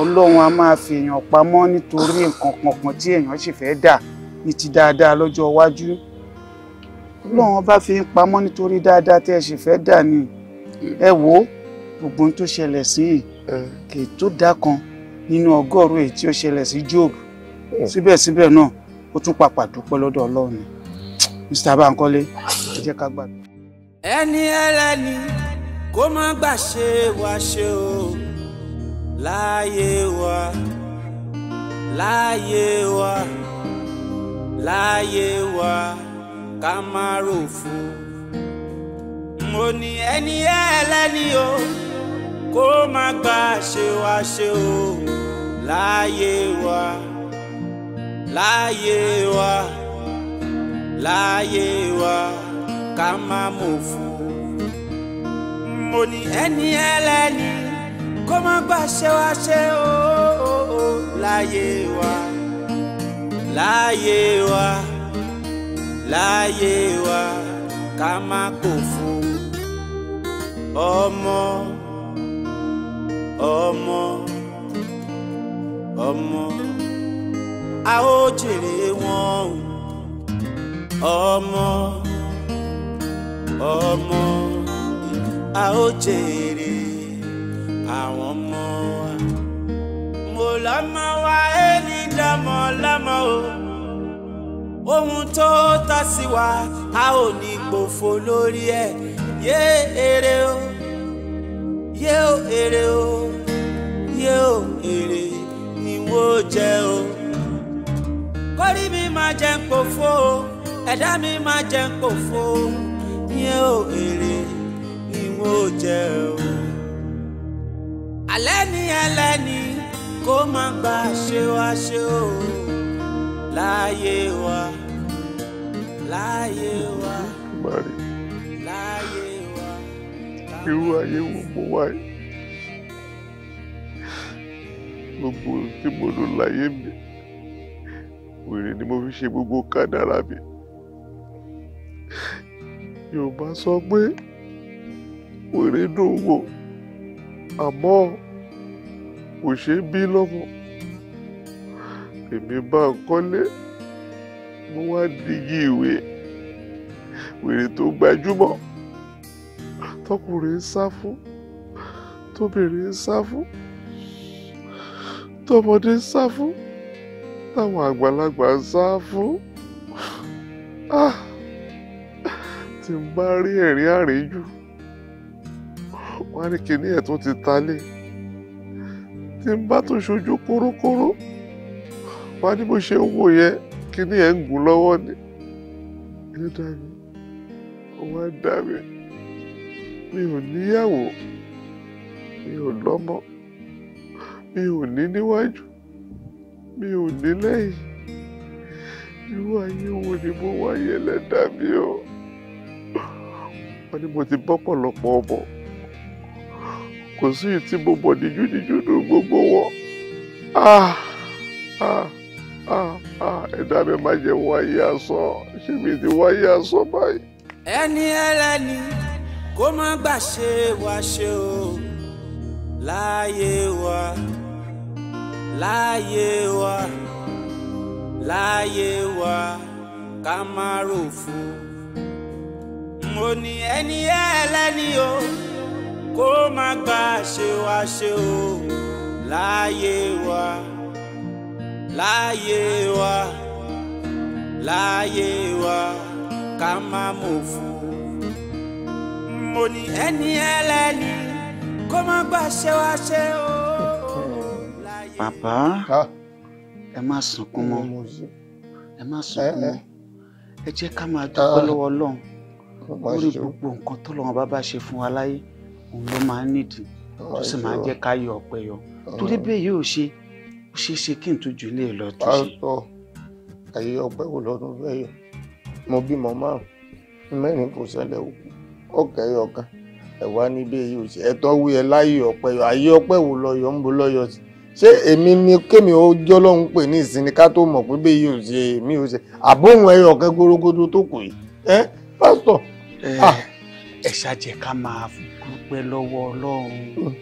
olóhùn a máa fi èèyàn pamọ́ nítorí nǹkan kankan tí èèyàn sì fẹ́ dà ní ti dáadáa lọ́jọ́ iwájú lọ́wọ́n bá fi ń pamọ́ nítorí dáadáa tí ẹ sì fẹ́ dà ní ẹ wò gbogbo tó ṣẹlẹ̀ sí yìí kì í tó dá kan nínú ọgọ́rùn èyí tí ó ṣẹlẹ̀ sí Job síbẹ̀síbẹ̀ náà ó tún pàpà dúpẹ́ lọ́dọ̀ Ọlọ́run Mr. Bankole ẹ jẹ́ ká gbàdúrà. ẹni ẹlẹ́ni kó má gbà ṣe wá ṣe o láàyè wa láàyè wa láàyè wa ká má ròfo mo ní ẹni ẹlẹ́ni o kó má gbà ṣe wá ṣe o láyé wa láyé wa láyé wa ká má mòfo mo ní ẹni ẹlẹ́ni kó má gbà ṣe o láyé wa láyé wa. Láyé wa láyé wa ká má pòfo ọmọ ọmọ ọmọ a ó jèrè wọn ọmọ ọmọ a ó jèrè àwọn ọmọ wa. mo lọ́mọ wa ẹni dánmọ́ lọ́mọ o ohun tó ta sí wa a ò ní gbòfo lórí ẹ̀ yé èrè o yé o èrè o yé o èrè ni wo jẹ o. kórí mi máa jẹ ń ẹ̀dá mi máa jẹ ń yé o èrè ni wo jẹ o. alẹ́ ni ẹlẹ́ni kó má gbà ṣe wá ṣe o láyé wa láyé wa láyé wa. irú ayé wo mo wá yìí gbogbo tí mo lò láyé mi wèrè ni mo fi ṣe gbogbo kádàrá mi yorùbá sọ pé wèrè dùn wò àmọ́ kò ṣeé bí lọ́mọ èmi bá kọ́lé mo wá dígí ìwé wèrè tó gbajúmọ̀ tọkùnrin ń sá fún tóbìnrin ń sá fún tọmọdé ń sá fún táwọn àgbàlagbà ń sá fún ah! tí n bá rí ẹ̀rín àríjù wọn á ní kíní ẹ̀ tó ti ta tí n bá tó ṣojú kórókóró wá ní bó ṣe ń wò yẹn kíní ẹ̀ ń gùn lọ́wọ́ ni ẹ dá mi ọwọ́ á dá mi mi ò níyàwó mi ò lọ́mọ mi ò ní níwájú mi ò ní lẹ́yìn irú ayé wo ni mo wáyé lẹ́dá mi o wọ́n ní mo ti bọ́pọ̀lọpọ̀ ọmọ kò sí ìtí mo mọ̀ níjú níjú nù gbogbo wọn. Ah, ah ẹ̀dá mi má jẹ́ wáyé asán ṣé mi ti wáyé asán báyìí. ẹni ẹlẹ́ni kó má gbà ṣe wá ṣe o láyé wa láyé wa láyé wa ká má rò fún mo ní ẹni ẹlẹ́ni o kó má gbà ṣe wá ṣe o láyé wa. Láyé wa láyé wa láyé wa ká má mòfo. mo ní ẹni ẹlẹ́ni kó má gbà ṣe wá ṣe o. bàbá ẹ má sunkún mọ́ ẹ má sunkún eh, mọ́ eh. ẹ jẹ́ ká máa dúpẹ́ ah. lọ́wọ́ Ọlọ́run lórí gbogbo nǹkan tó lọ́wọ́ bàbá ṣe fún wa láyé òun ló máa ń nídìí tó sì máa ń jẹ́ ká yọ ọ̀pẹ yọ torí bẹ́ẹ̀ yóò ṣe ó ṣeé ṣe kí n tó ju ilé lọ tó ṣe. pásítọ̀ ayé ọpẹ́ wò lọ́dún fẹ́yọ̀ mo bímọ márùn-ún mẹ́rin kò ṣẹlẹ̀ òkú ọ̀kẹ́ ọ̀kan ẹ̀wá níbẹ̀ yìí ò sí ẹ̀tọ́ wí ẹ láyé ọpẹ́ yọ ayé ọpẹ́ wò lọ́yọ̀ ń bo lọ́yọ̀ sí ṣé èmi ni kémi ó jọ́lọ́hún pè ní ìsinmi ká tó mọ̀ pé bẹ́ẹ̀ yìí ò ṣe èmi ò ṣe àbóhùn ẹyọ ọ̀kẹ́ gbórógódó tó kù yìí ẹ pásítọ̀. ẹ ṣàjẹ́ ká máa dúpẹ́ lọ́wọ́ ọlọ́run hmm.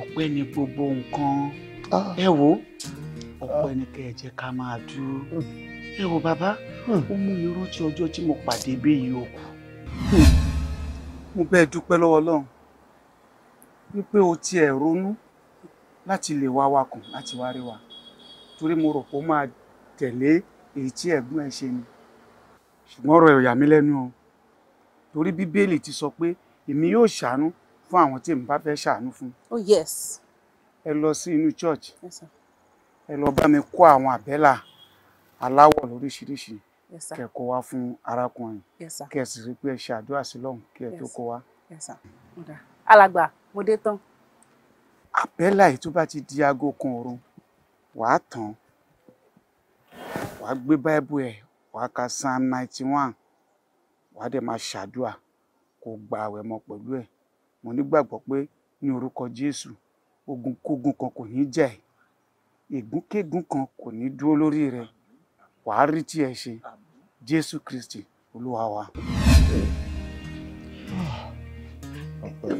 ọpẹ́ ni gbogbo nǹkan. Ah. ẹ wo ọ̀pọ̀ ah. ẹnikẹ́ ẹ jẹ́ ká máa dúró hmm. ẹ wo bàbá hmm. ó mú mi rántí ọjọ́ tí mo pàdé bẹ́yìí o kù hmm. mo bẹ́ẹ̀ dúpẹ́ lọ́wọ́ Ọlọ́run wípé o tiẹ̀ ronú láti lè wá wa kàn láti wá rí wa torí mo rò pé ó máa tẹ̀lé èyí tí ẹ̀gbọ́n ẹ ṣe ni ṣùgbọ́n ọ̀rọ̀ ẹ̀ ò yà mí lẹ́nu o torí bíbélì ti sọ pé èmi yóò ṣàánú fún àwọn tí èmi bá fẹ́ ṣàánú fún. oh yes ẹ lọ sí inú church ẹ lọ bá mi kó àwọn àbẹ́là aláwọ̀ lóríṣiríṣi kẹ kó wá fún arákùnrin kẹ sì rí pé ẹ ṣe àdúrà sí lọ́hùn kí ẹ tó kó wá. alàgbà mo dé tán. àbẹ́là yìí tó bá ti di aago kan òru wàá tàn wàá gbé báíbù ẹ wàá ka psalm ninety one wàá dẹ̀ máa ṣàdúrà kó gba àwẹ̀ mọ́ pẹ̀lú ẹ̀ mo nígbàgbọ́ pé ní orúkọ Jésù ogunkógun kan kò ní jẹ ègúnkégún kan kò ní dúró lórí rẹ wàá rí tí ẹ ṣe jésù kristi olúwa wa.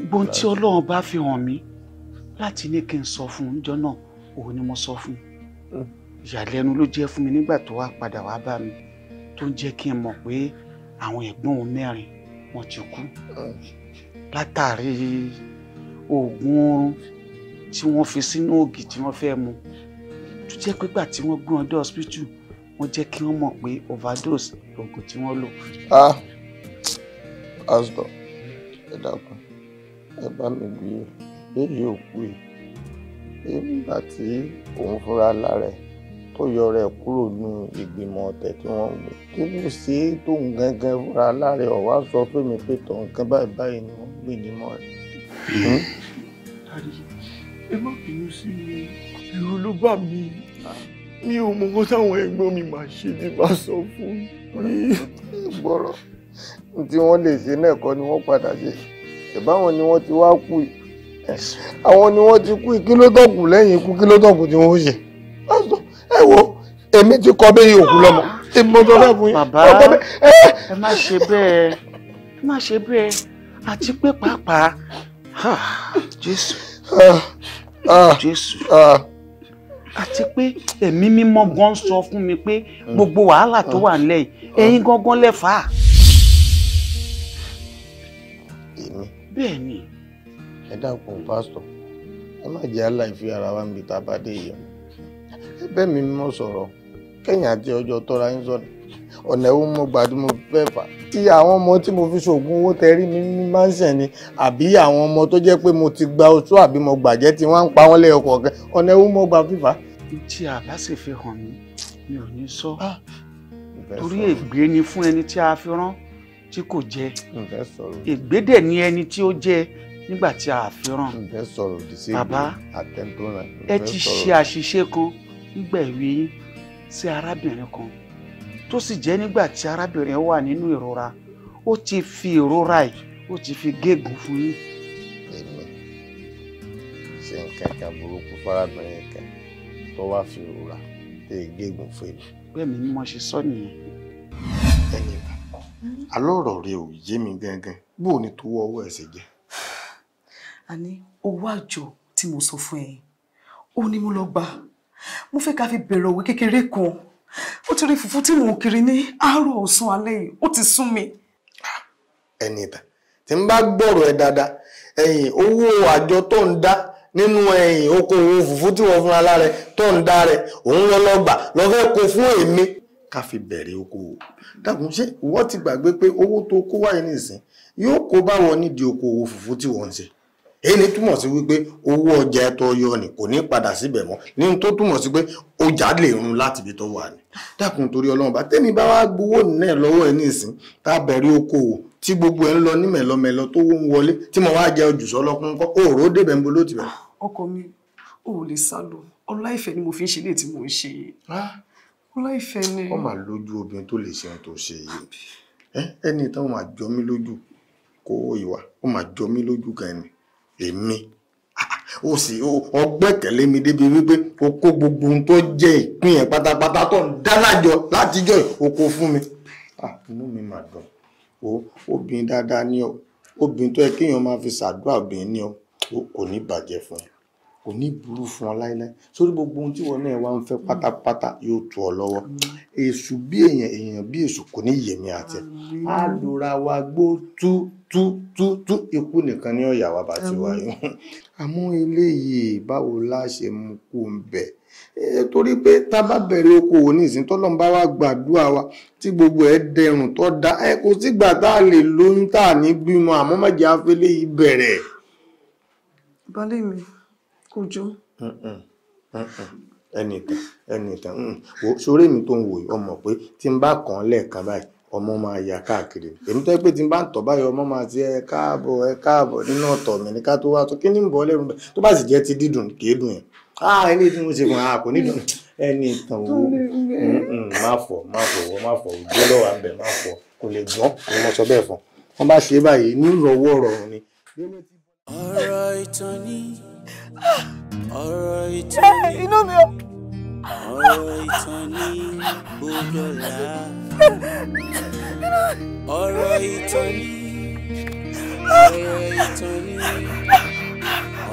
gbọ́n tí ọlọ́run bá fi hàn mí láti ní kí n sọ fún un jọ náà òun ni mo sọ fún un ìyàlẹ́nu ló jẹ́ fún mi nígbà tó wá padà wá bá mi tó ń jẹ́ kí n mọ̀ pé àwọn ẹ̀gbọ́n òun mẹ́rin wọ́n ti kú látàrí oògùn oorun tí wọ́n fi sínú ògì tí wọ́n fẹ́ mu tó jẹ́ pé gbà tí wọ́n gbé wọn dé hospital wọ́n jẹ́ kí wọ́n mọ̀ pé overdose lóògùn tí wọ́n lò. ah asdọ ẹ dàgbà ẹ bá mi gbé èyí òkú yìí nígbà tí òun fúnra lára ẹ tó yọra ẹ kúrò ní ìgbìmọ̀ ọ̀tẹ̀ tí wọ́n ń gbé kí ló ṣe é tó ń gangan fúnra lára ẹ ọ̀wá sọ fún mi pé tọ̀ nǹkan báyìí báyìí ni wọ́n gbé nímọ̀ rẹ̀. Hmm? Hmm? ẹ má bínú sí mi ìrù ló bà mí mi ò mọ nǹkan táwọn ẹ̀gbọ́n mi máa ṣe ní bá sọ fún mi. gbọ́rọ̀ tí wọ́n lè ṣe náà kọ́ ni wọ́n padà ṣe ìbáwọn ni wọ́n ti wá kú yìí àwọn ni wọ́n ti kú yìí kí ló tọ̀kù lẹ́yìn ikú kí ló tọ̀kù tí wọ́n ṣe. ẹ wo èmi ti kọ bẹ́ẹ̀ òkú lọ́mọ tí mo sọ bẹ́ẹ̀ fún yín. bàbá ẹ má ṣe bẹ́ẹ̀ ẹ má ṣe bẹ́ẹ̀ àti pé pàápàá jésù. Ah, ah, jésù ah. àti pé ẹ̀mí mímọ́ gan sọ fún mi pé gbogbo wàhálà tó wà nílẹ̀ yìí ẹ̀yin gangan lẹ́fà. èmi. bẹ́ẹ̀ ni. ẹ dákun pásítọ̀ ẹ má jẹ́ aláìfi ara wa ń bi tá a bá dé yìí ẹ bẹ́ẹ̀ mi mímọ́ sọ̀rọ̀ kẹ́yìn àti ọjọ́ tọ́ra yín sọ̀rọ̀ ọ̀nà ẹ̀wù mo gbàdú mo fẹ́ fà tí àwọn ọmọ tí mo fi ṣoògùn owó tẹrí mi ní mansion ni àbí àwọn ọmọ tó jẹ́ pé mo ti gba oṣù àbí mo gbàjẹ́ tí wọ́n ń pa wọ́n lẹ́yọ kọ̀ọ̀kan ọ̀nà ẹ̀wù mo gbà fífà. tí a bá sì fi hàn mí mi ò ní sọ ah! torí ègbé ni fún ẹni tí a fi rán tí kò jẹ ègbé dẹ̀ ni ẹni tí ó jẹ nígbà tí a fi rán bàbá ẹ ti ṣe àṣìṣe kan nígbà ìwé yín sí arábìnrin kan tó sì jẹ́ nígbà tí arábìnrin wà nínú ìrora ó ti fi ìrora yìí ó ti fi géègùn fún yín. èmi ṣe nǹkan kan burúkú fárábìnrin kan tó wá fi ìrora tó yẹ géègùn fún èmi. bẹ́ẹ̀ ni mo ṣe sọ nìyẹn. ẹni ìbá alọ́ ọ̀rọ̀ rẹ ò yé mi gangan bó o ní tó wọ́ ọwọ́ ẹ̀ ṣe jẹ́. àní owó àjọ tí mo sọ fún ẹ ó ní mo lọ gbà mo fẹ́ ká fi bẹ̀rẹ̀ òwe kékeré kan ó ti rí fùfú tí mò ń kiri ní àárọ̀ ọ̀sán alẹ́ yìí ó ti sún mi. Ah, ẹni ìbà tí ń bá gbọ́rọ̀ ẹ dáadáa ẹ̀yìn owó àjọ tó ń dá nínú ẹ̀yìn okòwò fùfú tí wọ́n fúnra lára ẹ tó ń dá rẹ òun lọ lọ́gbà lọ́fẹ́ kó fún èmi ká fi bẹ̀rẹ̀ okòwò dàgùn ṣé wọ́n ti gbàgbé pé owó tó kó wáyé nìsín yóò kó báwọn nídìí okòwò fùfú tí wọ́n ń ṣe èyí túmọ̀ sí wípé owó ọjà ẹ̀tọ́ ọyọ ni kò ní padà síbẹ̀ mọ́ ní tó túmọ̀ sí pé ọjà lè run láti ibi tó wà ní. dákun torí ọlọ́run bá tẹ́mi bá wá gbowó náà lọ́wọ́ ẹ̀ nísìn tá a bẹ̀rẹ̀ okòwò tí gbogbo ẹ̀ ń lọ ní mẹ̀lọmẹ̀lọ tó ń wọlé tí mo wá jẹ ojúṣọ́ lọ́kùnrin kọ́ òòró débẹ̀ ń bo ló ah, ọkọ mi ò lè sá lọ ọlá ìfẹ́ ni mo fi ń ṣe léè tí mò ń ṣe yìí ah! ọlá ìfẹ́ ni. ó mà lójú obìnrin tó lè ṣe ohun tó ṣe yìí ẹni táwọn máa jọ mí lójú kó ìwà ó máa jọ mí lójú gan ni èmi ah, ah, ó sì ọgbẹ́kẹ̀lé mi débi wípé o kó gbogbo ohun tó jẹ́ ìpín ẹ̀ pátápátá tó ń dá lájọ látijọ́ o kó fún mi. Ah, inú mi mà dùn o obìnrin dáadáa ni ọ obìnrin tó yẹ kéèyàn máa fi ṣàdúrà obìnrin ni ọ kò ní bàjẹ́ fún ẹ kò ní burú fún ọ láíláí sórí gbogbo ohun tí wọn náà wá ń fẹ́ pátápátá yóò tu ọ lọ́wọ́ èṣù bí èèyàn èèyàn bí èṣù kò ní yèmí àti á lura wa gbó tú tú tú tú ikú nìkan ní ọ̀yà wa bá ti wáyé àmọ́ eléyìí báwo la ṣe mú kó ń bẹ̀ torí pé tá a bá bẹ̀rẹ̀ okòwò nísìnyí tọ́lọ́n bá wá gbàdúrà wa tí gbogbo ẹ̀ dẹrùn tó da ẹ kò sígbà tá a lè lóyún tá a ní bímọ àmọ́ mẹ́jẹ afẹ́lẹ́ yìí bẹ̀rẹ̀. balẹ̀ mi kò jó. ẹnìtàn ẹnìtàn wo mi tó ń wòye ọmọ pé tí n bá kàn án lẹ́ẹ̀kan báyìí ọmọ máa yà káàkiri èmi tó yẹ pé tí n bá ń tọ̀ báyìí ọmọ máa ti ẹ káàbọ̀ ẹ káàbọ̀ nínú ọ̀tọ̀ mi ní ká tó wá tó kí ni ń bọ̀ lẹ́rù bẹ́ẹ̀ tó bá sì jẹ́ ti dídùn kìí dùn yẹn á ilé tí mo ṣe fún wa kò ní dùn ẹni ìtàn wo má fọ̀ má fọ̀ wọ́n má fọ̀ òjò lọ́wọ́ abẹ má fọ̀ kò lè gbọ́n ni mo sọ bẹ́ẹ̀ fún wọn bá ṣe báyìí ní ìrọwọ́ rọrùn ni. ọ̀rọ̀ ìtàn ni ah! ọ̀rọ̀ ìtàn eh, ọ̀rọ̀ ìtàn ní bọ́dọ̀là ọ̀rọ̀ ìtàn ní ọ̀rọ̀ ìtàn ní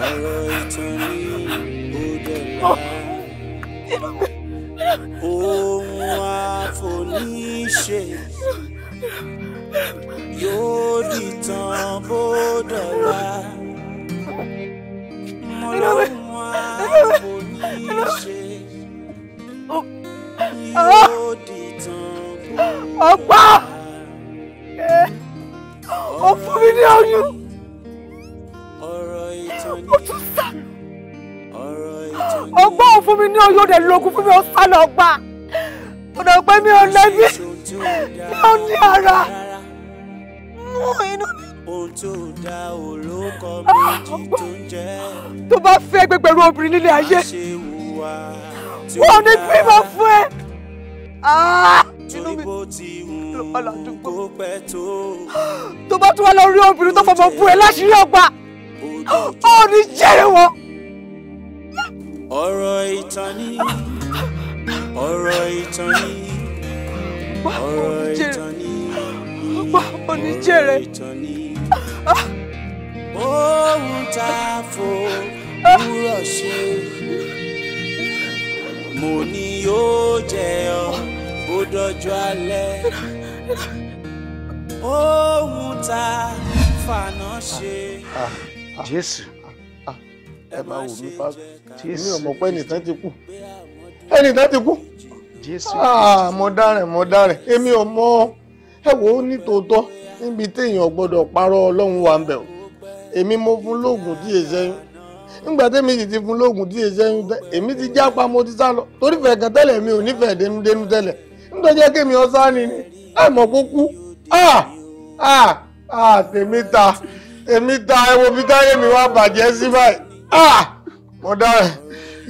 ọ̀rọ̀ ìtàn ní bọ́dọ̀là ohun àfoníṣe yóò dìtàn bó dọ̀la mo lóhun àfoníṣe ọ̀pá ó fún mi ní oyún ó tún sá ọgbọ́n ò fún mi ní oyún rẹ̀ lókun fún mi ó sá lọ gbà ọ̀nà pé mi ò lẹ́bí mi ò ní ara mú inú mi. ohun tó da olókọ méjì tó ń jẹ́. tó bá fẹ́ gbẹgbẹ̀rún obìnrin nílé ayé. àṣewà wọn ò ní bímọ fún ẹ. inú mi aládùúgbò tó bá tún wá lọ rí obìnrin tó fọmọ fún ẹ láṣìírí ọgbà ó ní jẹ́rìí wọn. ọ̀rọ̀ ìtàn ni ọ̀rọ̀ ìtàn ni ọ̀rọ̀ ìtàn ni ọ̀rọ̀ ìtàn ni ohun tá a fò wúrọ̀ ṣe. mo ni yóò jẹ ọ bó dọjọ́ alẹ ohun ta fana fànà ṣe. jésù ẹ máa wò mí pa mi ò mọ̀ pé ẹnìkan ti kú ẹnìkan ti kú ah, mo dárẹ̀ mo èmi ò ẹ wò ní tòótọ́ níbi téèyàn gbọ́dọ̀ parọ́ ọlọ́run ń mo fún lóògùn díẹ̀ sẹ́yìn nígbà tẹ́mi sì ti fún lóògùn tí èsì ẹyún tẹ́ èmi ti já pa mo ti sá lọ torí fẹ̀ kan tẹ́lẹ̀ mi ò nífẹ̀ẹ́ dénúdénú tẹ́lẹ̀ nítorí jẹ́ kémi ọ̀sá ni ni àmọ́ kó kú tèmi ta tèmi ta ẹ wo bí táyé mi wá bàjẹ́ sí báyìí mo dára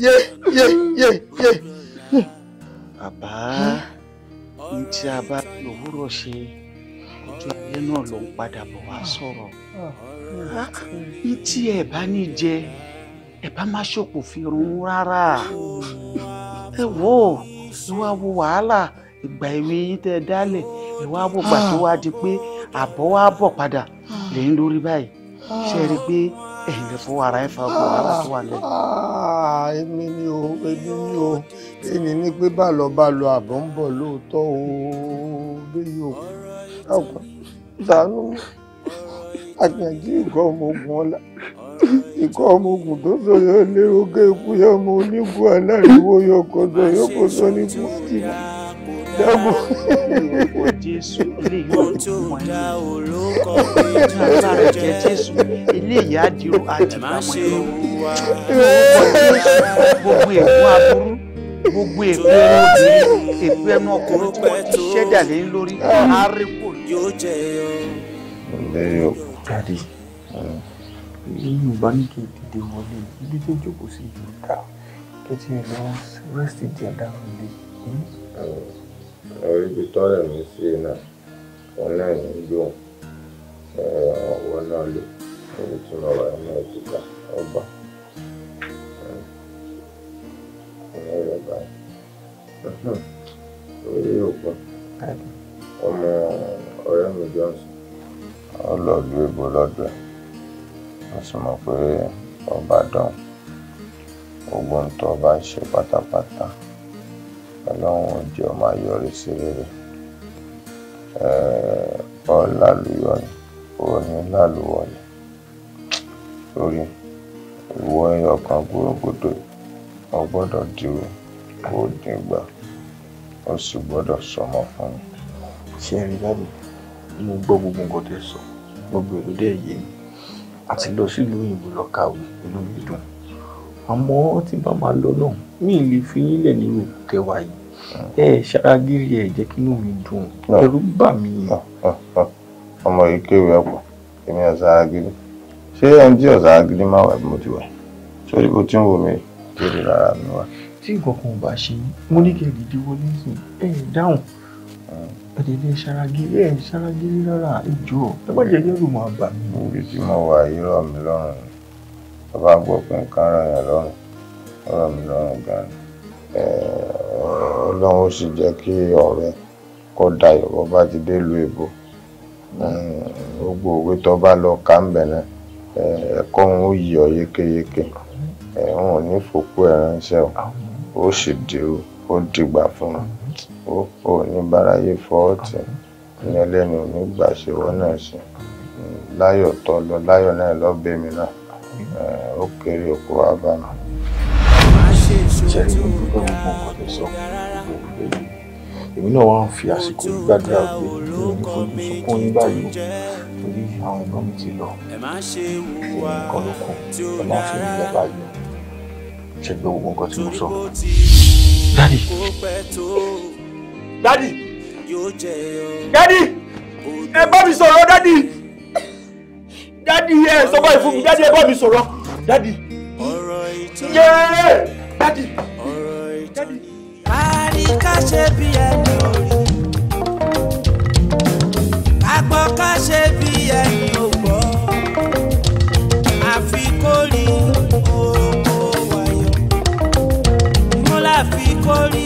yé yé yé yé. bàbá ní tí a bá lòwúrọ̀ ṣe ọjọ́ ayé náà ló ń padà bọ̀ wá sọ̀rọ̀ ah, ní tí ẹ bá ní jẹ ẹ bá má ṣòkò fi run rárá ẹ wò ó ẹ wá wo wàhálà ìgbà èwe yín tẹ́ ẹ dálẹ̀ ẹ wá wo gbà tó wá di pé àbọ̀ wá bọ̀ padà lẹ́yìn lórí báyìí ṣe rí i pé ẹ̀yin lè fọwọ́ ara ẹ̀ fa wàhálà tó wà lẹ́yìn. Ah, èmi ni o èmi ni o èmi ni pé bàlọ́ bàlọ́ àbọ̀ ń bọ̀ lóòótọ́ o bẹ́ẹ̀ o ṣàánú akínyànjú ìgọ́ ọmọ ogun ọ̀la ikọ̀ ọmọ tó sọ̀rọ̀ lérò gé ikú yọ ọmọ onígun aláriwo yọ kọ̀dọ̀ yọ kò sọ ní bùkì dábò. gbogbo ègún ẹnu obìnrin ègbé ẹnu ọkùnrin tí wọn ti ṣẹdà lé lórí arékò. lẹ́yìn ọ̀pọ̀ jáde yìí bá ní kí n dìde wọlé ibi tí ìjókòó sí yìí dá kẹtí ẹ lọ rẹsítì díẹ̀ dáhùn lé. àwọn ibi tọ́lẹ̀ mi sí náà wọn náà ń gbóhùn wọn náà lò níbi tí mo wà náà ti gbà ọba. orí òpin ọmọ ọ̀rẹ́ mi Johnson. ọlọ́ọ̀lù èbó lọ́dọ̀ ẹ̀ mo sì mọ̀ pé ọba dán gbogbo ń tọ́ bá ṣe pátápátá ọlọ́run ọjọ́ máa yọrí sí rere ọ̀làlùyọ ni onílàlùwọ̀ ni lórí ìwọ ẹyọ kan gbòrògbòdò o gbọ́dọ̀ dúró kó o dín gbà o sì gbọ́dọ̀ sọmọ fún mi. ṣé ẹ rí báyìí mo gbọ́ gbogbo nǹkan tẹ́ sọ gbogbo èrò dẹ́ yé mi àti lọ sílùú òyìnbó lọ kàwé inú mi dùn àmọ́ tí bá máa lọ náà mi ì lè fi yín lẹ̀ nínú ìtẹ̀wá yìí ẹ ṣaragírí ẹ jẹ́ kí inú mi dùn ẹ̀rù bà mí. ọmọ yìí kéwì ọ̀pọ̀ èmi ọ̀sàràgírí ṣé ẹni tí ọ̀sàràgírí máa wà bí mo ti wà sórí bó ti ń wò mí kiri rárá mi wá. tí nǹkan kan ò bá ṣe mo ní kí ẹ dìde wọlé sí ẹ dáhùn. Hmm ẹ̀dẹ̀dẹ̀ ṣaragiri ẹ̀ ṣaragiri rárá ìjọ ẹ má jẹ́ yẹ́rù máa bà mí. ibi tí mo wà yìí rọ̀ mí lọ́rùn bàbá gbọ́ pé nǹkan ràn yàn lọ́rùn rọ̀ mí lọ́rùn gan-an ọlọ́run ó sì jẹ́ kí ọ̀rẹ́ kó dayọ̀ bó bá ti dé lu èbó gbogbo òwe tó bá lọ kà ń bẹ̀ ẹ̀kọ́ òun yí ọ yékéyéké òun ò ní fòkú ẹ̀ o ó sì dé ó dìgbà fún un òpó oníbàráyé fọ́ọ̀tì ní ẹlẹ́nu nígbà ṣèwọ́ náà ṣe láyọ̀ tọ́ lọ láyọ̀ náà lọ mi náà ó kéré òkú wa bá mi. jẹ́rìí ló dúpẹ́ gbogbo nǹkan tó sọ èmi náà wá ń fi àsìkò gbàdúrà pé mi ò ní fojú sunkún yín báyìí torí àwọn ẹ̀gbọ́n mi ti lọ èmi nìkan ló kù ẹ má fi mí lọ báyìí ṣe gbogbo nǹkan tí mo sọ. dáàdì dadi dadi ẹ bá mi sọ̀rọ̀ dadi dadi ẹ sọ báyìí fún mi dadi ẹ bá mi sọ̀rọ̀ dadi yéé dadi dadi. àríkà ṣe bí ẹni orí àgbọ̀ ká ṣe bí ẹni ògbọ́ àfi kó rí owó wáyọ̀ mo là fi kó